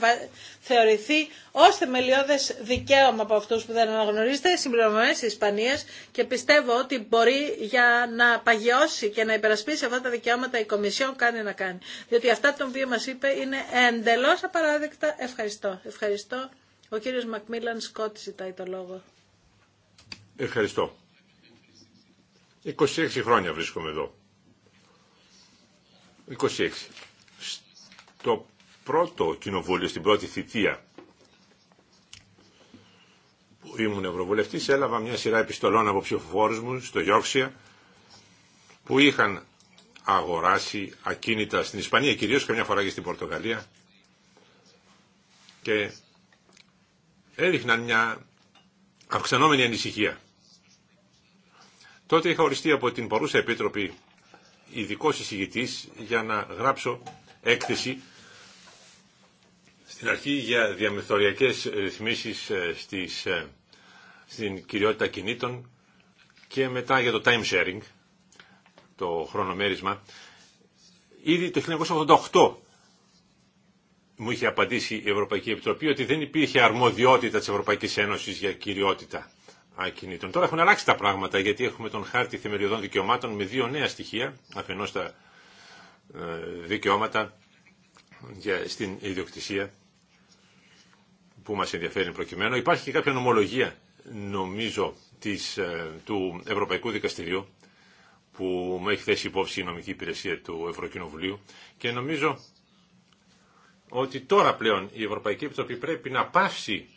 θεωρηθεί ως θεμελιώδες δικαίωμα από αυτούς που δεν αναγνωρίζεται, συμπληρωμένες της Ισπανίας και πιστεύω ότι μπορεί για να παγιώσει και να υπερασπίσει αυτά τα δικαιώματα η Κομισιόν κάνει να κάνει. Διότι αυτά τον οποία μας είπε είναι εντελώς απαράδεκτα. Ευχαριστώ. Ευχαριστώ. Ο κύριος Μακμίλαν Σκότ ζητάει το λόγο. Ευχαριστώ. 26 χρόνια βρίσκομαι εδώ. 26. Στο πρώτο κοινοβούλιο, στην πρώτη θητεία που ήμουν ευρωβουλευτής, έλαβα μια σειρά επιστολών από ψηφοφόρους μου στο Γιώξια που είχαν αγοράσει ακίνητα στην Ισπανία, κυρίως καμιά φορά και στην Πορτογαλία και έδειχναν μια αυξανόμενη ανησυχία. Τότε είχα οριστεί από την παρούσα Επίτροπη ειδικό εισηγητή για να γράψω έκθεση στην αρχή για διαμεθοριακές ρυθμίσεις ε, στις, ε, στην κυριότητα κινήτων και μετά για το time sharing, το χρονομέρισμα. Ήδη το 1988 μου είχε απαντήσει η Ευρωπαϊκή Επιτροπή ότι δεν υπήρχε αρμοδιότητα της Ευρωπαϊκής Ένωσης για κυριότητα ακινήτων. Τώρα έχουν αλλάξει τα πράγματα γιατί έχουμε τον χάρτη θεμελιωδών δικαιωμάτων με δύο νέα στοιχεία, αφενός τα ε, δικαιώματα για, στην ιδιοκτησία που μας ενδιαφέρει προκειμένου. Υπάρχει και κάποια νομολογία νομίζω της, ε, του Ευρωπαϊκού Δικαστηρίου που με έχει θέσει υπόψη η νομική υπηρεσία του Ευρωκοινοβουλίου και νομίζω ότι τώρα πλέον η Ευρωπαϊκή Επιτροπή πρέπει να πάψει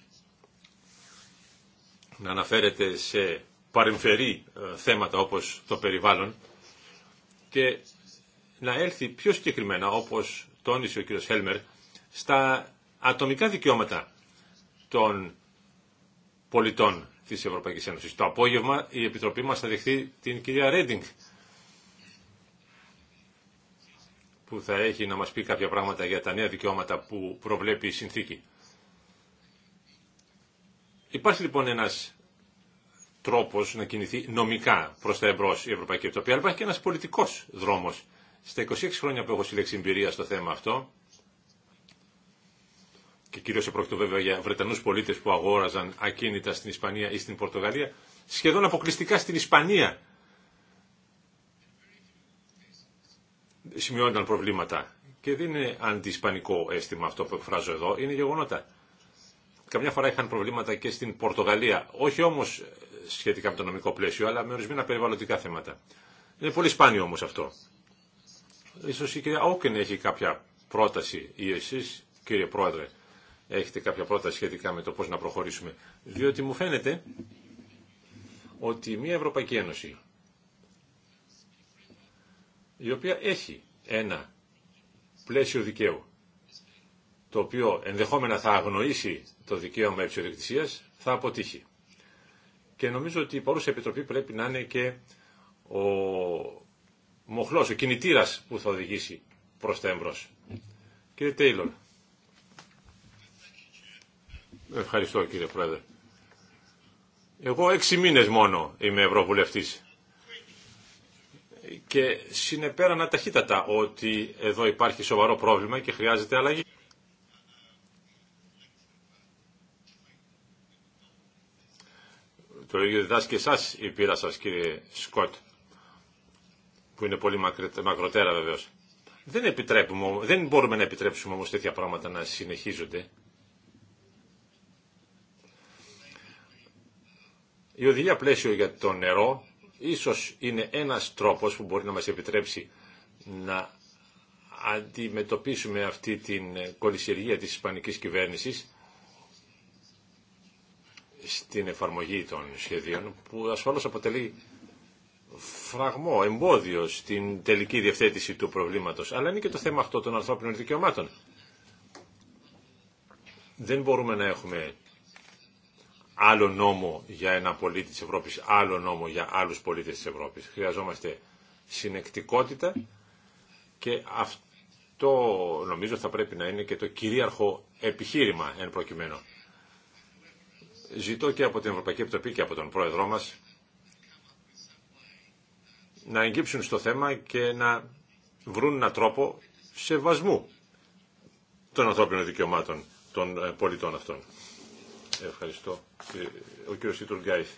να αναφέρεται σε παρεμφερή ε, θέματα όπως το περιβάλλον και να έλθει πιο συγκεκριμένα, όπως τόνισε ο κ. Χέλμερ, στα ατομικά δικαιώματα των πολιτών της Ευρωπαϊκής Ένωσης. Το απόγευμα η Επιτροπή μας θα δεχθεί την κυρία Ρέντινγκ, που θα έχει να μας πει κάποια πράγματα για τα νέα δικαιώματα που προβλέπει η συνθήκη. Υπάρχει λοιπόν ένα τρόπος να κινηθεί νομικά προς τα εμπρό η Ευρωπαϊκή Επιτροπή, αλλά υπάρχει και ένας πολιτικός δρόμος. Στα 26 χρόνια που έχω συλλέξει εμπειρία στο θέμα αυτό, και κυρίως επρόκειτο βέβαια για Βρετανούς πολίτες που αγόραζαν ακίνητα στην Ισπανία ή στην Πορτογαλία, σχεδόν αποκλειστικά στην Ισπανία σημειώνονταν προβλήματα. Και δεν είναι αντισπανικό αίσθημα αυτό που εκφράζω εδώ, είναι γεγονότα καμιά φορά είχαν προβλήματα και στην Πορτογαλία. Όχι όμω σχετικά με το νομικό πλαίσιο, αλλά με ορισμένα περιβαλλοντικά θέματα. Είναι πολύ σπάνιο όμω αυτό. Ίσως η κυρία Όκεν έχει κάποια πρόταση ή εσεί, κύριε Πρόεδρε έχετε κάποια πρόταση σχετικά με το πώς να προχωρήσουμε. Διότι μου φαίνεται ότι μια Ευρωπαϊκή Ένωση η οποία έχει ένα πλαίσιο δικαίου το οποίο ενδεχόμενα θα αγνοήσει το δικαίωμα υψηλοδιοκτησίας, θα αποτύχει. Και νομίζω ότι η παρούσα επιτροπή πρέπει να είναι και ο μοχλό, ο κινητήρα που θα οδηγήσει προς τα Εμπρό. Κύριε Τέιλορ. Ευχαριστώ κύριε Πρόεδρε. Εγώ έξι μήνες μόνο είμαι Ευρωβουλευτής. Και συνεπέρανα ταχύτατα ότι εδώ υπάρχει σοβαρό πρόβλημα και χρειάζεται αλλαγή. Το ίδιο διδάσκει εσά η πείρα σα κύριε Σκοτ, που είναι πολύ μακροτέρα βεβαίω. Δεν, δεν μπορούμε να επιτρέψουμε όμως τέτοια πράγματα να συνεχίζονται. Η οδηγία πλαίσιο για το νερό ίσως είναι ένας τρόπος που μπορεί να μας επιτρέψει να αντιμετωπίσουμε αυτή την κολυσιεργία της ισπανικής κυβέρνησης στην εφαρμογή των σχεδίων που ασφαλώς αποτελεί φραγμό, εμπόδιο στην τελική διευθέτηση του προβλήματος. Αλλά είναι και το θέμα αυτό των ανθρώπινων δικαιωμάτων. Δεν μπορούμε να έχουμε άλλο νόμο για ένα πολίτη της Ευρώπης, άλλο νόμο για άλλους πολίτες της Ευρώπης. Χρειαζόμαστε συνεκτικότητα και αυτό νομίζω θα πρέπει να είναι και το κυρίαρχο επιχείρημα εν προκειμένου ζητώ και από την Ευρωπαϊκή Επιτροπή και από τον Πρόεδρό μας να εγκύψουν στο θέμα και να βρουν έναν τρόπο σεβασμού των ανθρώπινων δικαιωμάτων των ε, πολιτών αυτών. Ευχαριστώ. Ε, ο κύριος Ιτουργκάης.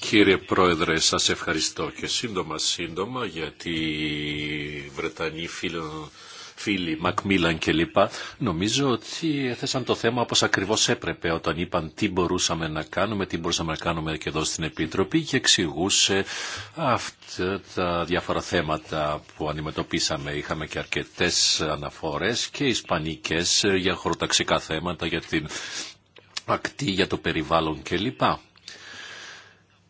Κύριε Πρόεδρε, σας ευχαριστώ και σύντομα σύντομα γιατί οι Βρετανοί φίλοι φίλοι Μακμίλαν και λοιπά, Νομίζω ότι έθεσαν το θέμα όπως ακριβώς έπρεπε όταν είπαν τι μπορούσαμε να κάνουμε, τι μπορούσαμε να κάνουμε και εδώ στην Επίτροπη και εξηγούσε αυτά τα διάφορα θέματα που αντιμετωπίσαμε. Είχαμε και αρκετές αναφορές και ισπανικές για χωροταξικά θέματα, για την ακτή, για το περιβάλλον κλπ.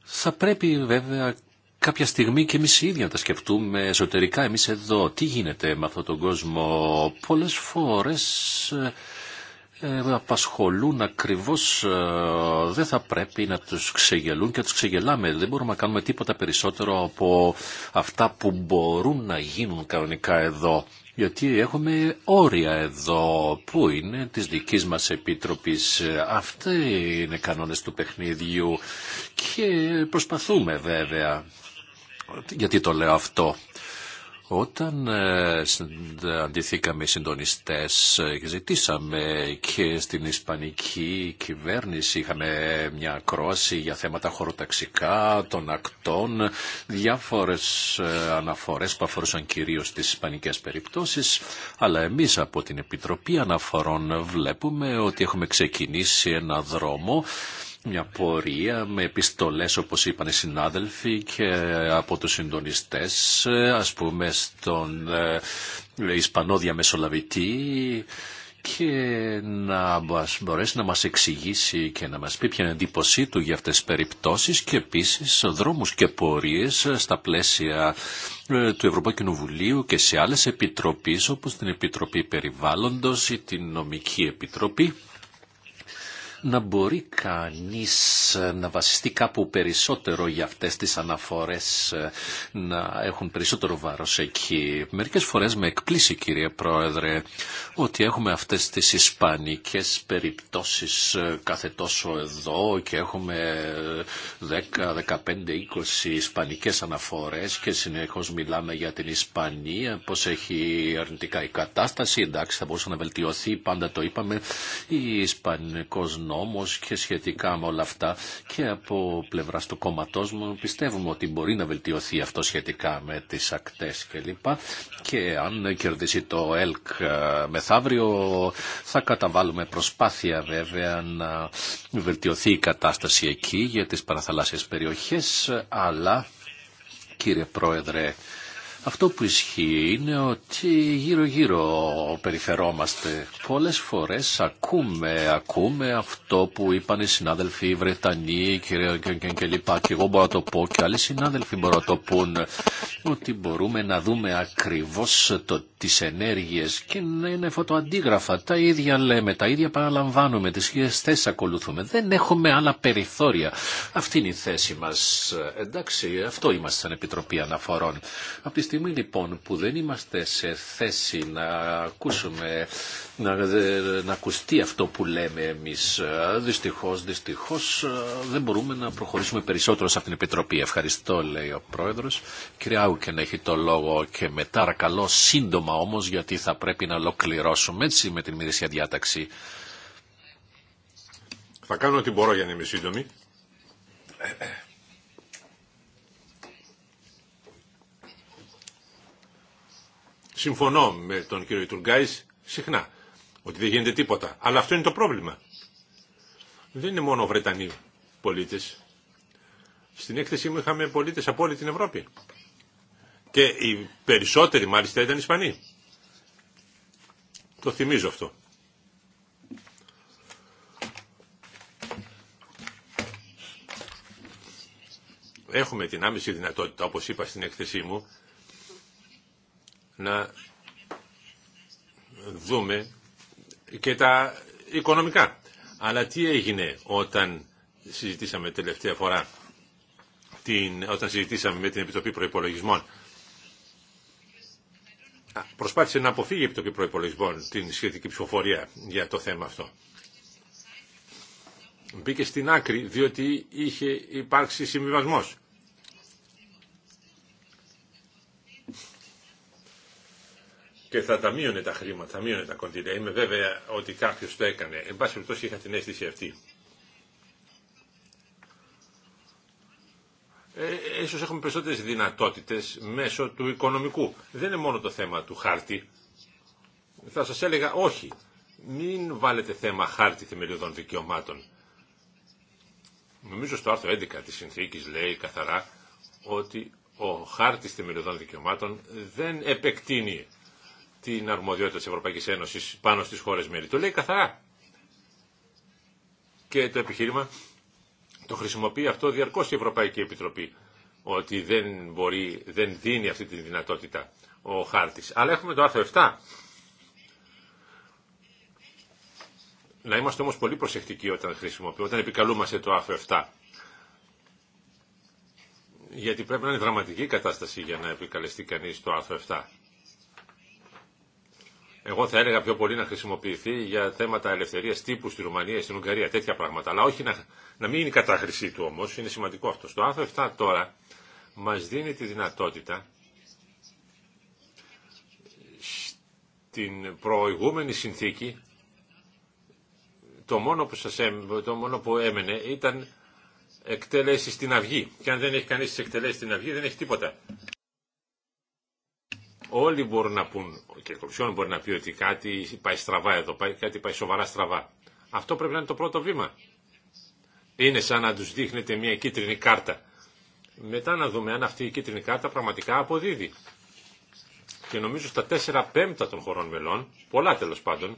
Θα πρέπει βέβαια κάποια στιγμή και εμείς οι ίδιοι να τα σκεφτούμε εσωτερικά εμείς εδώ. Τι γίνεται με αυτόν τον κόσμο. Πολλές φορές ε, ε απασχολούν ακριβώς, ε, δεν θα πρέπει να τους ξεγελούν και τους ξεγελάμε. Δεν μπορούμε να κάνουμε τίποτα περισσότερο από αυτά που μπορούν να γίνουν κανονικά εδώ. Γιατί έχουμε όρια εδώ που είναι της δικής μας Επίτροπης. Αυτοί είναι κανόνες του παιχνίδιου και προσπαθούμε βέβαια. Γιατί το λέω αυτό. Όταν ε, αντιθήκαμε οι συντονιστές και ε, ζητήσαμε και στην Ισπανική κυβέρνηση είχαμε μια κρόση για θέματα χωροταξικά, των ακτών, διάφορες ε, αναφορές που αφορούσαν κυρίως τις ισπανικές περιπτώσεις, αλλά εμείς από την Επιτροπή Αναφορών βλέπουμε ότι έχουμε ξεκινήσει ένα δρόμο μια πορεία με επιστολές όπως είπαν οι συνάδελφοι και από τους συντονιστές ας πούμε στον ε, Ισπανό διαμεσολαβητή και να μας μπορέσει να μας εξηγήσει και να μας πει ποια είναι εντύπωσή του για αυτές τις περιπτώσεις και επίσης δρόμους και πορείες στα πλαίσια ε, του Ευρωπαϊκού Κοινοβουλίου και σε άλλες επιτροπές όπως την Επιτροπή Περιβάλλοντος ή την Νομική Επιτροπή να μπορεί κανείς ε, να βασιστεί κάπου περισσότερο για αυτές τις αναφορές ε, να έχουν περισσότερο βάρος εκεί. Μερικές φορές με εκπλήσει κύριε Πρόεδρε ότι έχουμε αυτές τις ισπανικές περιπτώσεις ε, κάθε τόσο εδώ και έχουμε 10, 15, 20 ισπανικές αναφορές και συνεχώς μιλάμε για την Ισπανία, πώς έχει αρνητικά η κατάσταση, εντάξει θα μπορούσε να βελτιωθεί, πάντα το είπαμε, η Ισπανικός νόμος και σχετικά με όλα αυτά και από πλευράς του κόμματός μου πιστεύουμε ότι μπορεί να βελτιωθεί αυτό σχετικά με τις ακτές κλπ. Και αν κερδίσει το ΕΛΚ ε, μεθαύριο θα καταβάλουμε προσπάθεια βέβαια να βελτιωθεί η κατάσταση εκεί για τις παραθαλάσσιες περιοχές αλλά κύριε Πρόεδρε αυτό που ισχύει είναι ότι γύρω-γύρω περιφερόμαστε. Πολλές φορές ακούμε, ακούμε αυτό που είπαν οι συνάδελφοι οι Βρετανοί κυρία, και, και, και λοιπά. Και εγώ μπορώ να το πω και άλλοι συνάδελφοι μπορώ να το πούν ότι μπορούμε να δούμε ακριβώς το, τις ενέργειες και να είναι φωτοαντίγραφα. Τα ίδια λέμε, τα ίδια παραλαμβάνουμε, τις ίδιες θέσεις ακολουθούμε. Δεν έχουμε άλλα περιθώρια. Αυτή είναι η θέση μας. Εντάξει, αυτό είμαστε σαν Επιτροπή Αναφορών στιγμή λοιπόν που δεν είμαστε σε θέση να ακούσουμε, να, να ακουστεί αυτό που λέμε εμείς, δυστυχώς, δυστυχώς δεν μπορούμε να προχωρήσουμε περισσότερο σε αυτήν την Επιτροπή. Ευχαριστώ λέει ο Πρόεδρος. Κυρία να έχει το λόγο και μετά καλό σύντομα όμως γιατί θα πρέπει να ολοκληρώσουμε έτσι με την μυρίσια διάταξη. Θα κάνω ό,τι μπορώ για να είμαι σύντομη. Ε, ε, συμφωνώ με τον κύριο Ιτουργκάης συχνά ότι δεν γίνεται τίποτα. Αλλά αυτό είναι το πρόβλημα. Δεν είναι μόνο Βρετανοί πολίτες. Στην έκθεσή μου είχαμε πολίτες από όλη την Ευρώπη. Και οι περισσότεροι μάλιστα ήταν Ισπανοί. Το θυμίζω αυτό. Έχουμε την άμεση δυνατότητα, όπως είπα στην έκθεσή μου, να δούμε και τα οικονομικά. Αλλά τι έγινε όταν συζητήσαμε τελευταία φορά, την, όταν συζητήσαμε με την Επιτροπή Προϋπολογισμών. Προσπάθησε να αποφύγει η Επιτροπή Προϋπολογισμών την σχετική ψηφοφορία για το θέμα αυτό. Μπήκε στην άκρη διότι είχε υπάρξει συμβιβασμός. και θα τα μείωνε τα χρήματα, θα μείωνε τα κονδύλια. Είμαι βέβαια ότι κάποιος το έκανε. Εν πάση περιπτώσει είχα την αίσθηση αυτή. Ε, ίσως έχουμε περισσότερες δυνατότητες μέσω του οικονομικού. Δεν είναι μόνο το θέμα του χάρτη. Θα σας έλεγα όχι. Μην βάλετε θέμα χάρτη θεμελιωδών δικαιωμάτων. Νομίζω στο άρθρο 11 της συνθήκης λέει καθαρά ότι ο χάρτης θεμελιωδών δικαιωμάτων δεν επεκτείνει την αρμοδιότητα της Ευρωπαϊκής Ένωσης πάνω στις χώρες μέλη. Το λέει καθαρά. Και το επιχείρημα το χρησιμοποιεί αυτό διαρκώς η Ευρωπαϊκή Επιτροπή ότι δεν μπορεί, δεν δίνει αυτή τη δυνατότητα ο χάρτης. Αλλά έχουμε το άρθρο 7. Να είμαστε όμως πολύ προσεκτικοί όταν χρησιμοποιούμε, όταν επικαλούμαστε το άρθρο 7. Γιατί πρέπει να είναι δραματική κατάσταση για να επικαλεστεί κανείς το άρθρο 7. Εγώ θα έλεγα πιο πολύ να χρησιμοποιηθεί για θέματα ελευθερία τύπου στη Ρουμανία, στην Ουγγαρία, τέτοια πράγματα. Αλλά όχι να, μην είναι η κατάχρησή του όμω, είναι σημαντικό αυτό. Το άρθρο 7 τώρα μα δίνει τη δυνατότητα στην προηγούμενη συνθήκη το μόνο που, σας, το μόνο που έμενε ήταν εκτελέσει στην αυγή. Και αν δεν έχει κανεί τι εκτελέσει στην αυγή δεν έχει τίποτα. Όλοι μπορούν να πούν, και ο Κομισιόν μπορεί να πει ότι κάτι πάει στραβά εδώ, κάτι πάει σοβαρά στραβά. Αυτό πρέπει να είναι το πρώτο βήμα. Είναι σαν να τους δείχνετε μια κίτρινη κάρτα. Μετά να δούμε αν αυτή η κίτρινη κάρτα πραγματικά αποδίδει. Και νομίζω στα τέσσερα πέμπτα των χωρών μελών, πολλά τέλο πάντων,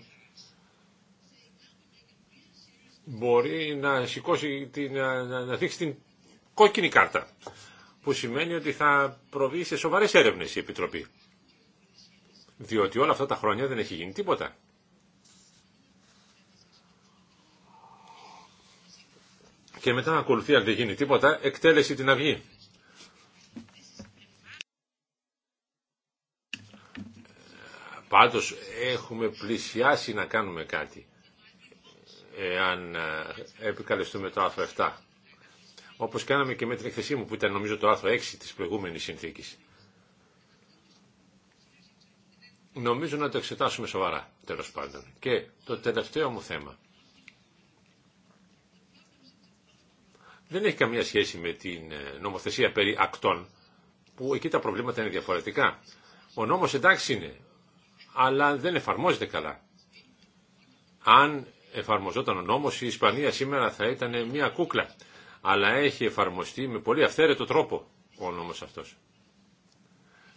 μπορεί να σηκώσει, να δείξει την κόκκινη κάρτα. Που σημαίνει ότι θα προβεί σε σοβαρές έρευνες η Επιτροπή διότι όλα αυτά τα χρόνια δεν έχει γίνει τίποτα. Και μετά ακολουθεί αν δεν γίνει τίποτα εκτέλεση την αυγή. Πάντως έχουμε πλησιάσει να κάνουμε κάτι εάν ε, επικαλεστούμε το άρθρο 7. Όπως κάναμε και με την εκθεσή μου που ήταν νομίζω το άρθρο 6 της προηγούμενης συνθήκης νομίζω να το εξετάσουμε σοβαρά, τέλος πάντων. Και το τελευταίο μου θέμα. Δεν έχει καμία σχέση με την ε, νομοθεσία περί ακτών, που εκεί τα προβλήματα είναι διαφορετικά. Ο νόμος εντάξει είναι, αλλά δεν εφαρμόζεται καλά. Αν εφαρμοζόταν ο νόμος, η Ισπανία σήμερα θα ήταν μια κούκλα, αλλά έχει εφαρμοστεί με πολύ αυθαίρετο τρόπο ο νόμος αυτός.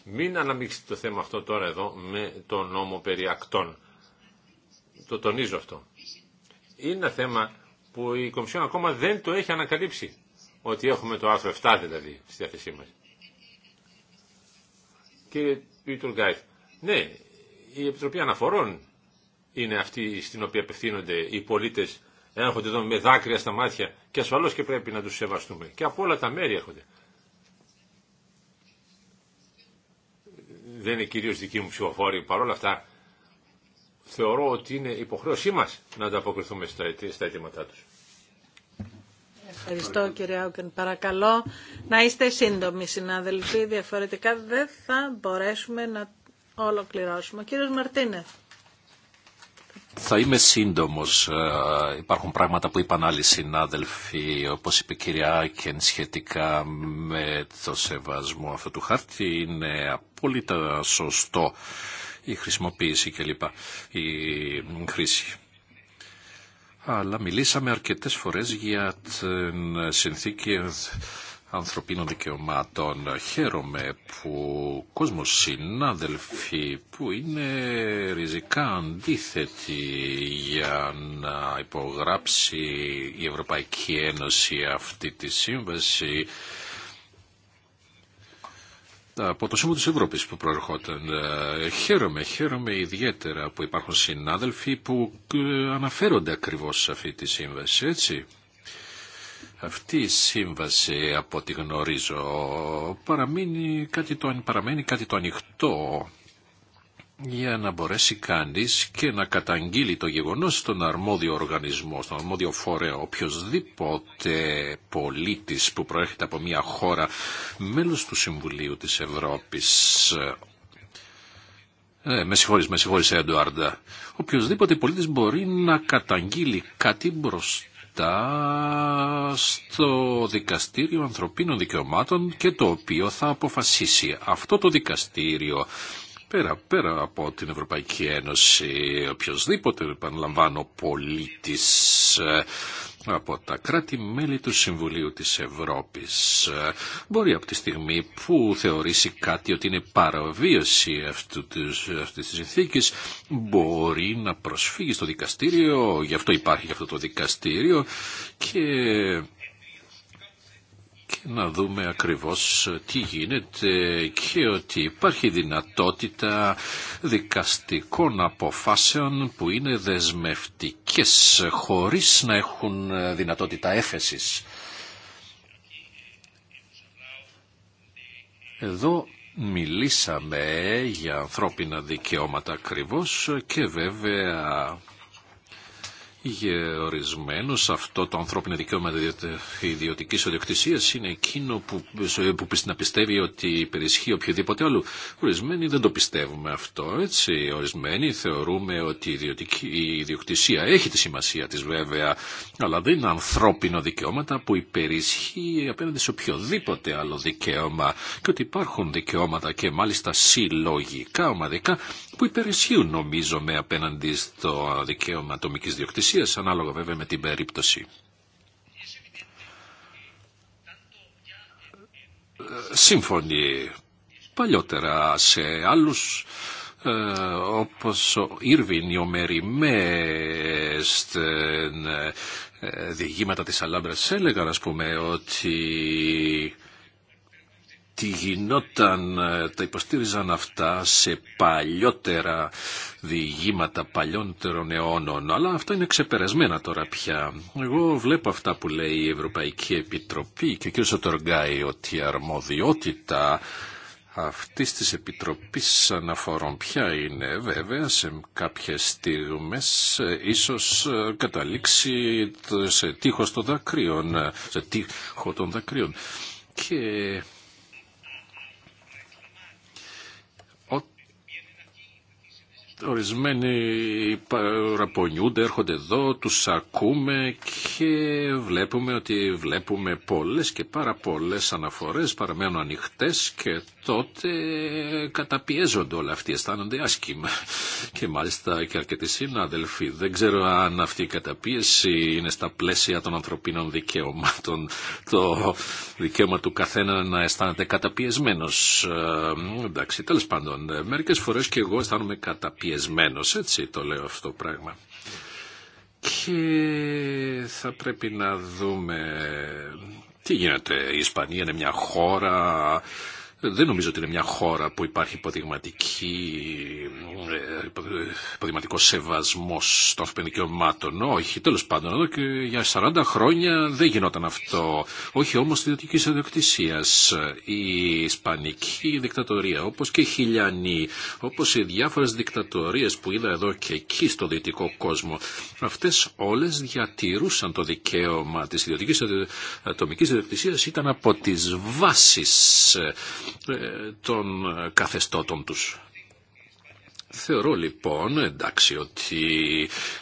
Μην αναμίξετε το θέμα αυτό τώρα εδώ με το νόμο περί ακτών. Το τονίζω αυτό. Είναι ένα θέμα που η Κομισιόν ακόμα δεν το έχει ανακαλύψει. Ότι έχουμε το άρθρο 7 δηλαδή στη διάθεσή μας. Κύριε Πιτουργκάιτ, ναι, η Επιτροπή Αναφορών είναι αυτή στην οποία απευθύνονται οι πολίτες έρχονται εδώ με δάκρυα στα μάτια και ασφαλώς και πρέπει να τους σεβαστούμε. Και από όλα τα μέρη έρχονται. δεν είναι κυρίως δική μου ψηφοφόρη, παρόλα αυτά θεωρώ ότι είναι υποχρέωσή μας να ανταποκριθούμε στα αιτήματά τους. Ευχαριστώ κύριε Άουκεν. Παρακαλώ να είστε σύντομοι συνάδελφοι, διαφορετικά δεν θα μπορέσουμε να ολοκληρώσουμε. Κύριο κύριος Μαρτίνε. Θα είμαι σύντομος. Ε, υπάρχουν πράγματα που είπαν άλλοι συνάδελφοι, όπως είπε η κυρία Άκεν, σχετικά με το σεβασμό αυτού του χάρτη. Είναι απόλυτα σωστό η χρησιμοποίηση και λοιπά Η χρήση. Αλλά μιλήσαμε αρκετές φορές για την συνθήκη ανθρωπίνων δικαιωμάτων. Χαίρομαι που κόσμος συνάδελφοι που είναι ριζικά αντίθετοι για να υπογράψει η Ευρωπαϊκή Ένωση αυτή τη σύμβαση από το Σύμβουλο της Ευρώπης που προερχόταν. Ε, χαίρομαι, χαίρομαι ιδιαίτερα που υπάρχουν συνάδελφοι που ε, αναφέρονται ακριβώς σε αυτή τη σύμβαση, έτσι. Αυτή η σύμβαση, από ό,τι γνωρίζω, κάτι το, παραμένει κάτι το ανοιχτό για να μπορέσει κανείς και να καταγγείλει το γεγονός στον αρμόδιο οργανισμό, στον αρμόδιο φορέα, οποιοδήποτε πολίτης που προέρχεται από μια χώρα, μέλος του Συμβουλίου της Ευρώπης, ε, με συγχωρείς, με συγχωρείς Εντουάρντα, οποιοδήποτε πολίτης μπορεί να καταγγείλει κάτι μπροστά στο Δικαστήριο Ανθρωπίνων Δικαιωμάτων και το οποίο θα αποφασίσει. Αυτό το δικαστήριο πέρα, πέρα από την Ευρωπαϊκή Ένωση. οποιοδήποτε επαναλαμβάνω, πολίτης ε, από τα κράτη-μέλη του Συμβουλίου της Ευρώπης. Ε, μπορεί από τη στιγμή που θεωρήσει κάτι ότι είναι παραβίαση αυτού της, αυτής της μπορεί να προσφύγει στο δικαστήριο, γι' αυτό υπάρχει αυτό το δικαστήριο και και να δούμε ακριβώς ε, τι γίνεται και ότι υπάρχει δυνατότητα δικαστικών αποφάσεων που είναι δεσμευτικές χωρίς να έχουν ε, δυνατότητα έφεσης. Εδώ μιλήσαμε για ανθρώπινα δικαιώματα ακριβώς και βέβαια ορισμένο σε αυτό το ανθρώπινο δικαίωμα ιδιωτική ιδιοκτησία είναι εκείνο που, που να πιστεύει ότι υπερισχύει οποιοδήποτε άλλο. Ορισμένοι δεν το πιστεύουμε αυτό, έτσι. Ορισμένοι θεωρούμε ότι η, ιδιωτική, ιδιοκτησία έχει τη σημασία τη βέβαια, αλλά δεν είναι ανθρώπινο δικαιώματα που υπερισχύει απέναντι σε οποιοδήποτε άλλο δικαίωμα και ότι υπάρχουν δικαιώματα και μάλιστα συλλογικά, ομαδικά, που υπερισχύουν νομίζω με απέναντι στο δικαίωμα ατομική διοκτησία διαδικασίες, ανάλογα βέβαια με την περίπτωση. Ε, σύμφωνοι παλιότερα σε άλλους ε, όπως ο Ήρβιν, η Ομεριμέ, στην ε, διηγήματα της Αλάμπρας έλεγαν ας πούμε ότι τι γινόταν, ε, τα υποστήριζαν αυτά σε παλιότερα διηγήματα παλιότερων αιώνων, αλλά αυτά είναι ξεπερασμένα τώρα πια. Εγώ βλέπω αυτά που λέει η Ευρωπαϊκή Επιτροπή και ο κ. Σοτοργάη ότι η αρμοδιότητα αυτής της Επιτροπής Αναφορών πια είναι βέβαια σε κάποιες στιγμές ε, ίσως ε, καταλήξει σε τείχος των δακρύων, σε τείχο των δακρύων. Και Ορισμένοι ραπονιούνται, έρχονται εδώ, τους ακούμε και βλέπουμε ότι βλέπουμε πολλές και πάρα πολλές αναφορές, παραμένουν ανοιχτές και τότε καταπιέζονται όλα αυτοί, αισθάνονται άσχημα. Και μάλιστα και αρκετοί συνάδελφοι. Δεν ξέρω αν αυτή η καταπίεση είναι στα πλαίσια των ανθρωπίνων δικαιωμάτων, το δικαίωμα του καθένα να αισθάνεται καταπιεσμένος. Ε, εντάξει, τέλος πάντων, ε, μερικές φορές και εγώ αισθάνομαι καταπιεσμένος έτσι το λέω αυτό το πράγμα. Και θα πρέπει να δούμε τι γίνεται. Η Ισπανία είναι μια χώρα δεν νομίζω ότι είναι μια χώρα που υπάρχει ε, υποδειγματικό σεβασμό των ανθρωπίνων Όχι, τέλο πάντων, εδώ και για 40 χρόνια δεν γινόταν αυτό. Όχι όμω τη ιδιωτική ιδιοκτησία. Η Ισπανική δικτατορία, όπω και η Χιλιανή, όπω οι διάφορε δικτατορίε που είδα εδώ και εκεί στο δυτικό κόσμο, αυτέ όλε διατηρούσαν το δικαίωμα τη ιδιωτική ε, ατομική ιδιοκτησία, ήταν από τι βάσει ε, ε, των ε, καθεστώτων τους. Θεωρώ λοιπόν εντάξει ότι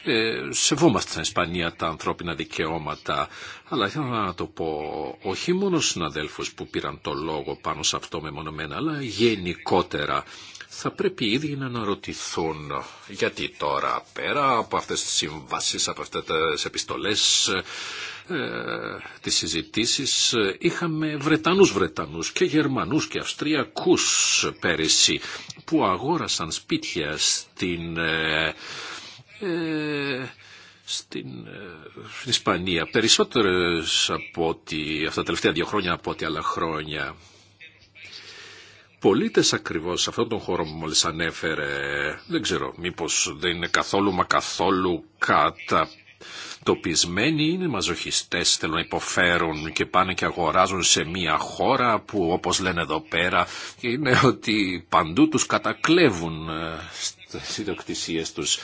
ε, σεβόμαστε στην Ισπανία τα ανθρώπινα δικαιώματα αλλά ήθελα να το πω όχι μόνο στους συναδέλφους που πήραν το λόγο πάνω σε αυτό μεμονωμένα αλλά γενικότερα θα πρέπει οι ίδιοι να αναρωτηθούν γιατί τώρα πέρα από αυτές τις συμβάσεις, από αυτές τις επιστολές ε, τις συζητήσεις ε, είχαμε Βρετανούς Βρετανούς και Γερμανούς και Αυστριακούς πέρυσι που αγόρασαν σπίτια στην, ε, στην, Ισπανία περισσότερες από ότι, αυτά τα τελευταία δύο χρόνια από ό,τι άλλα χρόνια. Πολίτες ακριβώς σε αυτόν τον χώρο που μόλις ανέφερε, δεν ξέρω, μήπως δεν είναι καθόλου μα καθόλου κατά Τοπισμένοι είναι μαζοχιστές, θέλουν να υποφέρουν και πάνε και αγοράζουν σε μια χώρα που όπως λένε εδώ πέρα είναι ότι παντού τους κατακλέβουν ε, στις ιδιοκτησίες τους.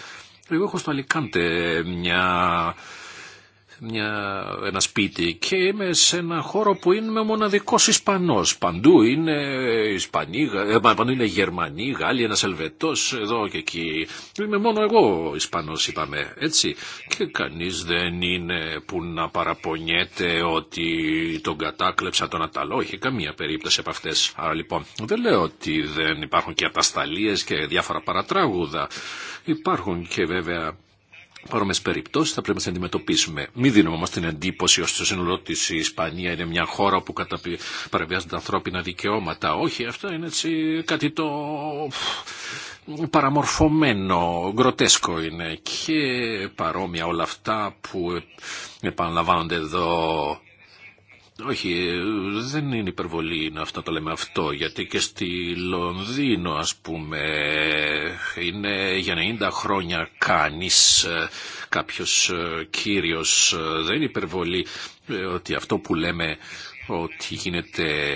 Εγώ έχω στο Αλικάντε μια μια, ένα σπίτι και είμαι σε ένα χώρο που είμαι μοναδικός Ισπανός. Παντού είναι Ισπανοί, ε, παντού είναι Γερμανοί, Γάλλοι, ένας Ελβετός εδώ και εκεί. Είμαι μόνο εγώ Ισπανός είπαμε, έτσι. Και κανείς δεν είναι που να παραπονιέται ότι τον κατάκλεψα τον Αταλό. Είχε καμία περίπτωση από αυτές. Άρα λοιπόν δεν λέω ότι δεν υπάρχουν και ατασταλίες και διάφορα παρατράγουδα. Υπάρχουν και βέβαια παρόμοιε περιπτώσει θα πρέπει να τι αντιμετωπίσουμε. Μην δίνουμε όμω την εντύπωση ότι το σύνολό τη η Ισπανία είναι μια χώρα που καταπι... παραβιάζονται ανθρώπινα δικαιώματα. Όχι, αυτό είναι έτσι κάτι το παραμορφωμένο, γκροτέσκο είναι και παρόμοια όλα αυτά που επαναλαμβάνονται εδώ όχι, ε, δεν είναι υπερβολή να αυτό το λέμε αυτό, γιατί και στη Λονδίνο, ας πούμε, είναι για 90 χρόνια κάνεις ε, κάποιος ε, κύριος, δεν είναι υπερβολή ότι αυτό που λέμε ότι γίνεται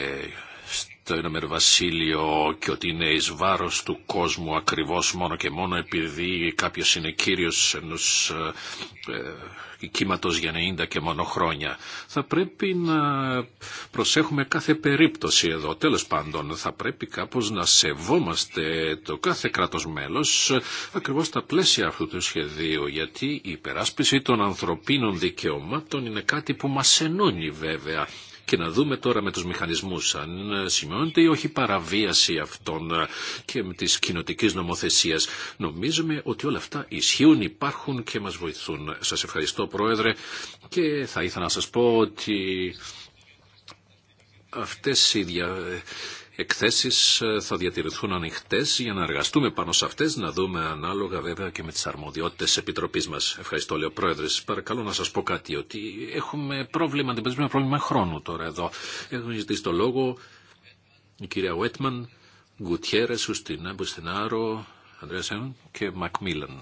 το ένα Βασίλειο και ότι είναι εις βάρος του κόσμου ακριβώς μόνο και μόνο επειδή κάποιος είναι κύριος ενός ε, ε κύματος για 90 και μόνο χρόνια. Θα πρέπει να προσέχουμε κάθε περίπτωση εδώ. Τέλος πάντων θα πρέπει κάπως να σεβόμαστε το κάθε κράτος μέλος ακριβώς τα πλαίσια αυτού του σχεδίου γιατί η υπεράσπιση των ανθρωπίνων δικαιωμάτων είναι κάτι που μας ενώνει βέβαια και να δούμε τώρα με τους μηχανισμούς αν ε, σημειώνεται ή όχι παραβίαση αυτών ε, και με τις κοινοτικής νομοθεσίας. Νομίζουμε ότι όλα αυτά ισχύουν, υπάρχουν και μας βοηθούν. Σας ευχαριστώ Πρόεδρε και θα ήθελα να σας πω ότι αυτές οι δια εκθέσεις ε, θα διατηρηθούν ανοιχτές για να εργαστούμε πάνω σε αυτές, να δούμε ανάλογα βέβαια και με τις αρμοδιότητες επιτροπής μας. Ευχαριστώ, λέει ο Πρόεδρος. Παρακαλώ να σας πω κάτι, ότι έχουμε πρόβλημα, αντιμετωπίζουμε πρόβλημα χρόνου τώρα εδώ. Έχουν ζητήσει το λόγο η κυρία Βέτμαν, Γκουτιέρε, Ουστινά, Μπουστινάρο, Ανδρέας και Μακμίλαν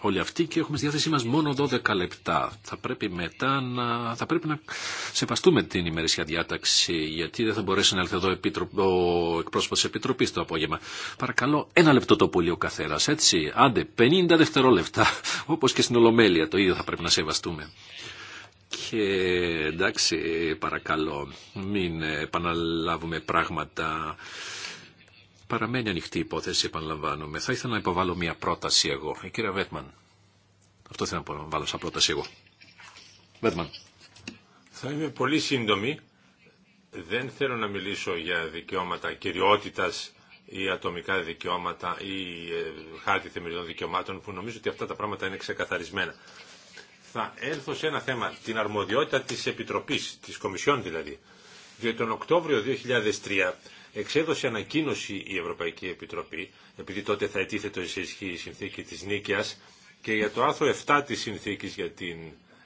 όλοι αυτοί και έχουμε στη διάθεσή μας μόνο 12 λεπτά. Θα πρέπει μετά να, θα πρέπει να σεβαστούμε την ημερήσια διάταξη γιατί δεν θα μπορέσει να έρθει εδώ ο εκπρόσωπος της Επιτροπής το απόγευμα. Παρακαλώ ένα λεπτό το πολύ ο καθένας έτσι, άντε 50 δευτερόλεπτα <laughs> όπως και στην Ολομέλεια το ίδιο θα πρέπει να σεβαστούμε. Και εντάξει παρακαλώ μην επαναλάβουμε πράγματα Παραμένει ανοιχτή η υπόθεση, επαναλαμβάνομαι. Θα ήθελα να υποβάλω μια πρόταση εγώ. Η ε, κυρία Βέτμαν. Αυτό θέλω να βάλω σαν πρόταση εγώ. Βέτμαν. Θα είμαι πολύ σύντομη. Δεν θέλω να μιλήσω για δικαιώματα κυριότητας ή ατομικά δικαιώματα ή ε, χάρτη θεμελιών δικαιωμάτων που νομίζω ότι αυτά τα πράγματα είναι ξεκαθαρισμένα. Θα έλθω σε ένα θέμα, την αρμοδιότητα της Επιτροπής, της Κομισιόν δηλαδή. Διότι τον Οκτώβριο 2003 εξέδωσε ανακοίνωση η Ευρωπαϊκή Επιτροπή, επειδή τότε θα ετίθεται σε ισχύ η συνθήκη της Νίκαιας, και για το άρθρο 7 της συνθήκης για την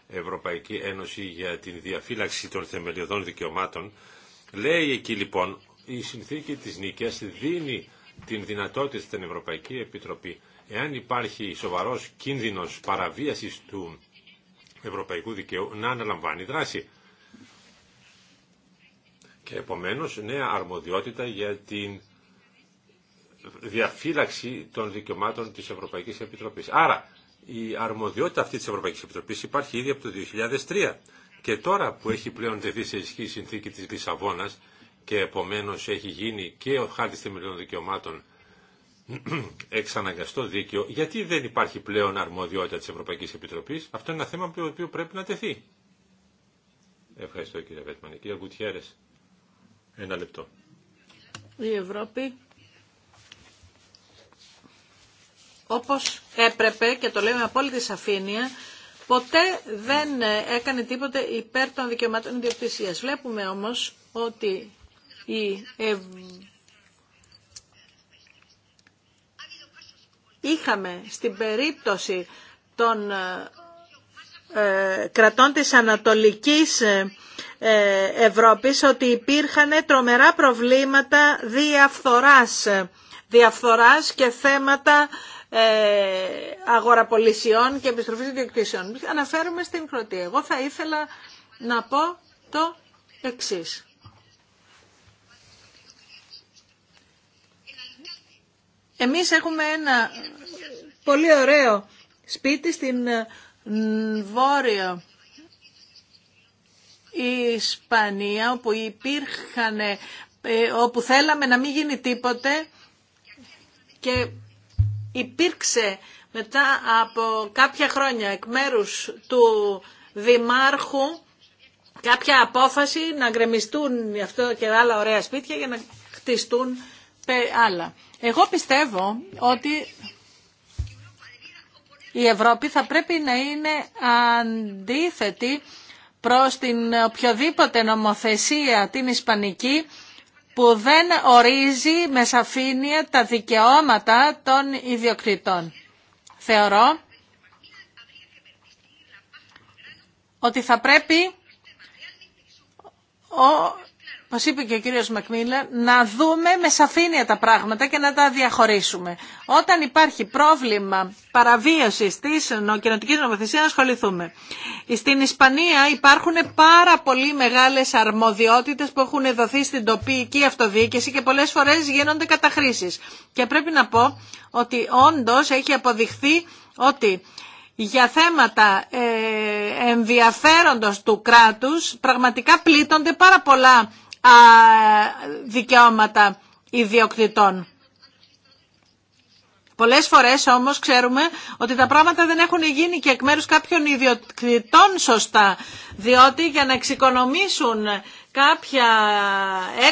Ευρωπαϊκή Ένωση για την διαφύλαξη των θεμελιωδών δικαιωμάτων, λέει εκεί λοιπόν η συνθήκη της Νίκαιας δίνει την δυνατότητα στην Ευρωπαϊκή Επιτροπή, εάν υπάρχει σοβαρός κίνδυνος παραβίασης του ευρωπαϊκού δικαίου, να αναλαμβάνει δράση και επομένως νέα αρμοδιότητα για την διαφύλαξη των δικαιωμάτων της Ευρωπαϊκής Επιτροπής. Άρα η αρμοδιότητα αυτή της Ευρωπαϊκής Επιτροπής υπάρχει ήδη από το 2003 και τώρα που έχει πλέον τεθεί σε ισχύ η συνθήκη της Λισαβόνας και επομένως έχει γίνει και ο χάρτης θεμελιών δικαιωμάτων <clears throat> εξαναγκαστό δίκαιο, γιατί δεν υπάρχει πλέον αρμοδιότητα της Ευρωπαϊκής Επιτροπής. Αυτό είναι ένα θέμα που οποίο πρέπει να τεθεί. Ευχαριστώ κύριε Βέτμαν. Κύριε Γκουτιέρες. Ένα Η Ευρώπη όπως έπρεπε και το λέμε με απόλυτη σαφήνεια, ποτέ δεν έκανε τίποτε υπέρ των δικαιωμάτων ιδιοκτησίας. Βλέπουμε όμως ότι η είχαμε στην περίπτωση των ε, κρατών της Ανατολικής ε, ε, Ευρώπης ότι υπήρχαν τρομερά προβλήματα διαφθοράς, διαφθοράς και θέματα ε, αγοραπολισιών και επιστροφής διοκτήσεων. Αναφέρομαι στην κροτή. Εγώ θα ήθελα να πω το εξής. Εμείς έχουμε ένα πολύ ωραίο σπίτι στην ε, βόρεια η Ισπανία όπου υπήρχαν, ε, όπου θέλαμε να μην γίνει τίποτε και υπήρξε μετά από κάποια χρόνια εκ μέρους του Δημάρχου κάποια απόφαση να γκρεμιστούν αυτό και άλλα ωραία σπίτια για να χτιστούν άλλα. Εγώ πιστεύω ότι η Ευρώπη θα πρέπει να είναι αντίθετη προς την οποιοδήποτε νομοθεσία την ισπανική που δεν ορίζει με σαφήνεια τα δικαιώματα των ιδιοκτητών. Θεωρώ ότι θα πρέπει Όπω είπε και ο κύριο Μακμίλα να δούμε με σαφήνεια τα πράγματα και να τα διαχωρίσουμε. Όταν υπάρχει πρόβλημα παραβίωσης της κοινωτικής νομοθεσίας να ασχοληθούμε. Στην Ισπανία υπάρχουν πάρα πολύ μεγάλες αρμοδιότητες που έχουν δοθεί στην τοπική αυτοδιοίκηση και πολλές φορές γίνονται καταχρήσεις. Και πρέπει να πω ότι όντω έχει αποδειχθεί ότι για θέματα ε, ενδιαφέροντος του κράτους πραγματικά πλήττονται πάρα πολλά δικαιώματα ιδιοκτητών. Πολλές φορές όμως ξέρουμε ότι τα πράγματα δεν έχουν γίνει και εκ μέρους κάποιων ιδιοκτητών σωστά, διότι για να εξοικονομήσουν κάποια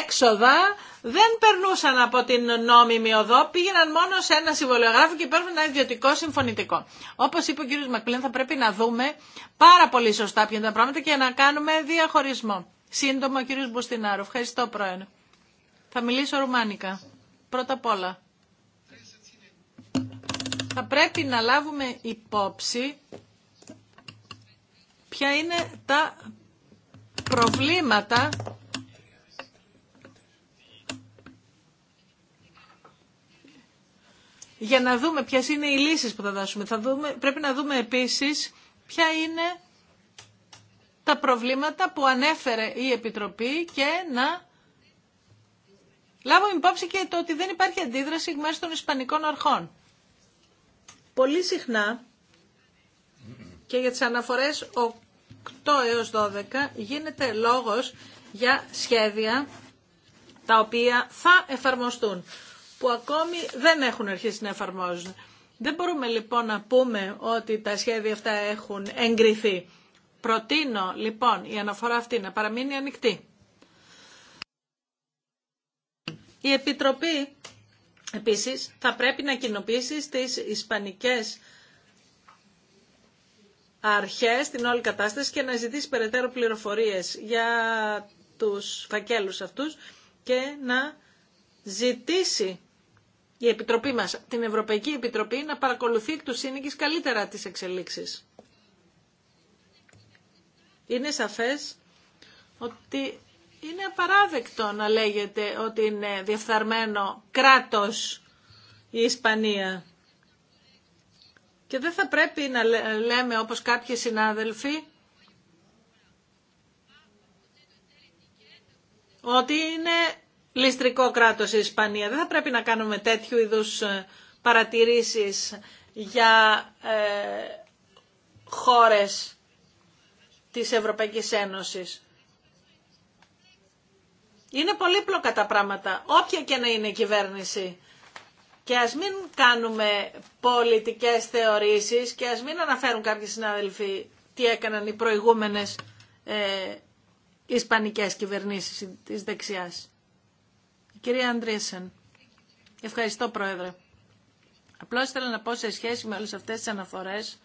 έξοδα δεν περνούσαν από την νόμιμη οδό, πήγαιναν μόνο σε ένα συμβολιογράφο και παίρνουν ένα ιδιωτικό συμφωνητικό. όπως είπε ο κ. Μακλίν, θα πρέπει να δούμε πάρα πολύ σωστά ποια είναι τα πράγματα και να κάνουμε διαχωρισμό. Σύντομα, ο κύριος Μποστινάρου. Ευχαριστώ, πρώην. Θα μιλήσω ρουμάνικα. Πρώτα απ' όλα. Θα πρέπει να λάβουμε υπόψη ποια είναι τα προβλήματα για να δούμε ποιες είναι οι λύσεις που θα δώσουμε. Θα δούμε, πρέπει να δούμε επίσης ποια είναι τα προβλήματα που ανέφερε η Επιτροπή και να λάβω υπόψη και το ότι δεν υπάρχει αντίδραση μέσα των Ισπανικών αρχών. Πολύ συχνά και για τις αναφορές 8 έως 12 γίνεται λόγος για σχέδια τα οποία θα εφαρμοστούν, που ακόμη δεν έχουν αρχίσει να εφαρμόζουν. Δεν μπορούμε λοιπόν να πούμε ότι τα σχέδια αυτά έχουν εγκριθεί. Προτείνω λοιπόν η αναφορά αυτή να παραμείνει ανοιχτή. Η Επιτροπή επίσης θα πρέπει να κοινοποιήσει στις ισπανικές αρχές την όλη κατάσταση και να ζητήσει περαιτέρω πληροφορίες για τους φακέλους αυτούς και να ζητήσει η Επιτροπή μας, την Ευρωπαϊκή Επιτροπή, να παρακολουθεί εκ του καλύτερα τις εξελίξεις είναι σαφές ότι είναι απαράδεκτο να λέγεται ότι είναι διεφθαρμένο κράτος η Ισπανία. Και δεν θα πρέπει να λέμε όπως κάποιοι συνάδελφοι ότι είναι ληστρικό κράτος η Ισπανία. Δεν θα πρέπει να κάνουμε τέτοιου είδους ε, παρατηρήσεις για ε, χώρες της Ευρωπαϊκής Ένωσης. Είναι πολύπλοκα τα πράγματα, όποια και να είναι η κυβέρνηση. Και ας μην κάνουμε πολιτικές θεωρήσεις και ας μην αναφέρουν κάποιοι συνάδελφοι τι έκαναν οι προηγούμενες ε, ισπανικές κυβερνήσεις της δεξιάς. κυρία Αντρίσεν. Ευχαριστώ Πρόεδρε. Απλώς θέλω να πω σε σχέση με όλες αυτές τις αναφορές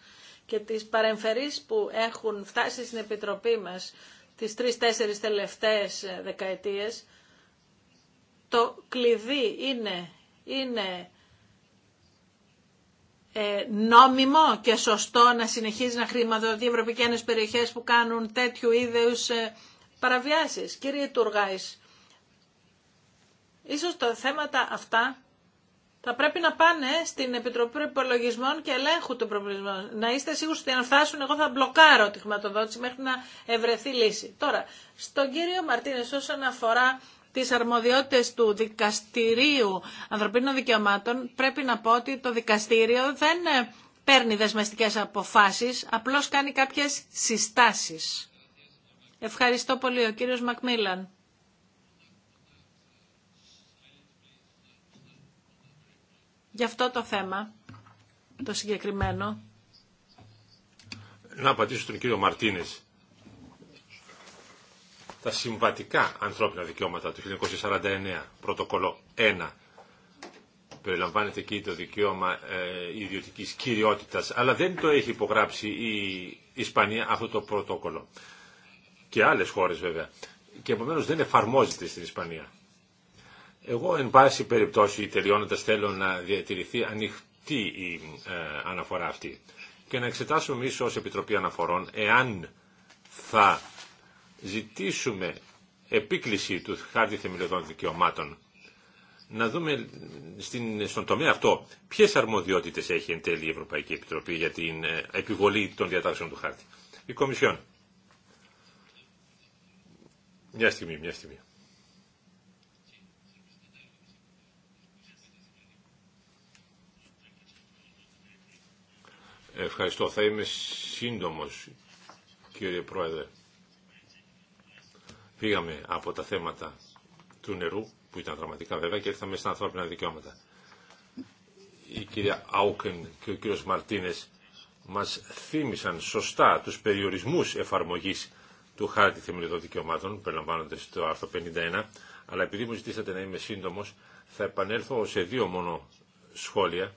και τις παρεμφερείς που έχουν φτάσει στην Επιτροπή μας τις τρεις-τέσσερις τελευταίες ε, δεκαετίες, το κλειδί είναι, είναι ε, νόμιμο και σωστό να συνεχίζει να χρηματοδοτεί οι ευρωπαϊκές περιοχές που κάνουν τέτοιου είδους ε, παραβιάσεις. Κύριε Τουργάης, ίσως τα θέματα αυτά θα πρέπει να πάνε στην Επιτροπή Προπολογισμών και ελέγχου των προπολογισμών. Να είστε σίγουροι ότι αν φτάσουν, εγώ θα μπλοκάρω τη χρηματοδότηση μέχρι να ευρεθεί λύση. Τώρα, στον κύριο Μαρτίνε, όσον αφορά τι αρμοδιότητε του Δικαστηρίου Ανθρωπίνων Δικαιωμάτων, πρέπει να πω ότι το δικαστήριο δεν ε, παίρνει δεσμευτικέ αποφάσει, απλώ κάνει κάποιε συστάσει. Ευχαριστώ πολύ, ο κύριο Μακμίλαν. για αυτό το θέμα, το συγκεκριμένο. Να απαντήσω τον κύριο Μαρτίνες. Τα συμβατικά ανθρώπινα δικαιώματα του 1949, πρωτοκόλλο 1, περιλαμβάνεται εκεί το δικαίωμα ε, ιδιωτικής κυριότητας, αλλά δεν το έχει υπογράψει η Ισπανία αυτό το πρωτόκολλο. Και άλλες χώρες βέβαια. Και επομένως δεν εφαρμόζεται στην Ισπανία. Εγώ, εν πάση περιπτώσει, τελειώνοντα θέλω να διατηρηθεί ανοιχτή η ε, αναφορά αυτή και να εξετάσουμε εμεί ως Επιτροπή Αναφορών εάν θα ζητήσουμε επίκληση του χάρτη θεμελιωδών δικαιωμάτων να δούμε στην, στον τομέα αυτό ποιες αρμοδιότητες έχει εν τέλει η Ευρωπαϊκή Επιτροπή για την ε, επιβολή των διατάξεων του χάρτη. Η Κομισιόν. Μια στιγμή, μια στιγμή. Ευχαριστώ. Θα είμαι σύντομος, κύριε Πρόεδρε. Φύγαμε από τα θέματα του νερού, που ήταν δραματικά βέβαια, και ήρθαμε στα ανθρώπινα δικαιώματα. Η κυρία Άουκεν και ο κύριος Μαρτίνες μας θύμισαν σωστά τους περιορισμούς εφαρμογής του χάρτη θεμελιωδών δικαιωμάτων, περιλαμβάνονται στο άρθρο 51, αλλά επειδή μου ζητήσατε να είμαι σύντομος, θα επανέλθω σε δύο μόνο σχόλια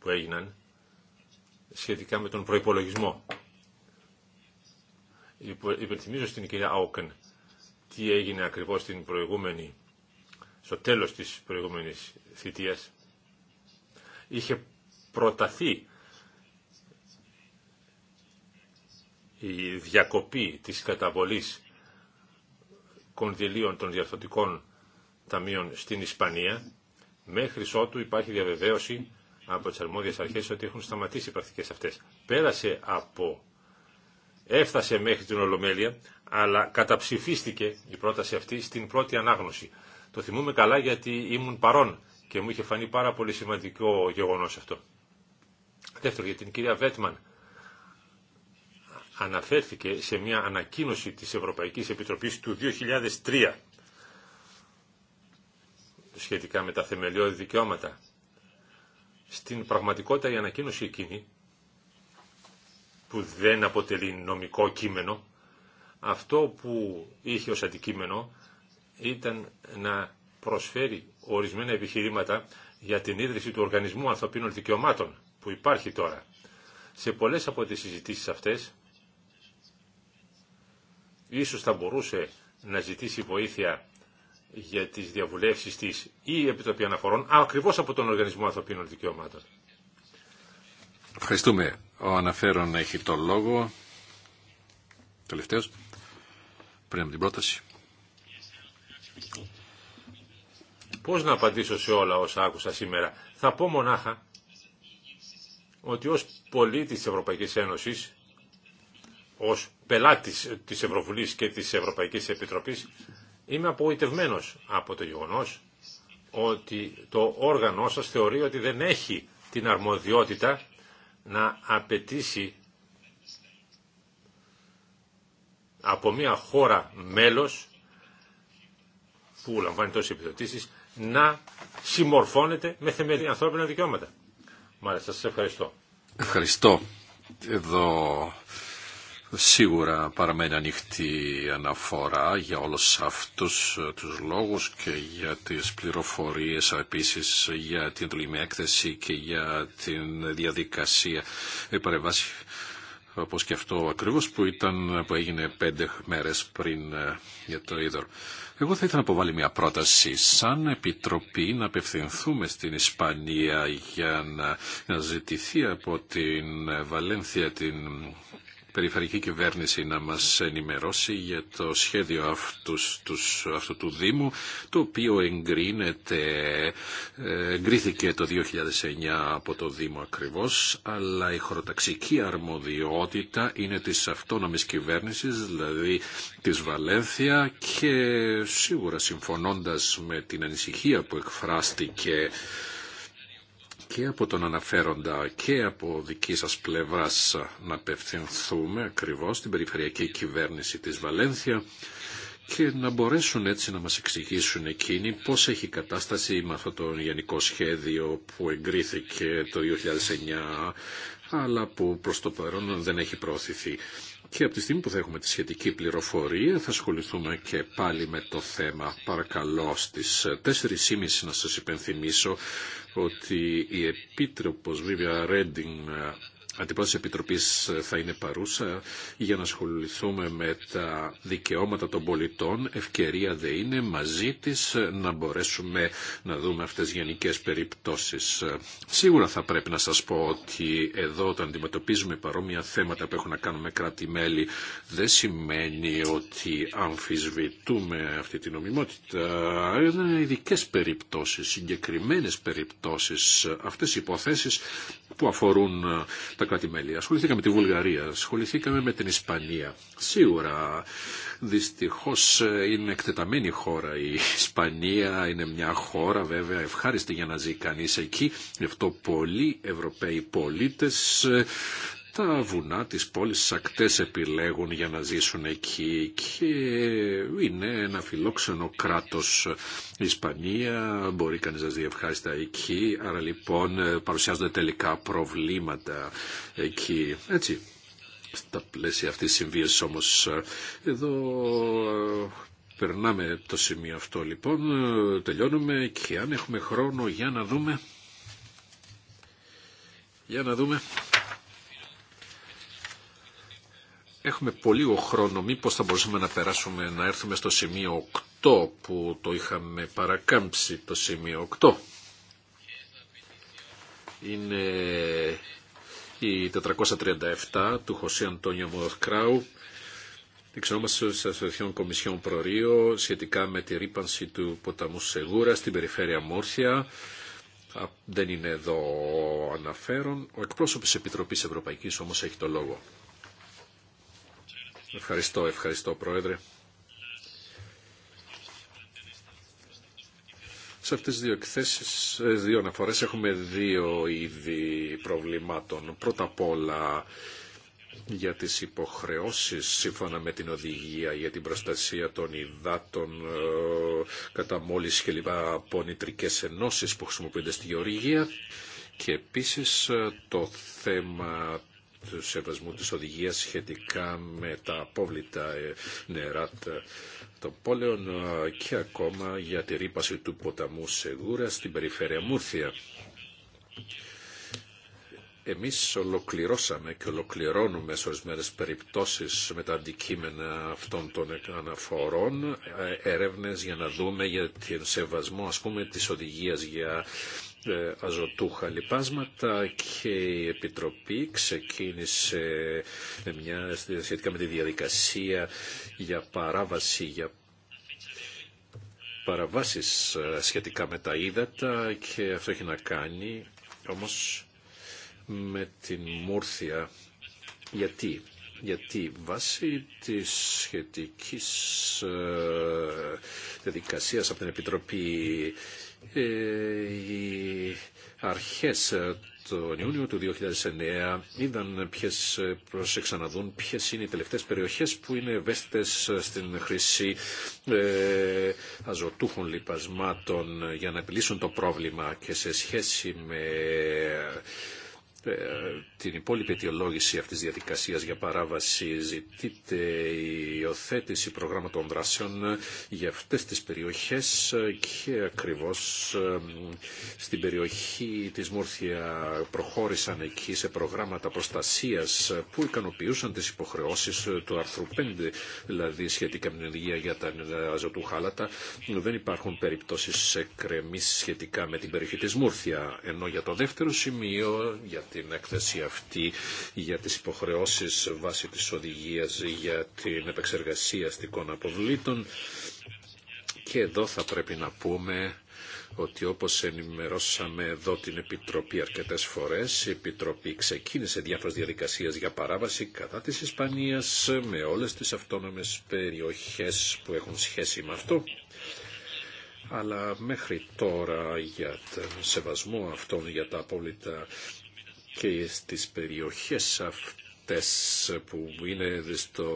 που έγιναν σχετικά με τον προϋπολογισμό. Υπενθυμίζω στην κυρία Άουκεν τι έγινε ακριβώς στην προηγούμενη, στο τέλος της προηγούμενης θητείας. Είχε προταθεί η διακοπή της καταβολής κονδυλίων των διαρθωτικών ταμείων στην Ισπανία, μέχρι ότου υπάρχει διαβεβαίωση από τι αρμόδιε αρχέ ότι έχουν σταματήσει οι πρακτικές αυτές. Πέρασε από... Έφτασε μέχρι την Ολομέλεια, αλλά καταψηφίστηκε η πρόταση αυτή στην πρώτη ανάγνωση. Το θυμούμε καλά γιατί ήμουν παρόν και μου είχε φανεί πάρα πολύ σημαντικό γεγονό αυτό. Δεύτερο, για την κυρία Βέτμαν αναφέρθηκε σε μια ανακοίνωση της Ευρωπαϊκής Επιτροπής του 2003 σχετικά με τα θεμελιώδη δικαιώματα. Στην πραγματικότητα η ανακοίνωση εκείνη, που δεν αποτελεί νομικό κείμενο, αυτό που είχε ως αντικείμενο ήταν να προσφέρει ορισμένα επιχειρήματα για την ίδρυση του Οργανισμού Ανθρωπίνων Δικαιωμάτων που υπάρχει τώρα. Σε πολλές από τις συζητήσεις αυτές, ίσως θα μπορούσε να ζητήσει βοήθεια για τις διαβουλεύσεις τη η Επιτροπή Αναφορών, ακριβώς από τον Οργανισμό Ανθρωπίνων Δικαιωμάτων. Ευχαριστούμε. Ο αναφέρον έχει το λόγο. Τελευταίος. Πριν από την πρόταση. Πώς να απαντήσω σε όλα όσα άκουσα σήμερα. Θα πω μονάχα ότι ως πολίτης της Ευρωπαϊκής Ένωσης, ως πελάτης της Ευρωβουλής και της Ευρωπαϊκής Επιτροπής, Είμαι απογοητευμένος από το γεγονός ότι το όργανο σας θεωρεί ότι δεν έχει την αρμοδιότητα να απαιτήσει από μια χώρα μέλος που λαμβάνει τόσες επιδοτήσεις να συμμορφώνεται με θεμελιώδη ανθρώπινα δικαιώματα. Μάλιστα, σας ευχαριστώ. Ευχαριστώ. Εδώ Σίγουρα παραμένει ανοιχτή αναφορά για όλους αυτούς ε, τους λόγους και για τις πληροφορίες επίσης για την τολιμή έκθεση και για την διαδικασία παρεμβάση όπως και αυτό ακριβώς που, ήταν, που έγινε πέντε μέρες πριν ε, για το είδωρο. Εγώ θα ήθελα να αποβάλει μια πρόταση σαν επιτροπή να απευθυνθούμε στην Ισπανία για να, να ζητηθεί από την Βαλένθια την περιφερειακή κυβέρνηση να μας ενημερώσει για το σχέδιο τους, αυτού του Δήμου, το οποίο εγκρίνεται, εγκρίθηκε το 2009 από το Δήμο ακριβώς, αλλά η χωροταξική αρμοδιότητα είναι της αυτόνομη κυβέρνησης, δηλαδή της Βαλένθια και σίγουρα συμφωνώντας με την ανησυχία που εκφράστηκε και από τον αναφέροντα και από δική σας πλευράς να απευθυνθούμε ακριβώς στην περιφερειακή κυβέρνηση της Βαλένθια και να μπορέσουν έτσι να μας εξηγήσουν εκείνοι πώς έχει κατάσταση με αυτό το γενικό σχέδιο που εγκρίθηκε το 2009 αλλά που προς το παρόν δεν έχει προωθηθεί. Και από τη στιγμή που θα έχουμε τη σχετική πληροφορία θα ασχοληθούμε και πάλι με το θέμα. Παρακαλώ στις 4.30 να σας υπενθυμίσω ότι η Επίτροπος Βίβια Ρέντινγκ Αντιπρόεδρος Επιτροπής θα είναι παρούσα για να ασχοληθούμε με τα δικαιώματα των πολιτών. Ευκαιρία δεν είναι μαζί της να μπορέσουμε να δούμε αυτές τις γενικές περιπτώσεις. Σίγουρα θα πρέπει να σας πω ότι εδώ όταν αντιμετωπίζουμε παρόμοια θέματα που έχουν να κάνουν με κράτη-μέλη δεν σημαίνει ότι αμφισβητούμε αυτή την νομιμότητα. Είναι ειδικέ περιπτώσεις, συγκεκριμένες περιπτώσεις. Αυτές οι υποθέσεις που αφορούν ε, τα κράτη-μέλη. Ασχοληθήκαμε με τη Βουλγαρία, ασχοληθήκαμε με την Ισπανία. Σίγουρα, δυστυχώς ε, είναι εκτεταμένη χώρα η Ισπανία, είναι μια χώρα βέβαια ευχάριστη για να ζει κανείς εκεί. Γι' αυτό πολλοί Ευρωπαίοι πολίτες ε, τα βουνά της πόλης σακτές επιλέγουν για να ζήσουν εκεί και είναι ένα φιλόξενο κράτος. Ισπανία μπορεί κανείς να ζει ευχάριστα εκεί, άρα λοιπόν παρουσιάζονται τελικά προβλήματα εκεί. Έτσι. Στα πλαίσια αυτής της συμβίωσης όμως εδώ ε, περνάμε το σημείο αυτό λοιπόν, τελειώνουμε και αν έχουμε χρόνο για να δούμε... Για να δούμε. Έχουμε πολύ ο χρόνο, μήπως θα μπορούσαμε να περάσουμε να έρθουμε στο σημείο 8 που το είχαμε παρακάμψει το σημείο 8. Είναι η 437 του Χωσή Αντώνιο Μοδοκράου Εξονόμαστε τη την Κομισιών Προρίο σχετικά με τη ρήπανση του ποταμού Σεγούρα στην περιφέρεια Μόρθια. Δεν είναι εδώ αναφέρον. Ο εκπρόσωπος τη Επιτροπής Ευρωπαϊκής όμως έχει το λόγο. Ευχαριστώ, ευχαριστώ Πρόεδρε. Σε αυτές τις δύο εκθέσεις, ε, δύο αναφορές, έχουμε δύο είδη προβλημάτων. Πρώτα απ' όλα για τις υποχρεώσεις σύμφωνα με την οδηγία για την προστασία των υδάτων ε, κατά μόλις και λοιπά από νητρικές ενώσεις που χρησιμοποιούνται στη γεωργία και επίσης ε, το θέμα του σεβασμού της οδηγίας σχετικά με τα απόβλητα ε, νερά των πόλεων και ακόμα για τη ρήπαση του ποταμού Σεγούρα στην περιφέρεια Μούρθια. Εμείς ολοκληρώσαμε και ολοκληρώνουμε σε ορισμένε περιπτώσεις με τα αντικείμενα αυτών των αναφορών ε, έρευνες για να δούμε για τον σεβασμό ας πούμε της οδηγίας για ε, αζωτούχα λοιπάσματα και η Επιτροπή ξεκίνησε μια σχετικά με τη διαδικασία για παράβαση, για παραβάσεις ε, σχετικά με τα ύδατα και αυτό έχει να κάνει όμως με την Μούρθια. Γιατί, γιατί βάσει της σχετικής ε, διαδικασίας από την Επιτροπή ε, οι αρχές ε, τον Ιούνιο του 2009 είδαν ποιες ε, πρόσεξαν να δουν ποιες είναι οι τελευταίες περιοχές που είναι ευαίσθητες στην χρήση ε, αζωτούχων λιπασμάτων για να επιλύσουν το πρόβλημα και σε σχέση με ε, την υπόλοιπη αιτιολόγηση αυτής της διαδικασίας για παράβαση ζητείται η υιοθέτηση προγράμματων δράσεων για αυτές τις περιοχές και ακριβώς ε, στην περιοχή της Μούρθια προχώρησαν εκεί σε προγράμματα προστασίας που ικανοποιούσαν τις υποχρεώσεις του άρθρου 5 δηλαδή σχετικά με την οδηγία για τα ζωτού χάλατα δεν υπάρχουν περιπτώσεις κρεμής σχετικά με την περιοχή της Μούρθια ενώ για το δεύτερο σημείο για την έκθεση αυτή για τις υποχρεώσεις βάσει της οδηγίας για την επεξεργασία αστικών αποβλήτων και εδώ θα πρέπει να πούμε ότι όπως ενημερώσαμε εδώ την Επιτροπή αρκετές φορές, η Επιτροπή ξεκίνησε διάφορες διαδικασίες για παράβαση κατά της Ισπανίας με όλες τις αυτόνομες περιοχές που έχουν σχέση με αυτό. Αλλά μέχρι τώρα για τον σεβασμό αυτών για τα απόλυτα και στις περιοχές αυτές που είναι στο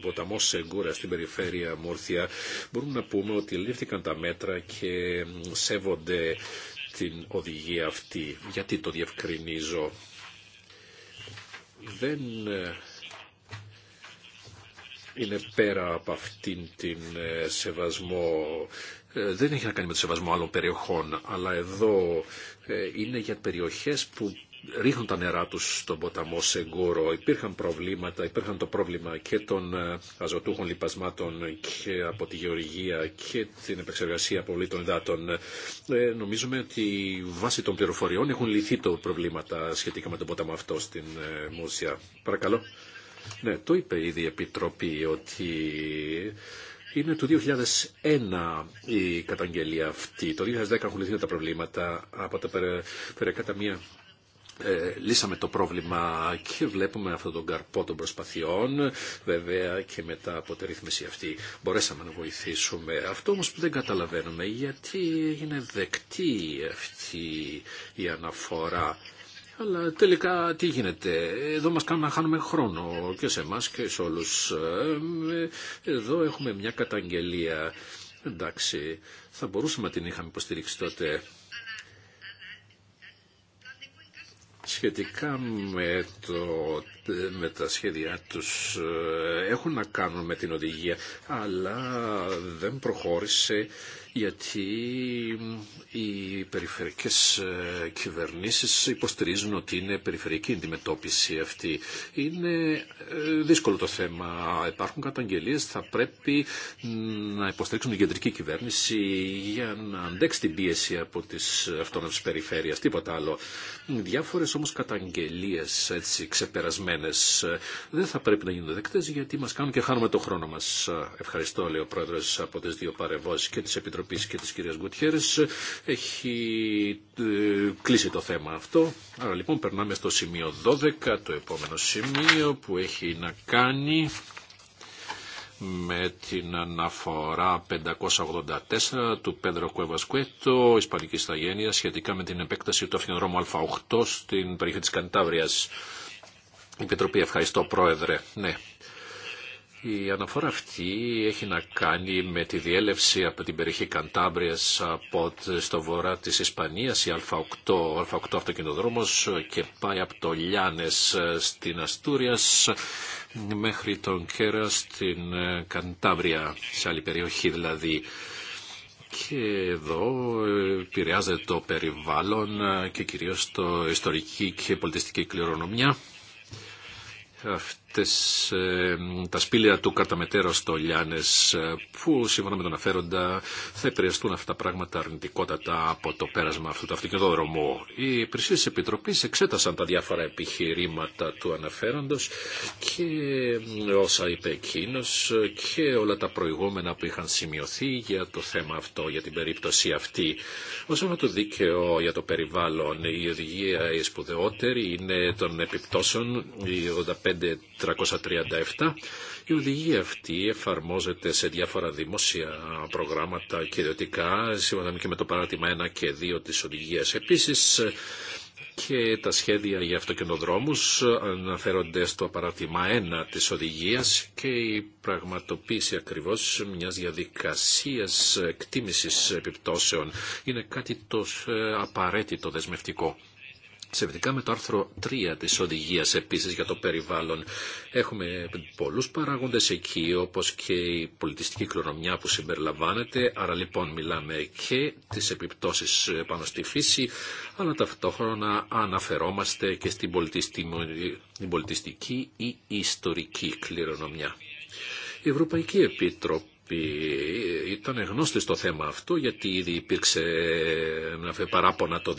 ποταμό Σεγκούρα στην περιφέρεια Μόρθια μπορούμε να πούμε ότι λήφθηκαν τα μέτρα και σέβονται την οδηγία αυτή. Γιατί το διευκρινίζω. Δεν είναι πέρα από αυτήν την ε, σεβασμό ε, δεν έχει να κάνει με το σεβασμό άλλων περιοχών, αλλά εδώ ε, είναι για περιοχές που ρίχνουν τα νερά τους στον ποταμό Σεγκούρο. Υπήρχαν προβλήματα, υπήρχαν το πρόβλημα και των ε, αζωτούχων λιπασμάτων και από τη γεωργία και την επεξεργασία αποβλήτων υδάτων. Ε, νομίζουμε ότι βάσει των πληροφοριών έχουν λυθεί το προβλήματα σχετικά με τον ποταμό αυτό στην ε, Μούσια. Παρακαλώ. Ναι, το είπε ήδη η Επιτροπή ότι είναι το 2001 η καταγγελία αυτή. Το 2010 έχουν λυθεί τα προβλήματα από τα περιφερειακά ταμεία ε, λύσαμε το πρόβλημα και βλέπουμε αυτόν τον καρπό των προσπαθειών βέβαια και μετά από τη ρύθμιση αυτή μπορέσαμε να βοηθήσουμε αυτό όμως που δεν καταλαβαίνουμε γιατί είναι δεκτή αυτή η αναφορά αλλά τελικά τι γίνεται, εδώ μας κάνουν να χάνουμε χρόνο και σε εμά και σε όλους. Ε, εδώ έχουμε μια καταγγελία, εντάξει, θα μπορούσαμε να την είχαμε υποστηρίξει τότε. σχετικά με, το, με τα σχέδιά τους ε, έχουν να κάνουν με την οδηγία αλλά δεν προχώρησε γιατί οι περιφερειακές ε, κυβερνήσεις υποστηρίζουν ότι είναι περιφερειακή αντιμετώπιση αυτή. Είναι ε, δύσκολο το θέμα. Υπάρχουν καταγγελίες, θα πρέπει να υποστηρίξουν την κεντρική κυβέρνηση για να αντέξει την πίεση από τις αυτόνομες περιφέρειες, τίποτα άλλο. Διάφορες όμως καταγγελίες έτσι ξεπερασμένες ε, δεν θα πρέπει να γίνουν δεκτές γιατί μας κάνουν και χάνουμε το χρόνο μας. Ευχαριστώ, λέει ο Πρόεδρος, από τις δύο παρεμβώσεις και τις Επιτροπές Επιτροπής και της κυρίας Γκουτιέρης έχει ε, κλείσει το θέμα αυτό. Άρα λοιπόν περνάμε στο σημείο 12, το επόμενο σημείο που έχει να κάνει με την αναφορά 584 του Πέντρο Κουέβας Κουέτο, Ισπανικής Σταγένεια, σχετικά με την επέκταση του αυτοκινοδρόμου Α8 στην περιοχή της Καντάβριας. Επιτροπή, ευχαριστώ πρόεδρε. Ναι, η αναφορά αυτή έχει να κάνει με τη διέλευση από την περιοχή Καντάμπρια από στο βορρά της Ισπανίας, η Α8, Α8 και πάει από το Λιάνες ε, στην Αστούριας μέχρι τον Κέρα στην ε, Καντάμπρια σε άλλη περιοχή δηλαδή. Και εδώ ε, επηρεάζεται το περιβάλλον και κυρίως το ιστορική και πολιτιστική κληρονομιά. Ε, τα σπήλαια του καταμετέρω στο Λιάνες ε, που σύμφωνα με τον αναφέροντα θα επηρεαστούν αυτά τα πράγματα αρνητικότατα από το πέρασμα αυτού του αυτοκινητόδρομου. Οι υπηρεσίε Επιτροπή εξέτασαν τα διάφορα επιχειρήματα του αναφέροντος και ε, όσα είπε εκείνο και όλα τα προηγούμενα που είχαν σημειωθεί για το θέμα αυτό, για την περίπτωση αυτή. Όσον αφορά το δίκαιο για το περιβάλλον, η οδηγία η σπουδαιότερη είναι των επιπτώσεων, 85 η οδηγία αυτή εφαρμόζεται σε διάφορα δημόσια προγράμματα και ιδιωτικά, σύμφωνα και με το παράδειγμα 1 και 2 της οδηγίας. Επίσης, και τα σχέδια για αυτοκινοδρόμους αναφέρονται στο παράδειγμα 1 της οδηγίας και η πραγματοποίηση ακριβώς μιας διαδικασίας εκτίμησης επιπτώσεων είναι κάτι το ε, απαραίτητο δεσμευτικό. Σχετικά με το άρθρο 3 της οδηγίας επίσης για το περιβάλλον έχουμε πολλούς παράγοντες εκεί όπως και η πολιτιστική κληρονομιά που συμπεριλαμβάνεται. Άρα λοιπόν μιλάμε και τις επιπτώσεις πάνω στη φύση αλλά ταυτόχρονα αναφερόμαστε και στην πολιτιστική ή ιστορική κληρονομιά. Η Ευρωπαϊκή Επίτροπη ήταν γνώστοι στο θέμα αυτό γιατί ήδη υπήρξε παράπονα το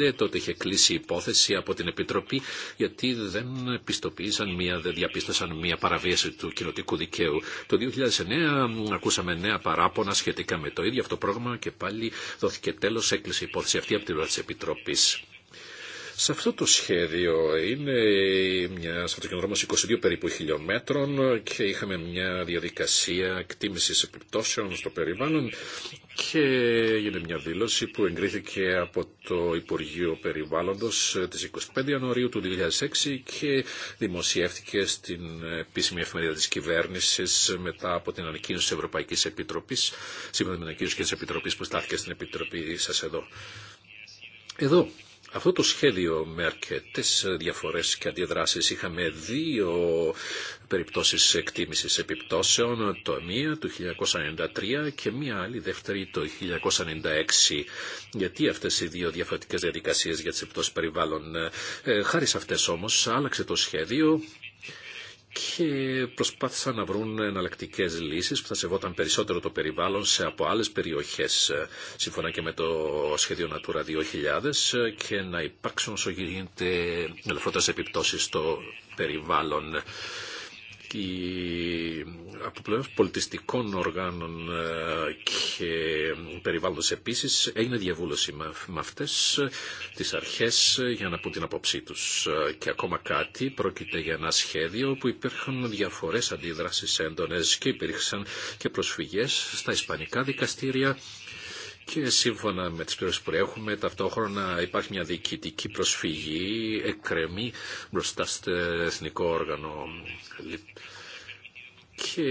2005 τότε είχε κλείσει η υπόθεση από την Επιτροπή γιατί δεν πιστοποίησαν μία, δεν διαπίστωσαν μία παραβίαση του κοινοτικού δικαίου. Το 2009 ακούσαμε νέα παράπονα σχετικά με το ίδιο αυτό πρόγραμμα και πάλι δόθηκε τέλος έκλεισε η υπόθεση αυτή από την ώρα σε αυτό το σχέδιο είναι μια σαυτοκινοδρόμος 22 περίπου χιλιόμετρων και είχαμε μια διαδικασία εκτίμησης επιπτώσεων στο περιβάλλον και έγινε μια δήλωση που εγκρίθηκε από το Υπουργείο Περιβάλλοντος της 25 Ιανουαρίου του 2006 και δημοσιεύτηκε στην επίσημη εφημερίδα της κυβέρνησης μετά από την ανακοίνωση της Ευρωπαϊκής Επιτροπής, σύμφωνα με την ανακοίνωση της Επιτροπής που στάθηκε στην Επιτροπή σας εδώ. Εδώ αυτό το σχέδιο με αρκετέ διαφορές και αντιδράσεις είχαμε δύο περιπτώσεις εκτίμησης επιπτώσεων, το μία το 1993 και μία άλλη δεύτερη το 1996. Γιατί αυτές οι δύο διαφορετικές διαδικασίες για τις επιπτώσεις περιβάλλον. Ε, χάρη σε αυτές όμως άλλαξε το σχέδιο και προσπάθησαν να βρουν εναλλακτικέ λύσεις που θα σεβόταν περισσότερο το περιβάλλον σε από άλλες περιοχές σύμφωνα και με το σχέδιο Natura 2000 και να υπάρξουν όσο γίνεται ελευθερότερες επιπτώσεις στο περιβάλλον ότι από πλευρά πολιτιστικών οργάνων ε, και περιβάλλοντος επίσης έγινε διαβούλωση με αυτές τις αρχές για να πούν την απόψή τους. Και ακόμα κάτι πρόκειται για ένα σχέδιο που υπήρχαν διαφορές αντίδρασεις έντονες και υπήρξαν και προσφυγές στα ισπανικά δικαστήρια και σύμφωνα με τις πληροφορίες που έχουμε ταυτόχρονα υπάρχει μια διοικητική προσφυγή εκκρεμή μπροστά στο εθνικό όργανο και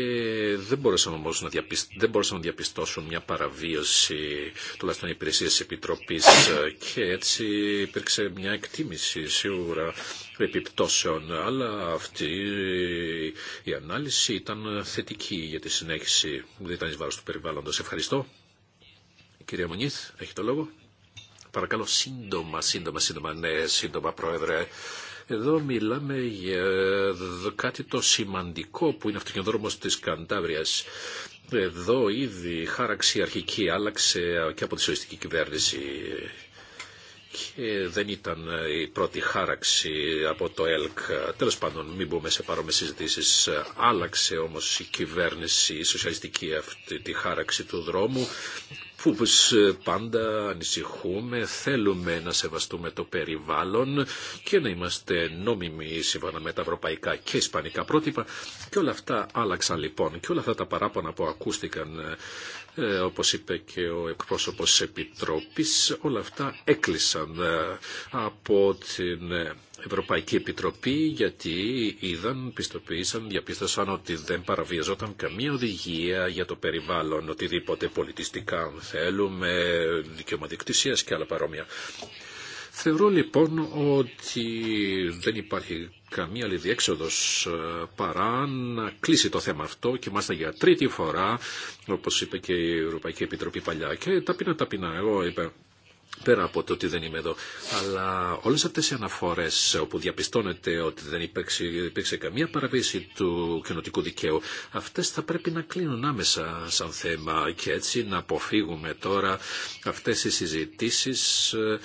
δεν μπορούσαν να, διαπιστ... δεν να διαπιστώσουν μια παραβίωση τουλάχιστον υπηρεσία της Επιτροπής και έτσι υπήρξε μια εκτίμηση σίγουρα επιπτώσεων αλλά αυτή η ανάλυση ήταν θετική για τη συνέχιση δεν ήταν εις βάρος του περιβάλλοντος. Ευχαριστώ. Κυρία Μονίθ, έχει το λόγο. Παρακαλώ σύντομα, σύντομα, σύντομα, ναι, σύντομα πρόεδρε. Εδώ μιλάμε για κάτι το σημαντικό που είναι αυτοκινοδρόμος της Καντάβριας. Εδώ ήδη η χάραξη αρχική άλλαξε και από τη σοσιαλιστική κυβέρνηση και δεν ήταν η πρώτη χάραξη από το ΕΛΚ. Τέλος πάντων, μην μπούμε σε παρόμοιες συζητήσει. Άλλαξε όμως η κυβέρνηση, η σοσιαλιστική αυτή τη χάραξη του δρόμου που ε, πάντα ανησυχούμε, θέλουμε να σεβαστούμε το περιβάλλον και να είμαστε νόμιμοι σύμφωνα με τα ευρωπαϊκά και ισπανικά πρότυπα και όλα αυτά άλλαξαν λοιπόν και όλα αυτά τα παράπονα που ακούστηκαν ε, ε όπως είπε και ο εκπρόσωπος Επιτροπής, όλα αυτά έκλεισαν ε, από την Ευρωπαϊκή Επιτροπή γιατί είδαν, πιστοποίησαν, διαπίστωσαν ότι δεν παραβιαζόταν καμία οδηγία για το περιβάλλον, οτιδήποτε πολιτιστικά αν θέλουμε, δικαίωμα και άλλα παρόμοια. Θεωρώ λοιπόν ότι δεν υπάρχει καμία άλλη διέξοδος ε, παρά να κλείσει το θέμα αυτό και μάλιστα για τρίτη φορά, όπως είπε και η Ευρωπαϊκή Επιτροπή παλιά και ταπεινά ταπεινά εγώ είπα πέρα από το ότι δεν είμαι εδώ. Αλλά όλε αυτέ οι αναφορέ όπου διαπιστώνεται ότι δεν υπήρξε, καμία παραβίαση του κοινοτικού δικαίου, αυτέ θα πρέπει να κλείνουν άμεσα σαν θέμα και έτσι να αποφύγουμε τώρα αυτέ οι συζητήσει ε,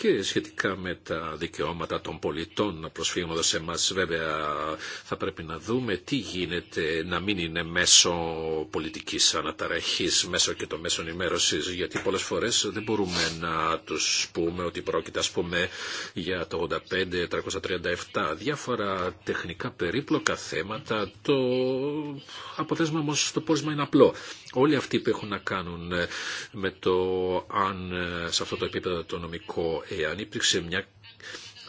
και σχετικά με τα δικαιώματα των πολιτών προσφύγοντα σε εμά. Βέβαια θα πρέπει να δούμε τι γίνεται να μην είναι μέσω πολιτικής αναταραχής, μέσω και των μέσων ενημέρωση, γιατί πολλές φορές δεν μπορούμε να τους πούμε ότι πρόκειται α πούμε για το 85-337 διάφορα τεχνικά περίπλοκα θέματα. Το αποτέλεσμα όμω το πόρισμα είναι απλό. Όλοι αυτοί που έχουν να κάνουν με το αν σε αυτό το επίπεδο το νομικό εάν υπήρξε μια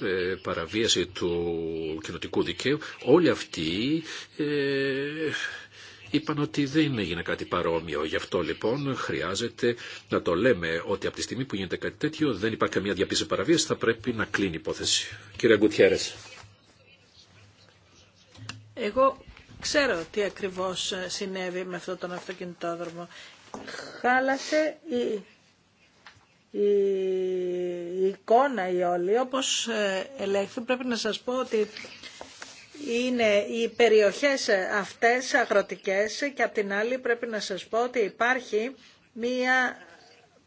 ε, παραβίαση του κοινοτικού δικαίου, όλοι αυτοί ε, είπαν ότι δεν έγινε κάτι παρόμοιο. Γι' αυτό λοιπόν χρειάζεται να το λέμε ότι από τη στιγμή που γίνεται κάτι τέτοιο δεν υπάρχει καμία διαπίση παραβίαση, θα πρέπει να κλείνει η υπόθεση. Κύριε Γκουτιέρες. Εγώ ξέρω τι ακριβώς συνέβη με αυτόν τον αυτοκινητόδρομο. Χάλασε η η εικόνα η όλη. Όπως ε, ελέγχθη πρέπει να σας πω ότι είναι οι περιοχές αυτές αγροτικές και απ' την άλλη πρέπει να σας πω ότι υπάρχει μία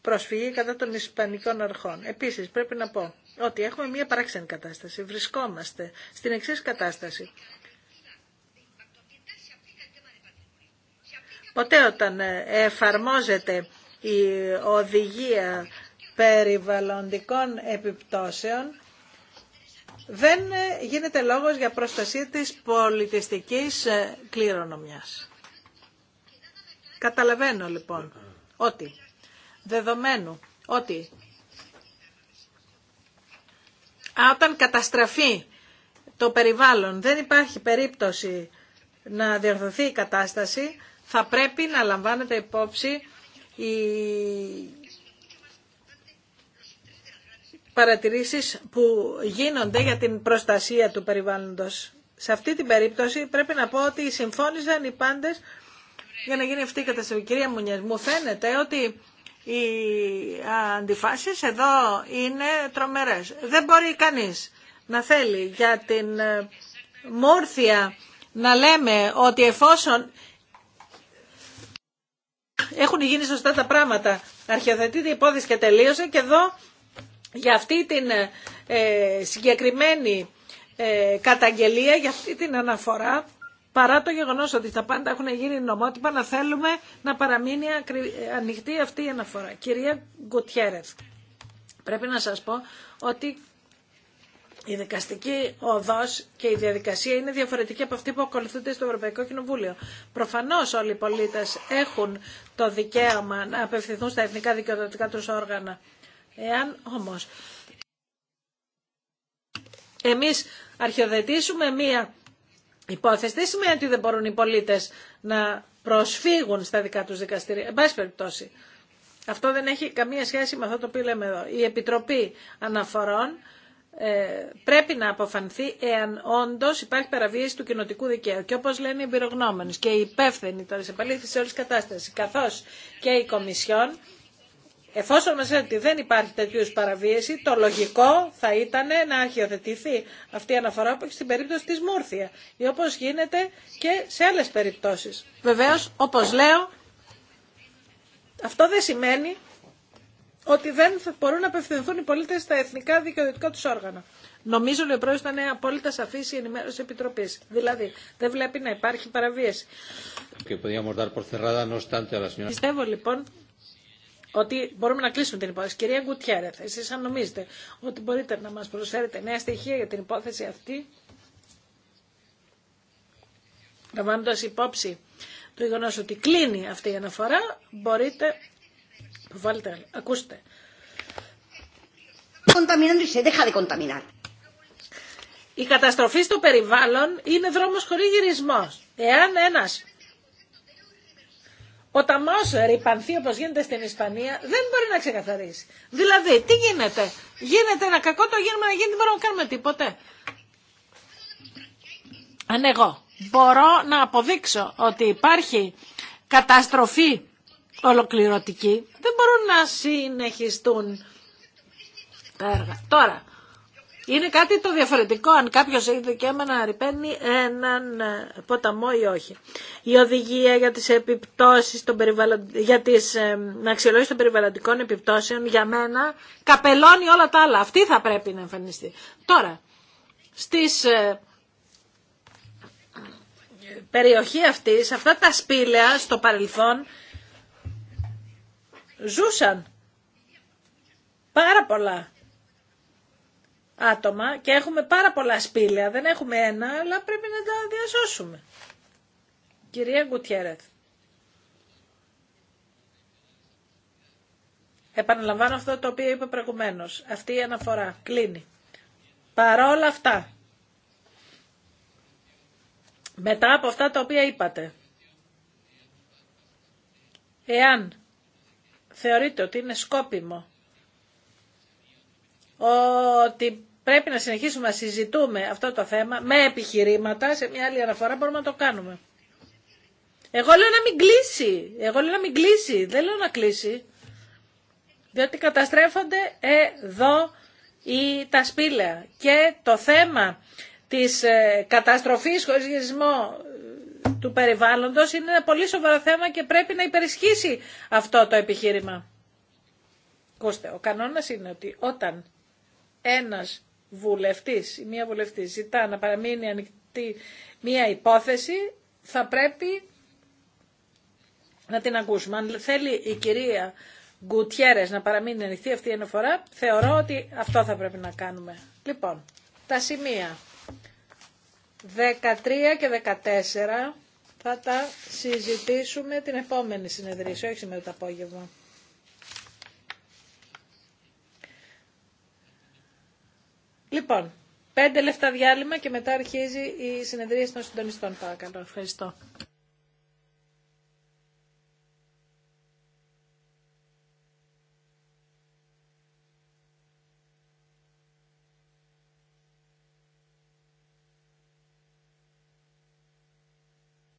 προσφυγή κατά των Ισπανικών αρχών. Επίσης πρέπει να πω ότι έχουμε μία παράξενη κατάσταση. Βρισκόμαστε στην εξή κατάσταση. Ποτέ όταν ε, εφαρμόζεται η οδηγία περιβαλλοντικών επιπτώσεων δεν γίνεται λόγος για προστασία της πολιτιστικής ε, κληρονομιάς. Καταλαβαίνω λοιπόν ότι δεδομένου ότι όταν καταστραφεί το περιβάλλον δεν υπάρχει περίπτωση να διορθωθεί η κατάσταση, θα πρέπει να λαμβάνεται υπόψη η παρατηρήσεις που γίνονται για την προστασία του περιβάλλοντος. Σε αυτή την περίπτωση πρέπει να πω ότι συμφώνησαν οι πάντες για να γίνει αυτή η καταστροφή. Κυρία Μουνιές, μου φαίνεται ότι οι αντιφάσεις εδώ είναι τρομερές. Δεν μπορεί κανείς να θέλει για την ε, μόρφια να λέμε ότι εφόσον έχουν γίνει σωστά τα πράγματα, αρχιοθετείται η υπόθεση και τελείωσε και εδώ για αυτή την ε, ε, συγκεκριμένη ε, καταγγελία, για αυτή την αναφορά, παρά το γεγονός ότι τα πάντα έχουν γίνει νομότυπα, να θέλουμε να παραμείνει ανοιχτή αυτή η αναφορά. Κυρία Γκουτιέρεθ, πρέπει να σας πω ότι η δικαστική οδός και η διαδικασία είναι διαφορετική από αυτή που ακολουθούνται στο Ευρωπαϊκό Κοινοβούλιο. Προφανώς όλοι οι πολίτες έχουν το δικαίωμα να απευθυνθούν στα εθνικά δικαιοδοτικά τους όργανα Εάν όμως εμείς αρχιοδετήσουμε μία υπόθεση, δεν σημαίνει ότι δεν μπορούν οι πολίτες να προσφύγουν στα δικά τους δικαστήρια. Εν πάση περιπτώσει, αυτό δεν έχει καμία σχέση με αυτό το οποίο λέμε εδώ. Η Επιτροπή Αναφορών ε, πρέπει να αποφανθεί εάν όντω υπάρχει παραβίαση του κοινοτικού δικαίου. Και όπω λένε οι εμπειρογνώμονε και οι υπεύθυνοι τώρα σε σε όλη κατάσταση, καθώ και οι Κομισιόν, Εφόσον μας ότι δεν υπάρχει τέτοιου παραβίαση, το λογικό θα ήταν να αρχιοθετηθεί αυτή η αναφορά που έχει στην περίπτωση της Μούρθια ή όπως γίνεται και σε άλλες περιπτώσεις. Βεβαίως, όπως λέω, αυτό δεν σημαίνει ότι δεν θα μπορούν να απευθυνθούν οι πολίτε στα εθνικά δικαιοδοτικά του όργανα. Νομίζω ότι ο πρόεδρο ήταν απόλυτα σαφή η ενημέρωση τη Επιτροπή. Δηλαδή, δεν βλέπει να υπάρχει παραβίαση. Πιστεύω λοιπόν ότι μπορούμε να κλείσουμε την υπόθεση. Κυρία Γκουτιέρεθ, εσείς αν νομίζετε ότι μπορείτε να μας προσφέρετε νέα στοιχεία για την υπόθεση αυτή, λαμβάνοντα υπόψη το γεγονό ότι κλείνει αυτή η αναφορά, μπορείτε. Βάλτε, ακούστε. Η καταστροφή στο περιβάλλον είναι δρόμος χωρίς γυρισμός. Εάν ένας η ε, ρηπανθεί όπως γίνεται στην Ισπανία, δεν μπορεί να ξεκαθαρίσει. Δηλαδή, τι γίνεται. Γίνεται ένα κακό το γίνουμε να γίνει, δεν μπορούμε να κάνουμε τίποτε. Αν ναι, εγώ μπορώ να αποδείξω ότι υπάρχει καταστροφή ολοκληρωτική, δεν μπορούν να συνεχιστούν τα έργα. Τώρα, είναι κάτι το διαφορετικό αν κάποιος έχει δικαίωμα να ρηπαίνει έναν ποταμό ή όχι. Η οδηγία για τις επιπτώσεις των περιβαλλον... για τις αξιολόγηση των περιβαλλοντικών επιπτώσεων για μένα καπελώνει όλα τα άλλα. Αυτή θα πρέπει να εμφανιστεί. Τώρα, στις ε, περιοχή αυτή, αυτά τα σπήλαια στο παρελθόν, ζούσαν πάρα πολλά άτομα και έχουμε πάρα πολλά σπήλαια, δεν έχουμε ένα, αλλά πρέπει να τα διασώσουμε. Κυρία Γκουτιέρετ. Επαναλαμβάνω αυτό το οποίο είπα προηγουμένω. Αυτή η αναφορά κλείνει. Παρόλα αυτά, μετά από αυτά τα οποία είπατε, εάν θεωρείτε ότι είναι σκόπιμο ότι πρέπει να συνεχίσουμε να συζητούμε αυτό το θέμα με επιχειρήματα. Σε μια άλλη αναφορά μπορούμε να το κάνουμε. Εγώ λέω να μην κλείσει. Εγώ λέω να μην κλείσει. Δεν λέω να κλείσει. Διότι καταστρέφονται εδώ η, τα σπήλαια. Και το θέμα της ε, καταστροφής χωρίς ε, του περιβάλλοντος είναι ένα πολύ σοβαρό θέμα και πρέπει να υπερισχύσει αυτό το επιχείρημα. ο κανόνας είναι ότι όταν ένας βουλευτής ή μία βουλευτή ζητά να παραμείνει ανοιχτή μία υπόθεση, θα πρέπει να την ακούσουμε. Αν θέλει η κυρία Γκουτιέρε να παραμείνει ανοιχτή αυτή η αναφορά, θεωρώ ότι αυτό θα πρέπει να κάνουμε. Λοιπόν, τα σημεία 13 και 14 θα τα συζητήσουμε την επόμενη συνεδρία όχι σήμερα το απόγευμα. Λοιπόν, πέντε λεφτά διάλειμμα και μετά αρχίζει η συνεδρία των συντονιστών. Παρακαλώ. Ευχαριστώ.